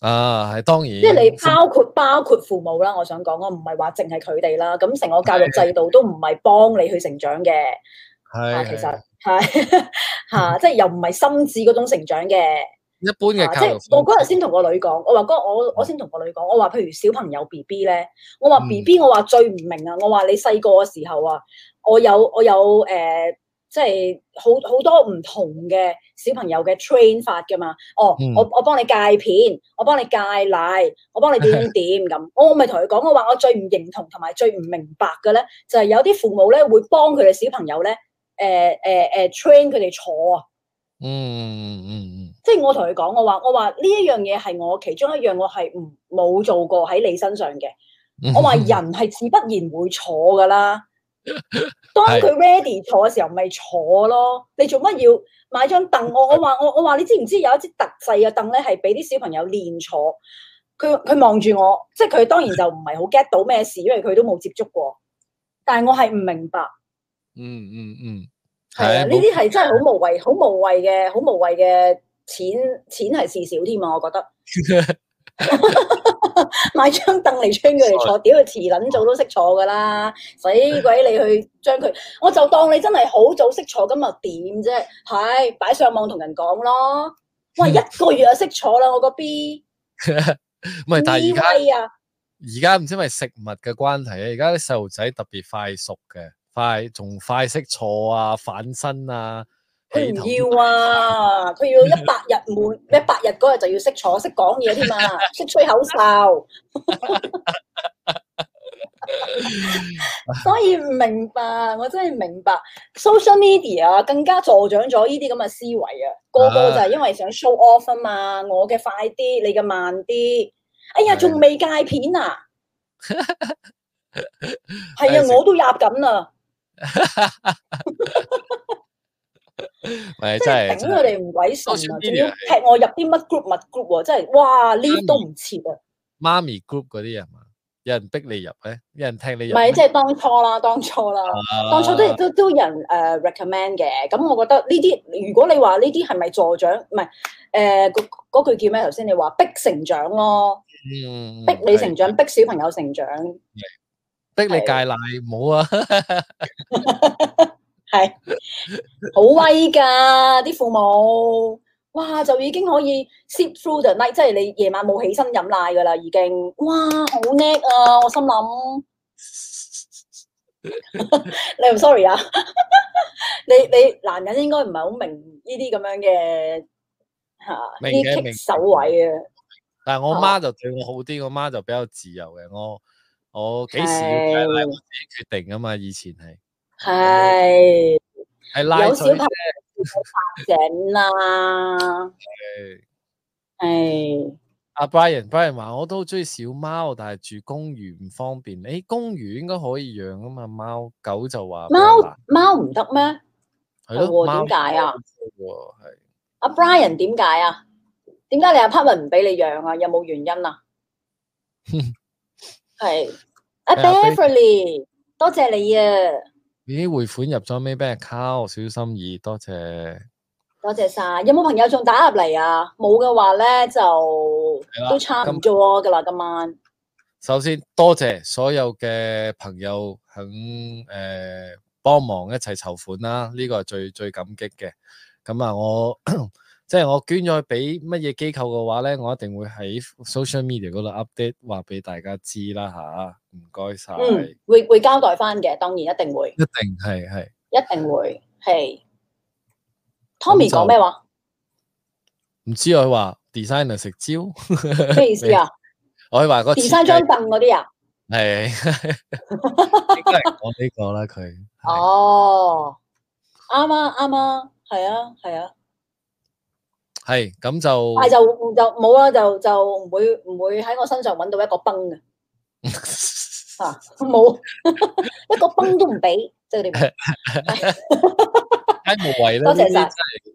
啊，係當然。即係你包括包括父母啦，我想講，我唔係話淨係佢哋啦。咁成個教育制度都唔係幫你去成長嘅，係啊，其實係吓、 啊嗯，即係又唔係心智嗰種成長嘅。一般嘅教育，啊，即我嗰日先同個女講，我話嗰日我我先同個女講，我話譬如小朋友 B B 咧，我話 B B，我話最唔明啊，我話你細個嘅時候啊，我有我有誒。呃即係好好多唔同嘅小朋友嘅 train 法㗎嘛？哦，嗯、我我幫你戒片，我幫你戒奶，我幫你點點咁。我我咪同佢講我話，我最唔認同同埋最唔明白嘅咧，就係、是、有啲父母咧會幫佢哋小朋友咧，誒誒誒 train 佢哋坐啊！嗯嗯嗯即係我同佢講，我話我話呢一樣嘢係我其中一樣，我係唔冇做過喺你身上嘅、嗯。我話人係自不然會坐㗎啦。當佢 ready 坐嘅時候，咪坐咯。你做乜要買張凳？我話我話我我話你知唔知有一支特製嘅凳咧，係俾啲小朋友練坐。佢佢望住我，即係佢當然就唔係好 get 到咩事，因為佢都冇接觸過。但係我係唔明白。嗯嗯嗯，係、嗯、啊，呢啲係真係好無謂，好、嗯、無謂嘅，好無謂嘅錢錢係事少添啊，我覺得。 買張凳嚟，穿佢嚟坐。屌佢遲捻早都識坐噶啦，死鬼你去將佢， 我就當你真係好早識坐，咁又點啫？係擺上網同人講咯。哇，一個月就識坐啦，我個 B，唔係 但係而家而家唔知係食物嘅關係咧，而家啲細路仔特別快熟嘅，快仲快識坐啊，反身啊。佢唔要啊！佢要一百日，滿一百日嗰日就要識坐、識講嘢添啊！識吹口哨， 所以唔明白，我真係唔明白 social media 更加助長咗呢啲咁嘅思維啊！個個就係因為想 show off 啊嘛，我嘅快啲，你嘅慢啲。哎呀，仲 未戒片啊！係 啊，我都入緊啊。 真係頂佢哋唔鬼順！仲要踢我入啲乜 group 乜 group，真係哇呢啲都唔切啊！媽咪，啊、咪 group 嗰啲人啊，有人逼你入咧，有人聽你入，唔係，咪即係當初啦，當初啦，啊、當初都都都有人誒、uh, recommend 嘅。咁我覺得呢啲，如果你話呢啲係咪助長，唔係誒嗰句叫咩？頭先你話逼成長咯，嗯、逼你成長，逼小朋友成長，逼你戒奶，冇啊！ 係好威噶啲父母，哇就已經可以 sleep through the night，即係你夜晚冇起身飲奶噶啦，已經哇好叻啊！我心諗， 你唔 sorry 啊？ 你你男人應該唔係好明呢啲咁樣嘅吓，啲棘手位啊。但係我媽就對我好啲，啊，我媽就比較自由嘅，我我幾時要戒奶我自己決定啊嘛，以前係。係有小朋友要發井啦，係阿 Brian。Brian 話我都好中意小貓，但係住公寓唔方便。誒，公寓應該可以養噶嘛？貓狗就話貓貓唔得咩？係咯，點解啊？係阿 Brian 點解啊？點解你阿 partner 唔俾你養啊？有冇原因啊？係阿 Beverly，多謝你啊！咦，匯款入咗咩？咩卡？我小心意，多謝多謝晒。有冇朋友仲打入嚟啊？冇嘅話咧，就都差唔多噶啦。今晚首先多謝所有嘅朋友肯誒、呃、幫忙一齊籌款啦，呢、呢個係最最感激嘅。咁、嗯、啊，我 即係我捐咗去俾乜嘢機構嘅話咧，我一定會喺 social media 嗰度 update 話俾大家知啦吓。唔該晒，嗯，會會交代翻嘅，當然一定會，一定係係，一定會係。Tommy 講咩話？唔知我佢話 designer 食蕉，咩意思啊？ 我話個 design 張凳嗰啲啊，係，都呢個啦，佢哦，啱啊，啱啊，係啊，係啊，係，咁就，但係就就冇啦，就就唔會唔會喺我身上揾到一個崩嘅。吓 冇、啊、一個泵都唔俾，即係點解無謂咧？多謝晒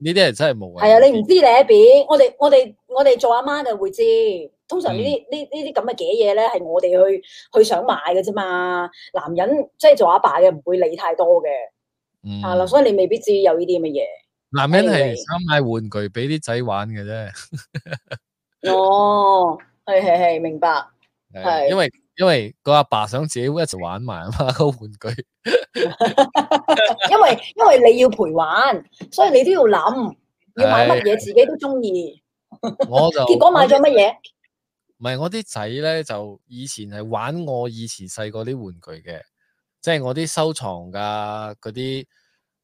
呢啲人真係無謂啊！你唔知你喺邊，我哋我哋我哋做阿媽嘅會知。通常呢啲呢呢啲咁嘅嘅嘢咧，係、嗯、我哋去去想買嘅啫嘛。男人即係、就是、做阿爸嘅，唔會理太多嘅、嗯、啊。所以你未必知有呢啲咁嘅嘢。男人係想買玩具俾啲仔玩嘅啫。嗯、 哦，係係係，明白係，因為。因為個阿爸，爸想自己一直玩埋啊嘛，個玩具。 因為因為你要陪玩，所以你都要諗要買乜嘢，自己都中意。 我就結果買咗乜嘢，唔係我啲仔咧，就以前係玩我以前細個啲玩具嘅，即、就、係、是、我啲收藏㗎嗰啲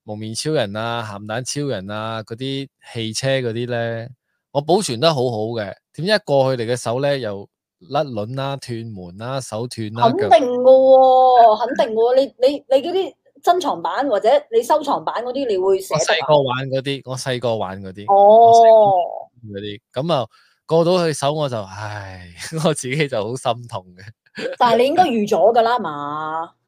蒙面超人啊、鹹蛋超人啊嗰啲汽車嗰啲咧，我保存得好好嘅，點解一過佢哋嘅手咧又甩輪啦、啊、斷門啦、啊、手斷啦、啊，肯定噶喎、啊，肯定喎、啊！ 你你你嗰啲珍藏版或者你收藏版嗰啲，你會我細個玩嗰啲，我細個玩嗰啲哦，嗰啲咁啊，過到佢手我就唉，我自己就好心痛嘅。但係你應該預咗噶啦，係嘛？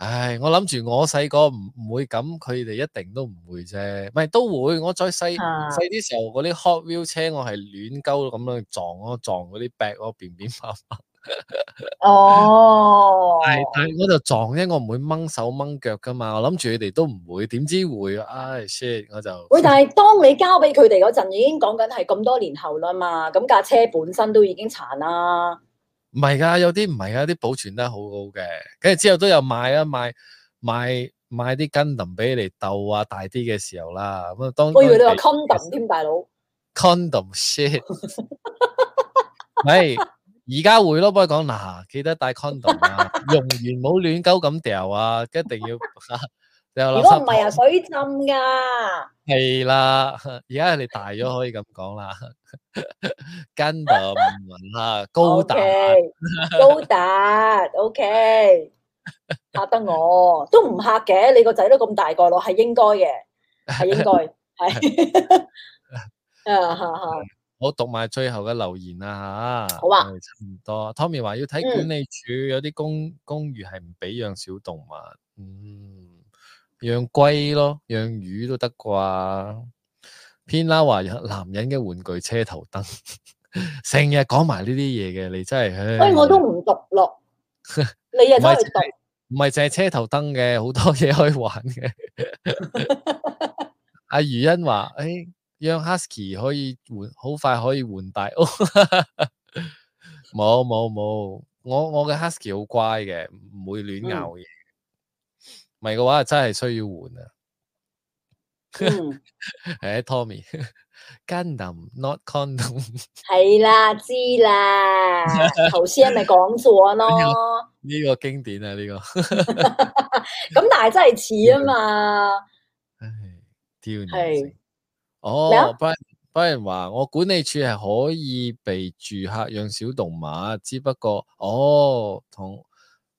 唉，我諗住我細個唔唔會咁，佢哋一定都唔會啫。唔係都會，我再細細啲時候嗰啲 hot wheel 車，我係亂鳩咁樣撞咯，撞嗰啲壁咯，邊邊花花。哦，係，但我就撞啫，我唔會掹手掹腳噶嘛。我諗住你哋都唔會，點知會啊？唉、哎、shit！我就會，但係當你交俾佢哋嗰陣，已經講緊係咁多年後啦嘛，咁架車本身都已經殘啦。唔係噶，有啲唔係啊，啲保存得好好嘅，跟住之後都有買啊，買買買啲 Gundam 俾你嚟鬥啊，大啲嘅時候啦，咁啊當我以為你話 condom 添，大佬 condom shit，係而家會咯，不如講嗱，記得帶 condom 啊，用完唔好亂鳩咁掉啊，一定要。 如果唔係啊，水浸噶係啦。而家係你大咗，可以咁講啦。跟住問下高達，高達，OK，吓得我都唔吓嘅。你個仔都咁大個咯，係應該嘅，係應該係。啊哈哈！我讀埋最後嘅留言啊吓，好啊？差唔多。Tommy 話要睇管理處，有啲公公寓係唔俾養小動物。嗯。養龜咯，養魚都得啩。偏啦話有男人嘅玩具車頭燈，成日講埋呢啲嘢嘅，你真係。所以我都唔讀咯。 你又真係讀？唔係淨係車頭燈嘅，好多嘢可以玩嘅。阿 余欣話：，誒、哎，讓 husky 可以換，好快可以換大屋。冇冇冇，我我嘅 husky 好乖嘅，唔會亂咬嘢。嗯。唔係嘅話，真係需要換啊！誒、嗯 哎、，Tommy，Gundam not condom，係啦，知啦，頭先咪講咗咯，呢、 這個這個經典啊，呢、這個。咁 但係真係似啊嘛，唉、 哎，屌你！係，哦，Brian Brian 話，我管理處係可以俾住客養小動物，只不過，哦，同。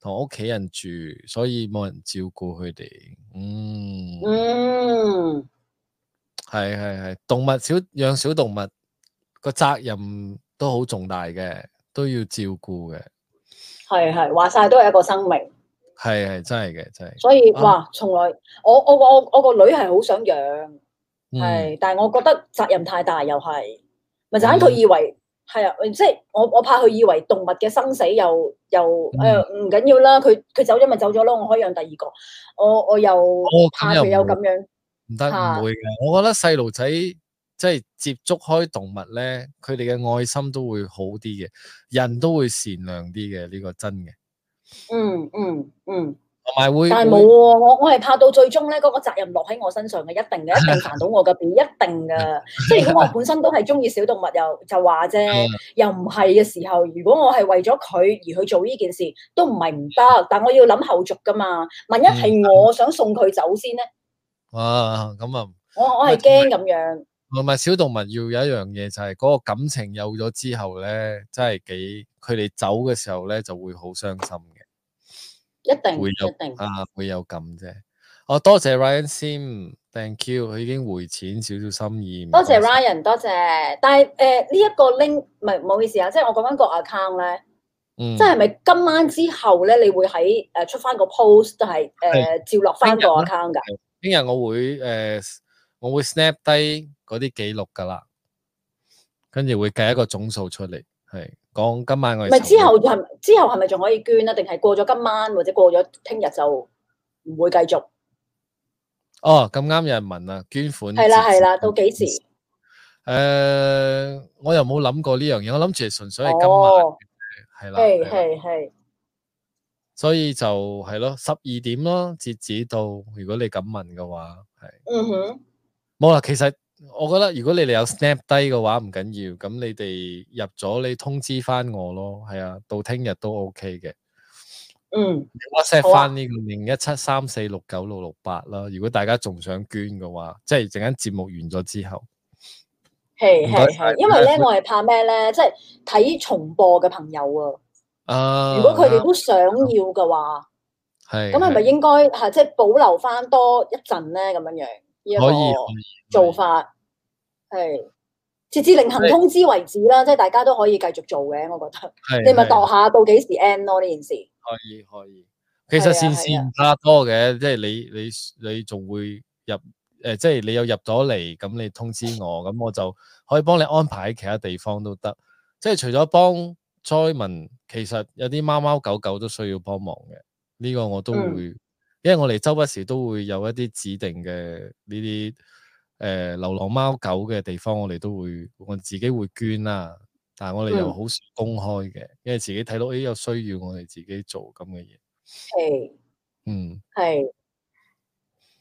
同屋企人住，所以冇人照顧佢哋。嗯，嗯，係係係，動物小養小動物個責任都好重大嘅，都要照顧嘅。係係，話晒都係一個生命。係係，真係嘅，真係。所以哇從來，我我我我個女係好想養，係、嗯，但係我覺得責任太大，又係咪就啱佢以為、嗯？係啊，即係我我怕佢以為動物嘅生死又又誒唔、嗯呃、緊要啦，佢佢走咗咪走咗咯，我可以養第二個，我我又我怕佢、哦、有咁樣唔得，唔會嘅，我覺得細路仔即係接觸開動物咧，佢哋嘅愛心都會好啲嘅，人都會善良啲嘅，呢、呢個真嘅。嗯嗯嗯。嗯同埋會，但係冇喎，我我係怕到最終咧，嗰個責任落喺我身上嘅，一定嘅，一定煩到我嗰邊，一定嘅。即係如果我本身都係中意小動物，又就話啫，又唔係嘅時候，如果我係為咗佢而去做呢件事，都唔係唔得。但係我要諗後續噶嘛，萬一係我想送佢走先咧，啊，咁啊，我我係驚咁樣。唔係小動物要有一樣嘢，就係嗰個感情有咗之後咧，真係幾佢哋走嘅時候咧，就會好傷心。一定，會有一定，啊會有咁啫。哦，多謝 Ryan 先，Thank you，佢已經回錢少少心意。多謝 Ryan，多謝。但係誒呢一個 link 唔係，唔好意思啊，即係我講翻個 account 咧，即係咪今晚之後咧，你會喺誒、呃、出翻個 post，就係誒照落翻個 account 噶聽日我會誒、呃、我會 snap 低嗰啲記錄噶啦,跟住會計一個總數出嚟係。講今晚我唔係之後，係之後係咪仲可以捐啊？定係過咗今晚或者過咗聽日就唔會繼續？哦，咁啱有人問啊，捐款係啦係啦，到幾時？誒，我又冇諗過呢樣嘢，我諗住係純粹係今晚係啦，係係係，所以就係咯，十二點咯，截止到如果你咁問嘅話，係嗯哼，冇啦，其實。我覺得如果你哋有 snap 低嘅話唔緊要，咁你哋入咗你通知翻我咯。係啊，到聽日都 OK 嘅。嗯，我 set 翻呢個零一七三四六九六六八啦。啊、1, 7, 3, 4, 6, 6, 6, 8, 如果大家仲想捐嘅話，即係陣間節目完咗之後，係係係，因為咧我係怕咩咧？即係睇重播嘅朋友啊，啊如果佢哋都想要嘅話，係咁係咪應該吓即係保留翻多一陣咧？咁樣樣，可以，這個，做法。係直至另行通知為止啦，即係大家都可以繼續做嘅，我覺得。係你咪度一下的到幾時 end 咯呢件事。可以可以，其實線線唔怕多嘅，即係你你你仲會入誒、呃，即係你有入咗嚟，咁你通知我，咁我就可以幫你安排喺其他地方都得。即係除咗幫災民，其實有啲貓貓狗狗都需要幫忙嘅，呢、這個我都會，嗯、因為我哋周不時都會有一啲指定嘅呢啲。誒、呃，流浪貓狗嘅地方，我哋都會，我自己會捐啦、啊。但係我哋又好公開嘅、嗯，因為自己睇到誒有需要，我哋自己做咁嘅嘢。係，嗯，係。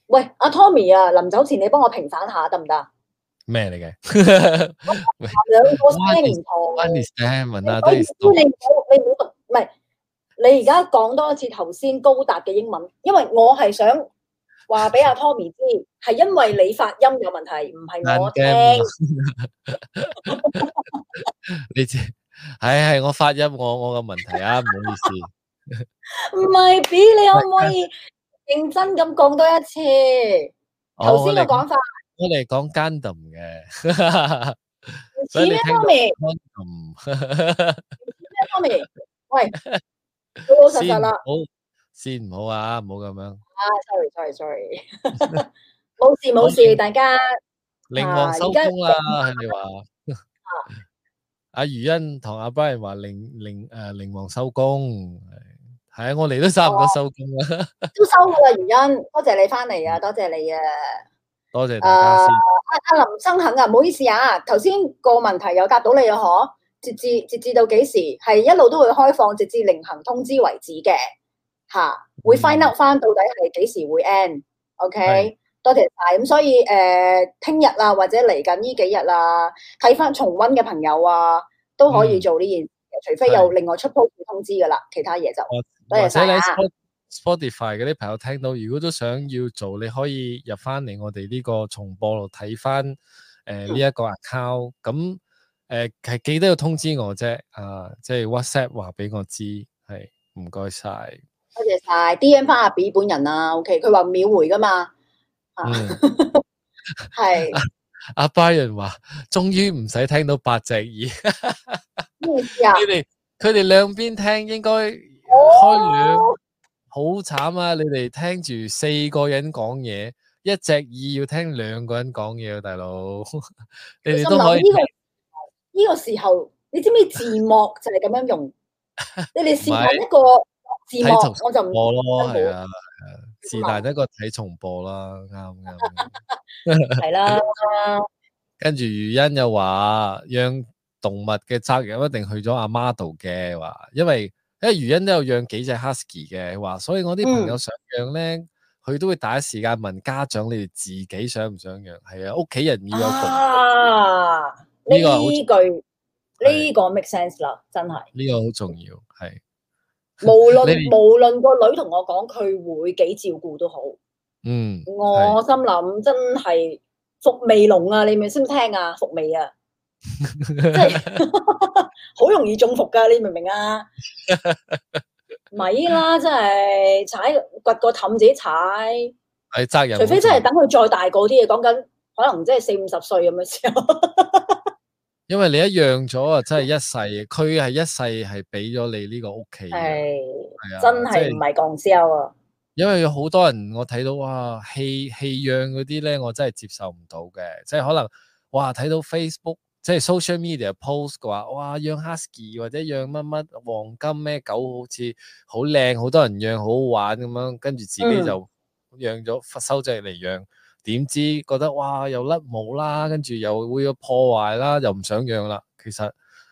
喂，阿、啊、Tommy 啊，臨走前你幫我評返下得唔得？咩嚟嘅？ 兩個英文堂。Wendy Simon 啊，你唔好，你唔好讀，唔係，你而家講多一次頭先高達嘅英文，因為我係想。話俾阿 Tommy 知，係因為你發音有問題，唔係我嘅。你知係係我發音我我嘅問題啊，唔好意思。唔係俾，你可唔可以認真咁講多一次頭先個講法？我哋講 gentle 嘅，似咩 Tommy？gentle，似咩 Tommy？喂，老老實實啦。先唔好啊，唔好咁樣。啊，sorry，sorry，sorry，冇事冇事，大家凌王收工啦。係咪話阿余欣同阿 Brian 話凌凌誒凌王收工？係係啊，我哋都差唔多收工啦，都收好啦。余欣，多謝你翻嚟啊，多謝你啊，多謝大家。阿阿林生肯啊，唔好意思啊，頭先個問題又夾到你啊，嗬？直至直至到幾時係一路都會開放，直至另行通知為止嘅。吓、啊，會 find out 翻到底係幾時會 end，OK，嗯 okay? 多謝晒。咁所以誒，聽、呃、日啦，或者嚟緊呢幾日啦，睇翻重溫嘅朋友啊，都可以做呢件、嗯，除非有另外出 post 通知噶啦，其他嘢就或者、啊啊、Spotify 嗰啲朋友聽到，如果都想要做，你可以入翻嚟我哋呢個重播度睇翻，誒呢一個 account，咁誒係記得要通知我啫，啊，即係 WhatsApp 話俾我知，係唔該晒。謝謝多謝晒，D M 翻阿 Bill 本人啊，O K，佢話秒回噶嘛，係阿 Brian 話，終於唔使聽到八隻耳，你哋佢哋兩邊聽應該開兩，好慘啊！你哋聽住四個人講嘢，一隻耳要聽兩個人講嘢啊，大佬，你哋都可以呢個時候，你知唔知字幕就係咁樣用？你哋試下一個。睇重，我就唔播咯。係啊，是但得個睇重播啦，啱啱係啦。跟住余欣又話，養動物嘅責任一定去咗阿媽度嘅話，因為誒余欣都有養幾隻 husky 嘅話，所以我啲朋友想養咧，佢、嗯、都會第一時間問家長，你哋自己想唔想養？係啊，屋企人要有共識呢、啊，這個依據呢個 make sense 啦，真係呢、這個好重要，係。無論無論個女同我講佢會幾照顧都好，嗯，我心諗真係伏味濃啊！你明唔明？識唔識聽啊，伏味啊，即係好容易中伏噶，你明唔明啊？咪 啦，真係踩掘個氹自己踩，係責任，除非真係等佢再大個啲嘢，講緊可能即係四五十歲咁嘅時候。 因為你一養咗啊，真係一世佢係一世係俾咗你呢個屋企，係，真係唔係講笑啊！因為有好多人我睇到哇棄棄養嗰啲咧，我真係接受唔到嘅，即係可能哇睇到 Facebook 即係 social media post 嘅話哇養 husky 或者養乜乜黃金咩狗好像很，好似好靚，好多人養，好好玩咁樣，跟住自己就養咗、嗯、收隻嚟養。點知覺得哇又甩毛啦，跟住又會有破壞啦，又唔想養啦。其實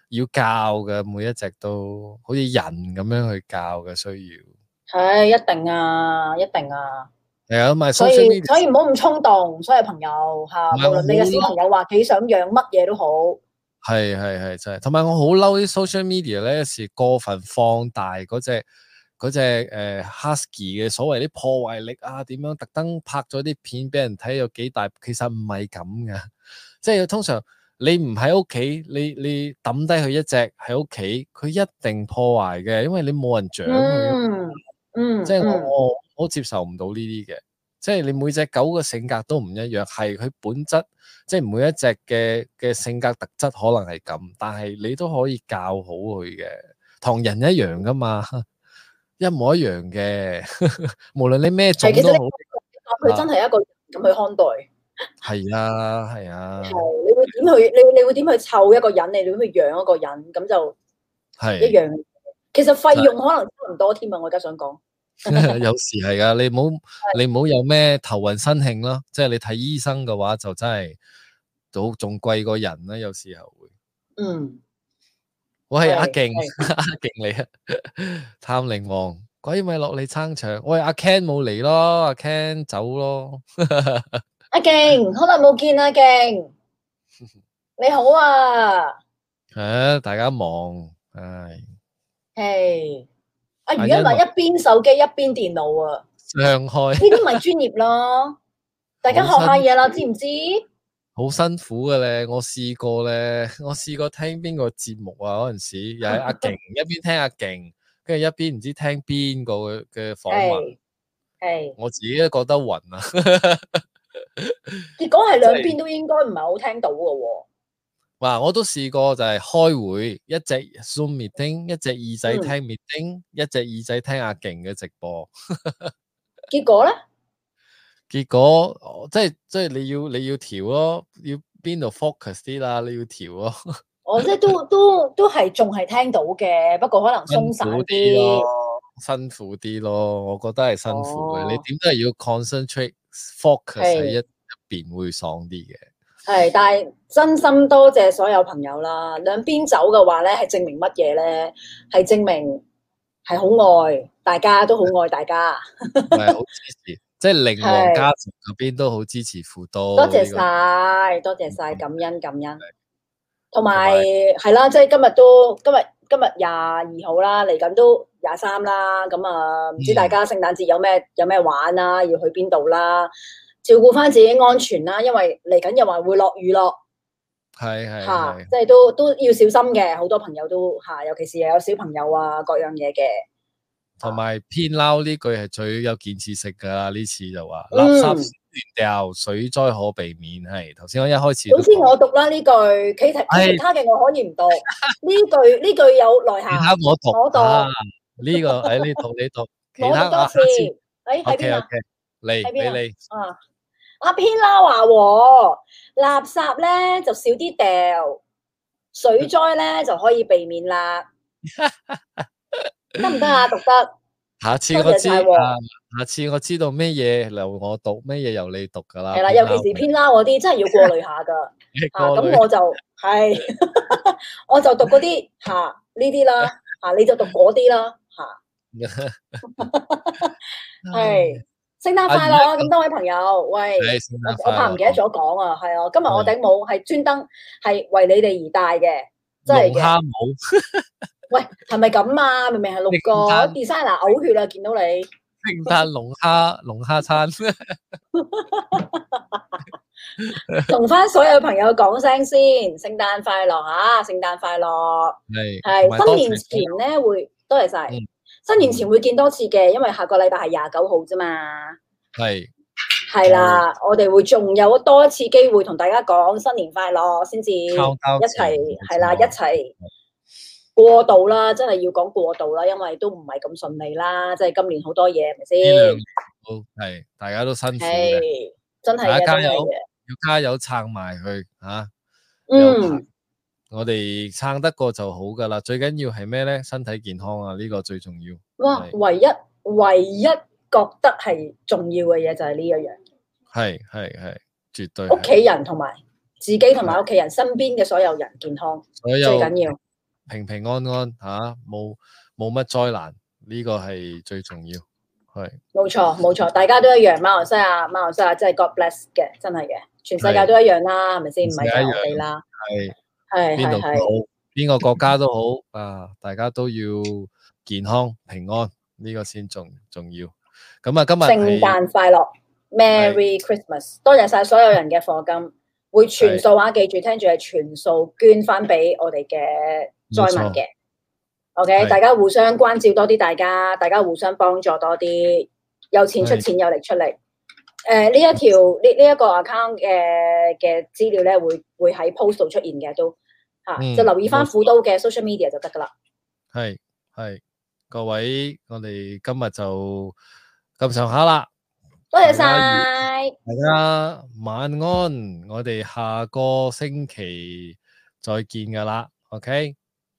要教嘅，每一隻都好似人咁樣去教嘅，需要係一定啊，一定啊。係啊，所以所以唔好咁衝動，所有朋友吓，無論你嘅小朋友話幾想養乜嘢都好，係係係真係。同埋我好嬲啲 social media 咧，有時過分放大嗰隻。嗰隻誒 Husky 嘅所謂啲破壞力啊，點樣特登拍咗啲片俾人睇有幾大？其實唔係咁噶，即係通常你唔喺屋企，你你抌低佢一隻喺屋企，佢一定破壞嘅，因為你冇人掌佢。嗯嗯。即係我我我接受唔到呢啲嘅，即係你每隻狗嘅性格都唔一樣，係佢本質，即係每一隻嘅嘅性格特質可能係咁，但係你都可以教好佢嘅，同人一樣噶嘛。一模一樣嘅，無論你咩種都好，佢真係一個咁去看待。係啊，係啊。係你會點去？你會你會點去湊一個人？你你點去養一個人？咁就係一樣。其實費用可能都唔多添啊，就是！我而家想講， 有時係啊，你唔好你唔好有咩頭暈身慶咯。即係你睇醫生嘅話，就真係都仲貴過人啦。有時候會嗯。我係阿勁，阿勁嚟啊！探靈王，鬼咪落你撐場。我係阿 Ken 冇嚟咯，阿 Ken 走咯。阿勁，好耐冇見阿勁，你好啊！係，大家忙，唉。嘿，阿余欣咪一邊手機一邊電腦啊。張開。呢啲咪專業咯，大家學下嘢啦，知唔知？好辛苦嘅咧，我試過咧，我試過聽邊個節目啊嗰陣時啊，又係阿勁一邊聽阿勁，跟住一邊唔知聽邊個嘅嘅訪問，係、哎哎、我自己都覺得暈啊。 結果係兩邊都應該唔係好聽到嘅、就是。哇！我都試過就係開會，一隻 Zoom Meeting 一隻耳仔聽 Meeting、嗯、一隻耳仔聽阿勁嘅直播。 結果咧？結果即係即係你要你要調咯，要邊度 focus 啲啦，你要調咯。我、哦、即係都都都係仲係聽到嘅，不過可能鬆手啲咯。辛苦啲咯，辛苦啲咯、哦、咯，我覺得係辛苦嘅、哦。你點都係要 concentrate focus 喺一入邊會爽啲嘅。係，但係真心多謝所有朋友啦。兩邊走嘅話咧，係證明乜嘢咧？係證明係好愛，大家都好愛大家。係好支持。我 即係凌王家族嗰邊都好支持富多，多謝晒，多謝晒，這個，感恩、嗯、感恩。同埋係啦，即係今日都今日今日廿二號啦，嚟緊都廿三啦。咁啊，唔知大家聖誕節有咩有咩玩啊？要去邊度啦？照顧翻自己安全啦，因為嚟緊又話會落雨咯。係係吓，即係都都要小心嘅。好多朋友都吓，尤其是又有小朋友啊，各樣嘢嘅。同埋偏撈呢句係最有建設性噶啦。呢次就話、嗯、垃圾掉，水災可避免。係頭先我一開始，首先我讀啦呢句，其、其他嘅我可以唔讀。呢、哎、句呢句有內涵、那個啊啊這個哎。 我讀，我讀呢個喺呢度，你其他多次。喺邊啊？嚟俾、okay, okay, 你。啊阿偏撈話，垃圾咧就少啲掉，水災咧就可以避免啦。 得唔得啊？讀得，下次我知、啊啊，下次我知道咩嘢由我讀，咩嘢由你讀噶啦。係啦，尤其是偏撈嗰啲， 真係要過濾下噶。咁、 啊、我就係， 是 我就讀嗰啲吓呢啲啦。吓， 你就讀嗰啲啦。吓，係聖誕快樂啊！咁 多、 啊、位朋友，喂，我怕唔記得咗講啊，係、嗯、啊，今日我頂帽係專登係為你哋而戴嘅，真係嘅。 喂，係咪咁啊？明明係六個 designer 嘔血啦！見到你聖誕龍蝦龍蝦餐，同返所有朋友講聲先，聖誕快樂啊！聖誕快樂，係係新年前呢會多謝晒，新年前會見多次嘅，因為下個禮拜係廿九號啫嘛，係係啦，我哋會仲有多一次機會同大家講新年快樂，先至一齊係啦，一齊。過度啦，真係要講過度啦，因為都唔係咁順利啦，即係今年好多嘢，係咪先？好係，大家都辛苦嘅，真係。大家，加油！要加油撐埋佢吓。嗯，我哋撐得過就好噶啦。最緊要係咩咧？身體健康啊，呢個最重要。哇，唯一唯一覺得係重要嘅嘢就係呢一樣。係係係，絕對。屋企人同埋自己同埋屋企人身邊嘅所有人健康，所有，最緊要。平平安安嚇，冇冇乜災難，呢個係最重要。係，冇錯冇錯，大家都一樣。馬來西亞馬來西亞真係 God bless 嘅，真係嘅，全世界都一樣啦，係咪先？唔係就係啦。係係係係，邊度好，邊個國家都好啊，大家都要健康平安，呢個先重重要。咁啊，今日聖誕快樂，Merry Christmas，多謝晒所有人嘅課金，會全數話記住，聽住係全數捐翻俾我哋嘅。再問嘅，OK，大家互相關照多啲，大家大家互相幫助多啲，有錢出錢，有力出力。誒，呢、呃、一條呢呢一個 account 嘅嘅資料咧，會會喺 post 度出現嘅，都吓、嗯啊、就留意翻斧刀嘅 social media 就得噶啦。係係，各位，我哋今日就咁上下啦，多謝晒，大家晚安，我哋下個星期再見噶啦，OK。